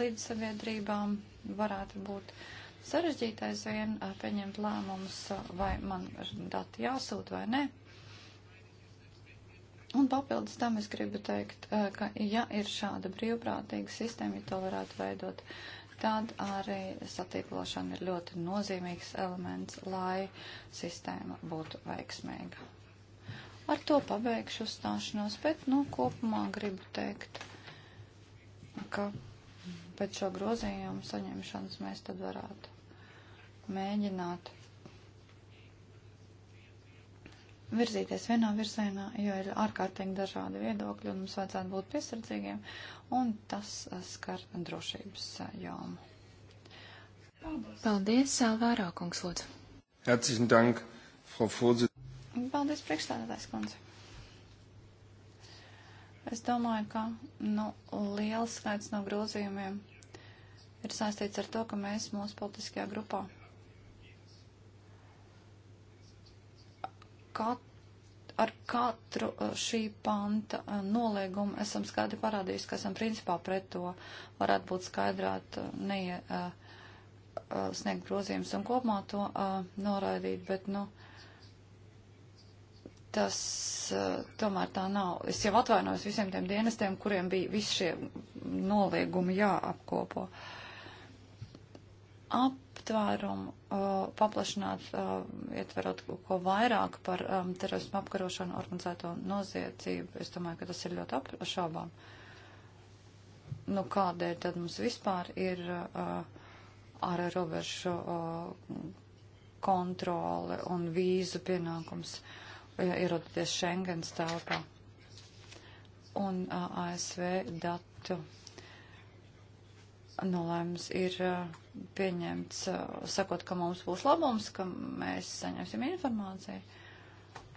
līdz sabiedrībām varētu būt sarežģītais vien uh, pieņemt lēmumus, uh, vai man dati jāsūt vai nē. Un papildus tam es gribu teikt, uh, ka ja ir šāda brīvprātīga sistēma, ja to varētu veidot, tad arī satīklošana ir ļoti nozīmīgs elements, lai sistēma būtu veiksmīga. Ar to pabeigšu uzstāšanos, bet, nu, kopumā gribu teikt, ka pēc šo grozījumu saņemšanas mēs tad varētu mēģināt virzīties vienā virzienā, jo ir ārkārtīgi dažādi viedokļi un mums vajadzētu būt piesardzīgiem, un tas eh, skar drošības eh, jomu. Paldies, Salvāro kungs, lūdzu. Herzlichen Dank, Frau Vorsitz. Paldies, priekšstādātājs kundze. Es domāju, ka nu, liels skaits no grozījumiem ir saistīts ar to, ka mēs mūsu politiskajā grupā kat, ar katru uh, šī panta uh, noliegumu esam skaidri parādījuši, ka esam principā pret to varētu būt skaidrāt uh, neie, sniegt grozījums un kopumā to noraidīt, bet, nu, no, tas uh, tomēr tā nav. Es jau atvainojos visiem tiem dienestiem, kuriem bija visi šie noliegumi jāapkopo. Aptvērumu uh, paplašināt, uh, ietverot ko vairāk par um, terorismu apkarošanu, organizēto noziedzību, es domāju, ka tas ir ļoti apšaubām. Nu, kādēļ tad mums vispār ir uh, ārā robežu uh, kontrole un vīzu pienākums? Uh, Eh, ierodaties Schengens telpā. Un eh, ASV datu nolēmums ir eh, pieņemts, sakot, ka mums būs labums, ka mēs saņemsim informāciju.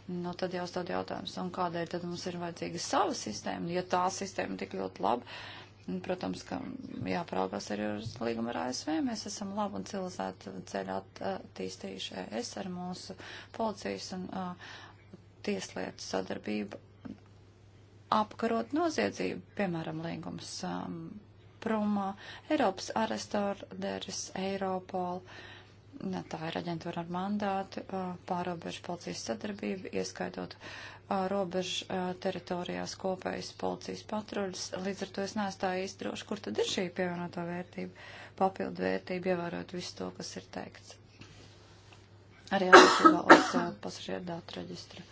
Nu, tad jau stāv jautājums, un kādēļ tad mums ir vajadzīga sava sistēma, ja tā sistēma tik ļoti laba. Un, protams, ka jāpraugās arī uz līgumu ar ASV. Mēs esam labu un civilizētu ceļu attīstījuši es ar mūsu policijas un uh, tieslietu sadarbību apkarot noziedzību, piemēram, līgums um, Prumā, Eiropas arestorderis, Eiropola. Ne, tā ir aģentūra ar mandātu, uh, pārobežu policijas sadarbība, ieskaitot uh, robežu uh, teritorijās kopējas policijas patruļas. Līdz ar to es neesmu tā īsti droši, kur tad ir šī pievienotā vērtība, papildu vērtība, ievērot visu to, kas ir teikts. Arī attiecībā uz uh, pasažieru datu reģistru.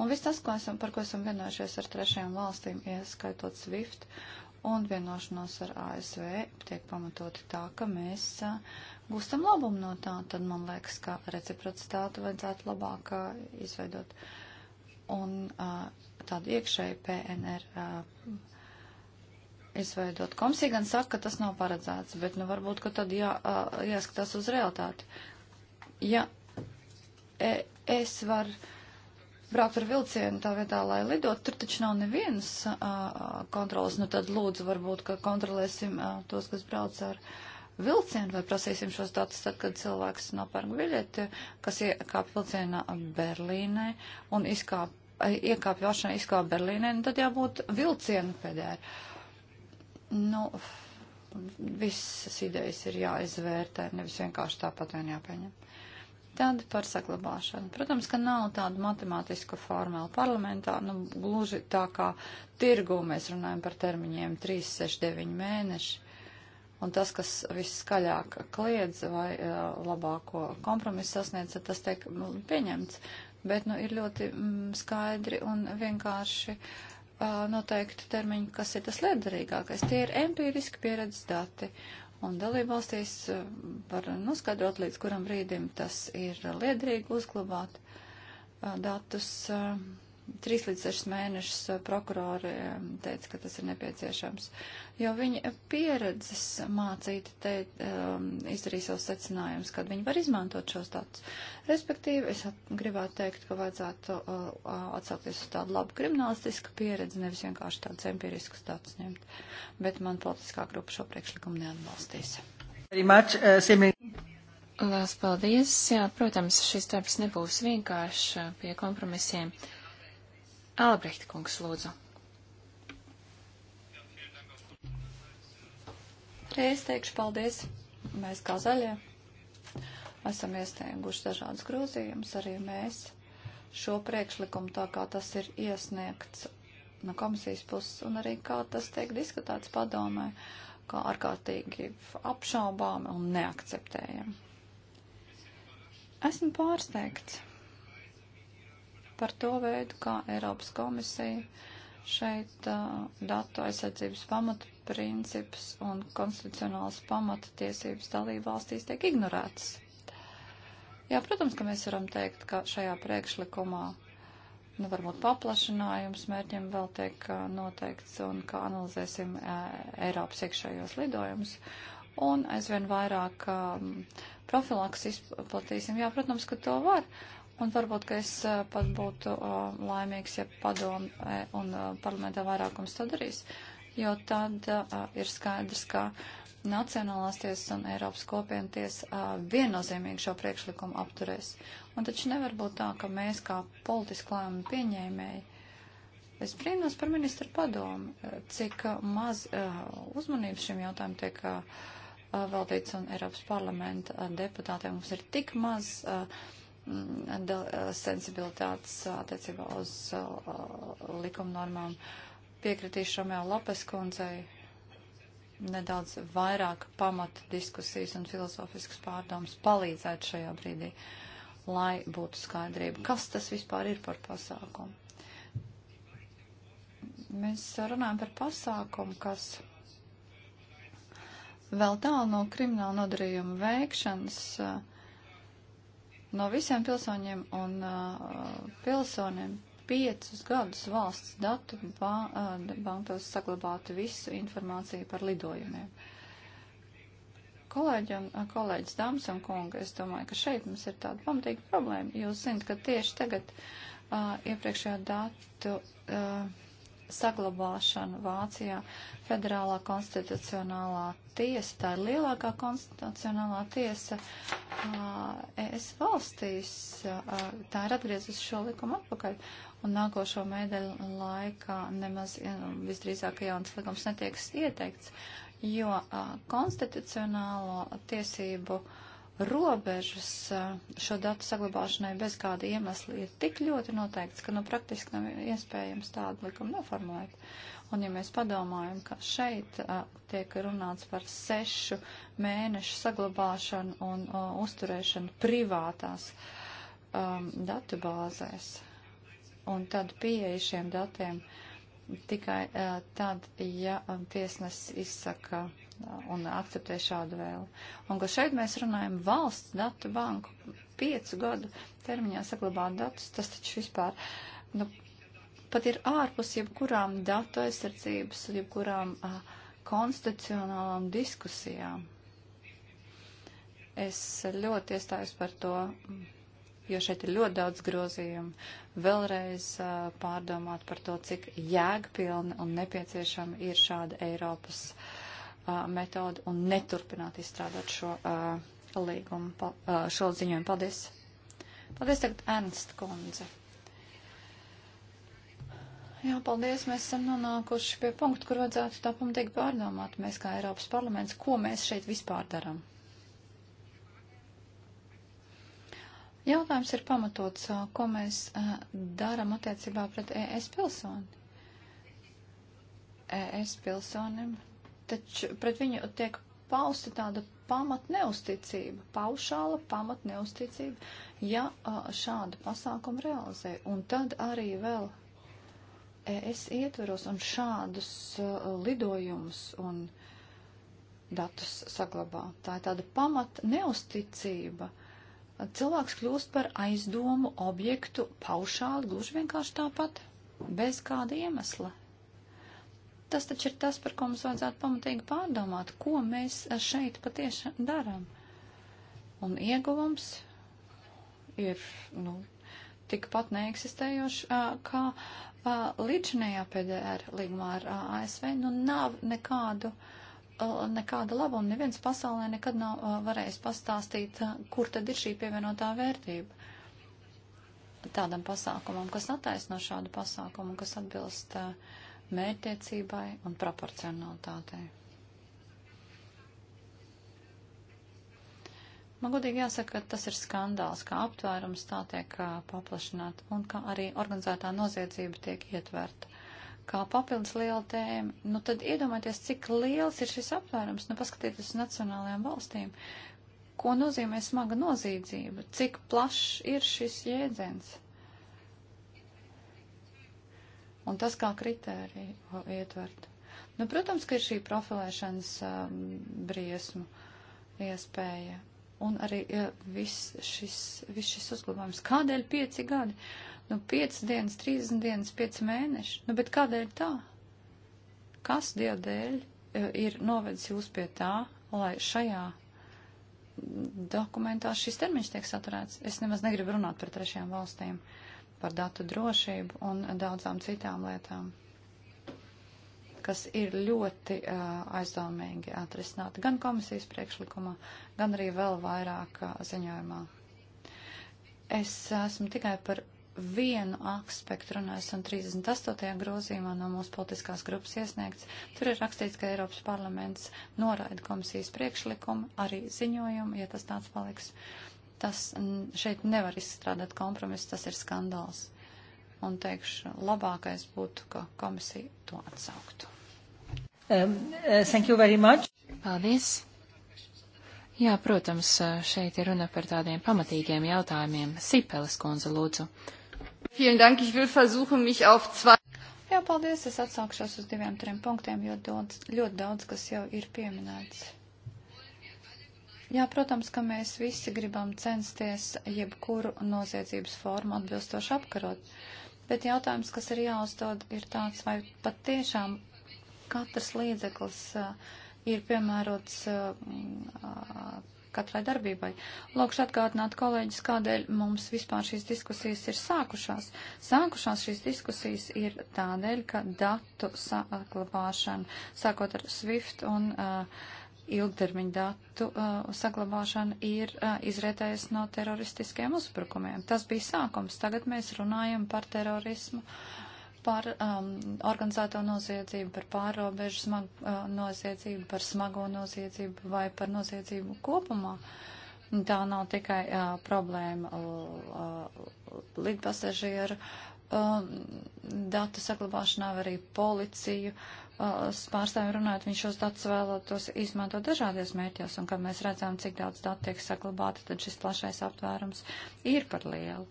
Un viss tas, ko esam, par ko esam vienojušies ar trešajām valstīm, ieskaitot SWIFT un vienošanos ar ASV, tiek pamatoti tā, ka mēs a, gūstam labumu no tā. Tad man liekas, ka reciprocitāti vajadzētu labāk a, izveidot. Un a, tādu iekšēju PNR izveidot. Komisija gan saka, ka tas nav paredzēts, bet nu, varbūt, ka tad jā, jāskatās uz realitāti. Ja es varu braukt ar vilcienu tā vietā, lai lidot. Tur taču nav nevienas uh, kontrolas. Nu tad lūdzu, varbūt, ka kontrolēsim uh, tos, kas brauc ar vilcienu, vai prasīsim šos datus tad, kad cilvēks nopērk biļeti, kas iekāp vilcienā Berlīnē un izkāp, iekāp jošanā izkāp Berlīnē, nu tad jābūt vilcienu pēdējai. Nu, visas idejas ir jāizvērtē, nevis vienkārši tāpat vien jāpieņem. Tad par saglabāšanu. Protams, ka nav tādu matemātisku formulu parlamentā, nu, gluži tā kā tirgu mēs runājam par termiņiem 3, 6, 9 mēneši. Un tas, kas viskaļāk kliedz vai uh, labāko kompromisu sasniedz, tas tiek nu, pieņemts. Bet, nu, ir ļoti mm, skaidri un vienkārši uh, noteikti termiņi, kas ir tas liederīgākais. Tie ir empiriski pieredzes dati. Uh, Un dalībvalstīs eh, var noskaidrot, līdz kuram brīdim tas ir liederīgi uzglabāt eh, datus eh, 3 līdz 6 mēnešus eh, prokurori teica, ka tas ir nepieciešams, jo viņi pieredzes mācīti te um, izdarīja savus secinājumus, kad viņi var izmantot šos datus. Respektīvi, es gribētu teikt, ka vajadzētu uh, atsaukties uz tādu labu kriminālistisku pieredzi, nevis vienkārši tādus empiriskus datus ņemt, bet man politiskā grupa šo priekšlikumu neatbalstīs. Much, uh, eh, Lās paldies. Jā, protams, šis darbs nebūs vienkāršs pie kompromisiem. Uh, Albrecht kungs, lūdzu. Es teikšu paldies. Mēs kā zaļie esam iesnieguši dažādas grozījumus. Arī mēs šo priekšlikumu tā kā tas ir iesniegts no komisijas puses un arī kā tas tiek diskutēts padomē, kā ārkārtīgi apšaubāmi un neakceptējami. Esmu pārsteigts par to veidu, kā Eiropas komisija šeit uh, datu aizsardzības pamatu princips un konstitucionāls pamata tiesības dalību valstīs tiek ignorētas. Jā, protams, ka mēs varam teikt, ka šajā priekšlikumā nu, varbūt paplašinājums mērķiem vēl tiek noteikts un kā analizēsim e, Eiropas iekšējos lidojumus. Un aizvien vairāk um, profilaks izplatīsim. Jā, protams, ka to var. Un varbūt, ka es eh, pat būtu eh, laimīgs, ja padomu eh, un parlamentā vairākums to darīs, jo tad ir skaidrs, ka Nacionālās tiesas un Eiropas kopiena tiesa viennozīmīgi šo priekšlikumu apturēs. Un taču nevar būt tā, ka mēs kā politiski lēmumu pieņēmēji, es brīnos par ministru padomu, cik maz uzmanības šim jautājumam tiek veltīts un Eiropas parlamenta deputātiem mums ir tik maz. Uh, sensibilitātes attiecībā uz uh, likumnormām. Piekritīšu Romeo Lopes kundzei nedaudz vairāk pamata diskusijas un filozofiskas pārdomas palīdzētu šajā brīdī, lai būtu skaidrība, kas tas vispār ir par pasākumu. Mēs runājam par pasākumu, kas vēl tālu no krimināla nodarījuma veikšanas uh, No visiem pilsoņiem un uh, pilsoniem piecus gadus valsts datu ba uh, bankos saglabātu visu informāciju par lidojumiem. Kolēģi un uh, kolēģis Dāmas un kunga, es domāju, ka šeit mums ir tāda pamatīga problēma. Jūs zinat, ka tieši tagad uh, iepriekšējā datu. Uh, saglabāšanu Vācijā. Federālā konstitucionālā tiesa, tā ir lielākā konstitucionālā tiesa ES valstīs, tā ir atgriezusi šo likumu atpakaļ. Un nākošo mēdeļu laikā nemaz visdrīzāk jauns likums netiek ieteikts, jo konstitucionālo tiesību uh, robežas šo datu saglabāšanai bez kāda iemesla ir tik ļoti noteikts, ka nu, praktiski nav iespējams tādu likumu noformulēt. Un ja mēs padomājam, ka šeit a, tiek runāts par sešu mēnešu saglabāšanu un a, uzturēšanu privātās um, datubāzēs, un tad pieeja šiem datiem tikai a, tad, ja tiesnesis izsaka. A, un akceptē šādu vēlu. Un ka šeit mēs runājam valsts datu banku piecu gadu termiņā saglabāt datus, tas taču vispār, nu, pat ir ārpus jebkurām datu aizsardzības, jebkurām uh, konstitucionālām diskusijām. Es ļoti iestājos par to, jo šeit ir ļoti daudz grozījumu. Vēlreiz uh, pārdomāt par to, cik jēgpilni un nepieciešama ir šāda Eiropas uh, Uh, metodu un neturpināt izstrādāt šo uh, līgumu, uh, šo ziņojumu. Paldies! Paldies tagad Ernst Kundze. Jā, paldies. Mēs esam nonākuši pie punkta, kur vajadzētu tā pamatīgi pārdomāt, mēs kā Eiropas parlaments, ko mēs šeit vispār darām. Jautājums ir pamatots, ko mēs darām attiecībā pret ES pilsoni. ES pilsonim taču pret viņu tiek pausta tāda pamat neusticība, paušāla pamat neusticība, ja šādu pasākumu realizē. Un tad arī vēl es ietveros un šādus lidojumus un datus saglabā. Tā ir tāda pamat neusticība. Cilvēks kļūst par aizdomu objektu paušāli, gluži vienkārši tāpat, bez kāda iemesla. Tas taču ir tas, par ko mums vajadzētu pamatīgi pārdomāt, ko mēs šeit patiešām darām. Un ieguvums ir nu, tikpat neeksistējošs kā līdzinējā PDR līgumā ar ASV. Nu, nav nekādu, nekāda labuma. Neviens pasaulē nekad nav varējis pastāstīt, kur tad ir šī pievienotā vērtība tādam pasākumam, kas attaisno šādu pasākumu, kas atbilst uh, mērķtiecībai un proporcionalitātei. Man godīgi jāsaka, ka tas ir skandāls, kā aptvērums tā tiek paplašināta un kā arī organizētā noziedzība tiek ietverta. Kā papildus liela tēma, nu tad iedomājieties, cik liels ir šis aptvērums, nu paskatieties uz nacionālajām valstīm, ko nozīmē smaga noziedzība, cik plašs ir šis jēdziens un tas kā kritēriju ietvert. Nu, protams, ka ir šī profilēšanas um, briesmu iespēja un arī ja, viss šis, vis šis uzglabājums. Kādēļ pieci gadi? Nu, pieci dienas, trīsdesmit dienas, pieci mēneši. Nu, bet kādēļ tā? Kas Dieva dēļ e, ir novedis jūs pie tā, lai šajā dokumentā šis termiņš tiek saturēts? Es nemaz negribu runāt par trešajām valstīm. Uh, par datu drošību un daudzām citām lietām, kas ir ļoti uh, aizdomīgi atrisināti gan komisijas priekšlikumā, gan arī vēl vairāk uh, ziņojumā. Es esmu tikai par vienu aspektu runājis un 38. grozījumā no mūsu politiskās grupas iesniegts. Tur ir rakstīts, ka Eiropas parlaments noraida komisijas priekšlikumu, arī ziņojumu, ja tas tāds paliks. Uh, Tas šeit nevar izstrādāt kompromisu, tas ir skandāls. Un teikšu, labākais būtu, ka komisija to atsauktu. Um, uh, thank you very much. Paldies. Jā, protams, uh, šeit ir runa par tādiem pamatīgiem jautājumiem. Sipeles kundze, lūdzu. Vielen Dank, ich will versuchen, mich auf zwei. Jā, paldies, es atsaukšos uz diviem, trim punktiem, jo daudz, ļoti daudz, kas jau ir pieminēts. Jā, protams, ka mēs visi gribam censties jebkuru noziedzības formu atbilstoši apkarot. Bet jautājums, kas ir jāuzdod, ir tāds, vai pat tiešām katrs līdzeklis uh, ir piemērots uh, katrai darbībai. Lūkšu atgādināt kolēģis, kādēļ mums vispār šīs diskusijas ir sākušās. Sākušās šīs diskusijas ir tādēļ, ka datu saglabāšana, sākot ar SWIFT un uh, ilgtermiņa datu uh, saglabāšana ir uh, izrietējusi no teroristiskiem uzbrukumiem. Tas bija sākums. Tagad mēs runājam par terorismu, par um, organizēto noziedzību, par pārobežu smag, uh, noziedzību, par smago noziedzību vai par noziedzību kopumā. Tā nav tikai uh, problēma uh, lidpasažieru uh, datu saglabāšanā, arī policiju. Uh, Uh, pārstāvju runājot, viņš šos datus vēlētos izmantot dažādies mērķos, un kad mēs redzam, cik daudz datu tiek saglabāta, tad šis plašais aptvērums ir par lielu.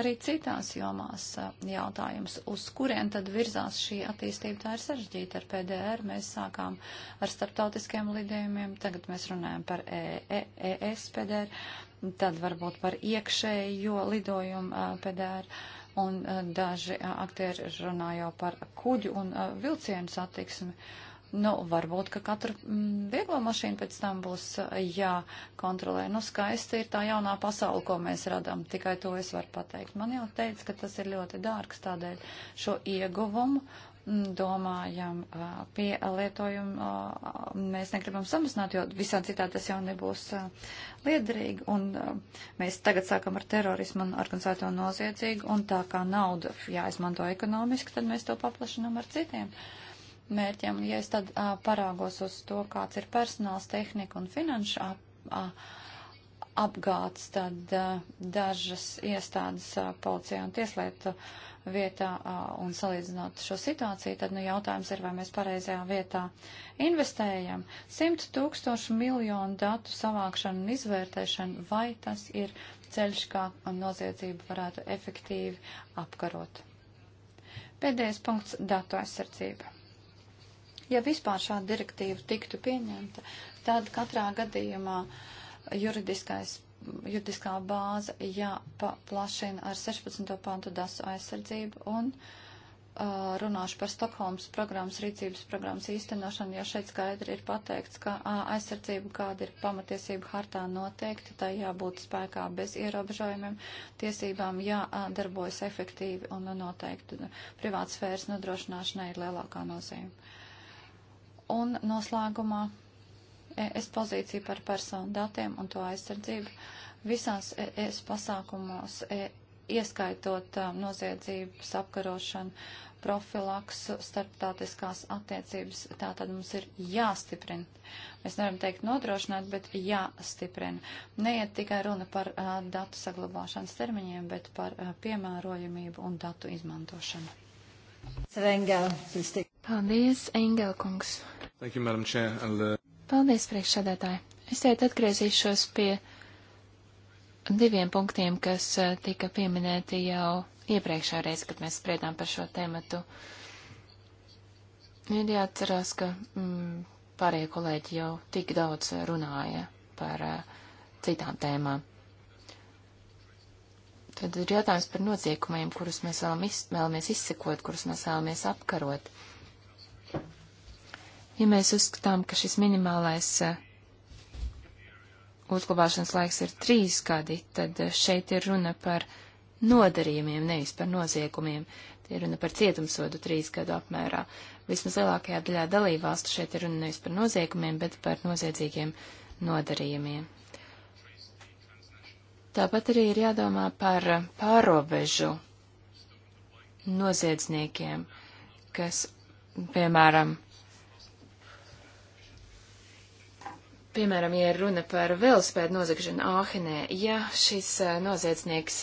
Arī citās jomās uh, jautājums, uz kurien tad virzās šī attīstība, tā ir sarežģīta. Ar PDR mēs sākām ar starptautiskiem lidējumiem, tagad mēs runājam par ES e, e, PDR, tad varbūt par iekšējo lidojumu uh, PDR un e, daži e, aktieri runā jau par kuģu un e, vilcienu satiksmi. Nu, varbūt, ka katru vieglo mašīnu pēc tam būs jākontrolē. Nu, skaisti ir tā jaunā pasaule, ko mēs radām. Tikai to es varu pateikt. Man jau teica, ka tas ir ļoti dārgs, tādēļ šo ieguvumu uh, domājam pie lietojuma, mēs negribam samazināt, jo visā citā tas jau nebūs liederīgi. Un mēs tagad sākam ar terorismu un organizēto noziedzīgu, un tā kā nauda jāizmanto ekonomiski, tad mēs to paplašinām ar citiem mērķiem. Ja es tad a, parāgos uz to, kāds ir personāls, tehnika un finanšu ap, a, apgāds, tad a, dažas iestādes a, policijā un tieslietu vietā un salīdzinot šo situāciju, tad nu, jautājums ir, vai mēs pareizajā vietā investējam. 100 tūkstošu miljonu datu savākšanu un izvērtēšanu, vai tas ir ceļš, kā noziedzību varētu efektīvi apkarot. Pēdējais punkts - datu aizsardzība. Ja vispār šāda direktīva tiktu pieņemta, tad katrā gadījumā juridiskais juridiskā bāze jāpaplašina ar 16. pantu dasu aizsardzību un uh, runāšu par Stokholmas programmas, rīcības programmas īstenošanu, jo šeit skaidri ir pateikts, ka uh, aizsardzība, kāda ir pamatiesība hartā noteikti, tai jābūt spēkā bez ierobežojumiem, tiesībām jādarbojas efektīvi un nu, noteikti nu, privātsfēras nodrošināšanai ir lielākā nozīme. Un noslēgumā es pozīciju par personu datiem un to aizsardzību visās es pasākumos, e, ieskaitot um, noziedzības apkarošanu, profilaksu, starptautiskās attiecības. Tā tad mums ir jāstiprina. Mēs nevaram teikt nodrošināt, bet jāstiprina. Neiet tikai runa par uh, datu saglabāšanas termiņiem, bet par uh, piemērojamību un datu izmantošanu. Paldies, Engelkungs. Thank you, Madam Chair. And, uh... Paldies, priekšsēdētāji. Es tiek atgriezīšos pie diviem punktiem, kas eh, tika pieminēti jau iepriekšā reize, kad mēs spriedām par šo tēmatu. Nu, ir jāatcerās, ka mm, pārējie kolēģi jau tik daudz runāja par uh, citām tēmām. Tad ir jautājums par noziekumiem, kurus mēs vēlam iz, vēlamies izsekot, kurus mēs vēlamies apkarot. Ja mēs uzskatām, ka šis minimālais eh, uzglabāšanas laiks ir trīs gadi, tad eh, šeit ir runa par nodarījumiem, nevis par noziegumiem. Te ir runa par cietumsodu trīs gadu apmērā. Vismaz lielākajā daļā dalībvalstu šeit ir runa nevis par noziegumiem, bet par noziedzīgiem nodarījumiem. Tāpat arī ir jādomā par pārobežu noziedzniekiem, kas, piemēram, Piemēram, ja runa par velospēdu nozagšanu Āhenē, ja šis noziedznieks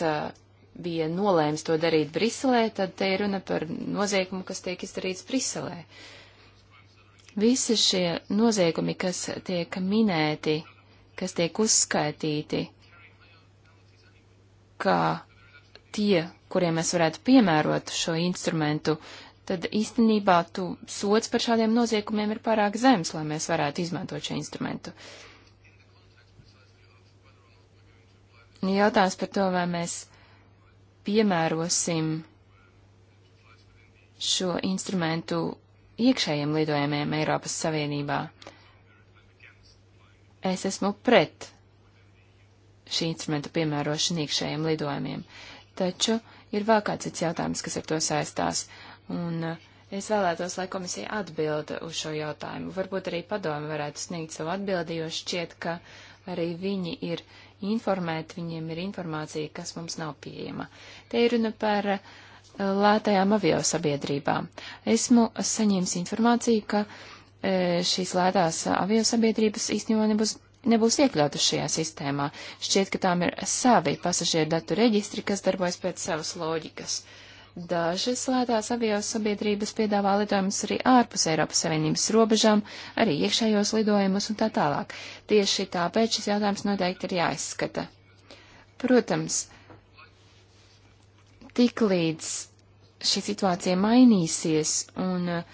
bija nolēms to darīt Briselē, tad te ir runa par noziegumu, kas tiek izdarīts Briselē. Visi šie noziegumi, kas tiek minēti, kas tiek uzskaitīti, kā tie, kuriem mēs varētu piemērot šo instrumentu, uh, tad īstenībā tu sots par šādiem noziegumiem ir pārāk zems, lai mēs varētu izmantot šo instrumentu. Jautājums par to, vai mēs piemērosim šo instrumentu iekšējiem lidojumiem Eiropas Savienībā. Es esmu pret šī instrumenta piemērošanu iekšējiem lidojumiem, taču ir vēl kāds cits jautājums, kas ar to saistās. Uh, Un eh, es vēlētos, lai komisija atbild uz šo jautājumu. Varbūt arī padomi varētu sniegt savu atbildi, jo šķiet, ka arī viņi ir informēti, viņiem ir informācija, kas mums nav pieejama. Te ir runa par eh, lētajām avio sabiedrībām. Esmu saņēmis informāciju, ka eh, šīs lētās avio sabiedrības īstenībā nebūs nebūs iekļautas šajā sistēmā. Šķiet, ka tām ir savi pasažieru datu reģistri, kas darbojas pēc savas loģikas. Uh, Dažas lētās avios sabiedrības piedāvā lidojumus arī ārpus Eiropas Savienības robežām, arī iekšējos lidojumus un tā tālāk. Tieši tāpēc šis jautājums noteikti ir jāizskata. Protams, tiklīdz šī situācija mainīsies un uh,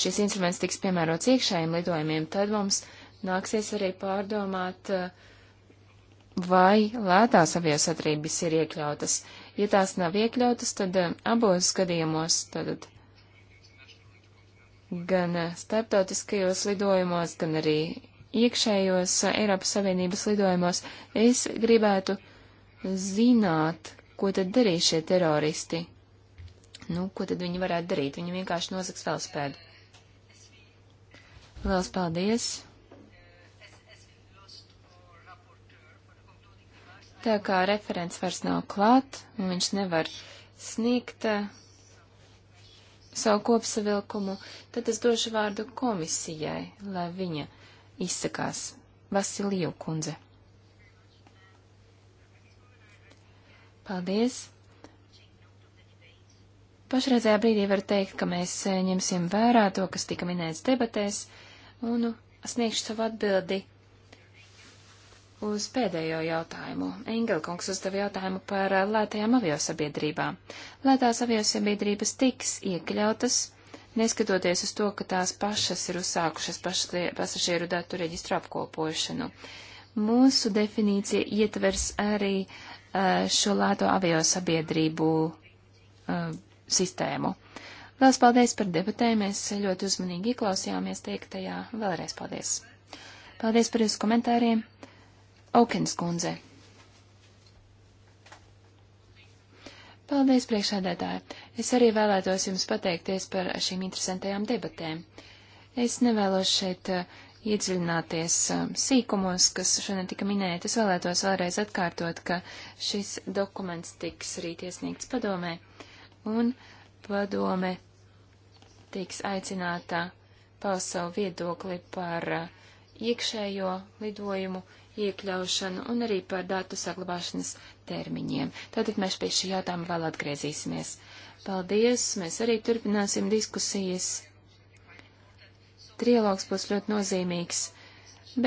šis instruments tiks piemērots iekšējiem lidojumiem, tad mums nāksies arī pārdomāt, uh, vai lētās aviosatrības ir iekļautas. Ja tās nav iekļautas, tad eh, abos gadījumos, tad gan eh, starptautiskajos lidojumos, gan arī iekšējos eh, Eiropas Savienības lidojumos, es gribētu zināt, ko tad darīs šie teroristi. Nu, ko tad viņi varētu darīt? Viņi vienkārši nozags velospēdu. Lielas paldies! Tā kā referents vairs nav klāt, un viņš nevar sniegt uh, savu kopsavilkumu, tad es došu vārdu komisijai, lai viņa izsakās Vasiliju kundze. Paldies! Pašreizajā brīdī var teikt, ka mēs eh, ņemsim vērā to, kas tika minēts debatēs, un nu, sniegšu savu atbildi uz pēdējo jautājumu. Engelkungs uzdeva jautājumu par lētajām aviosabiedrībām. Lētās aviosabiedrības tiks iekļautas, neskatoties uz to, ka tās pašas ir uzsākušas pasažieru datu reģistru apkopošanu. Mūsu definīcija ietvers arī eh, šo lēto aviosabiedrību eh, sistēmu. Lielas paldies par debatēm, mēs ļoti uzmanīgi ieklausījāmies teiktajā. Vēlreiz paldies! Paldies par jūsu komentāriem! Aukens kundze. Paldies, priekšādētāji. Es arī vēlētos jums pateikties par šīm interesantajām debatēm. Es nevēlos šeit eh, iedziļināties eh, sīkumos, kas šodien tika minēti. Es vēlētos vēlreiz atkārtot, ka šis dokuments tiks rīt iesniegts padomē, un padome tiks aicināta paust savu viedokli par eh, iekšējo lidojumu iekļaušanu un arī par datu saglabāšanas termiņiem. Tātad mēs pie šī jautājuma vēl atgriezīsimies. Paldies, mēs arī turpināsim diskusijas. Trialogs būs ļoti nozīmīgs,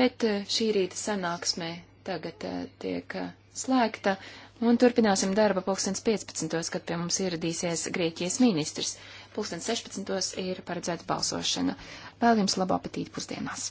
bet eh, šī rīta sanāksmē tagad eh, tiek eh, slēgta un turpināsim darba pulkstens 15, kad pie mums ieradīsies Grieķijas ministrs. Pulkstens 16 ir paredzēta balsošana. Vēl jums labu apetīti pusdienās!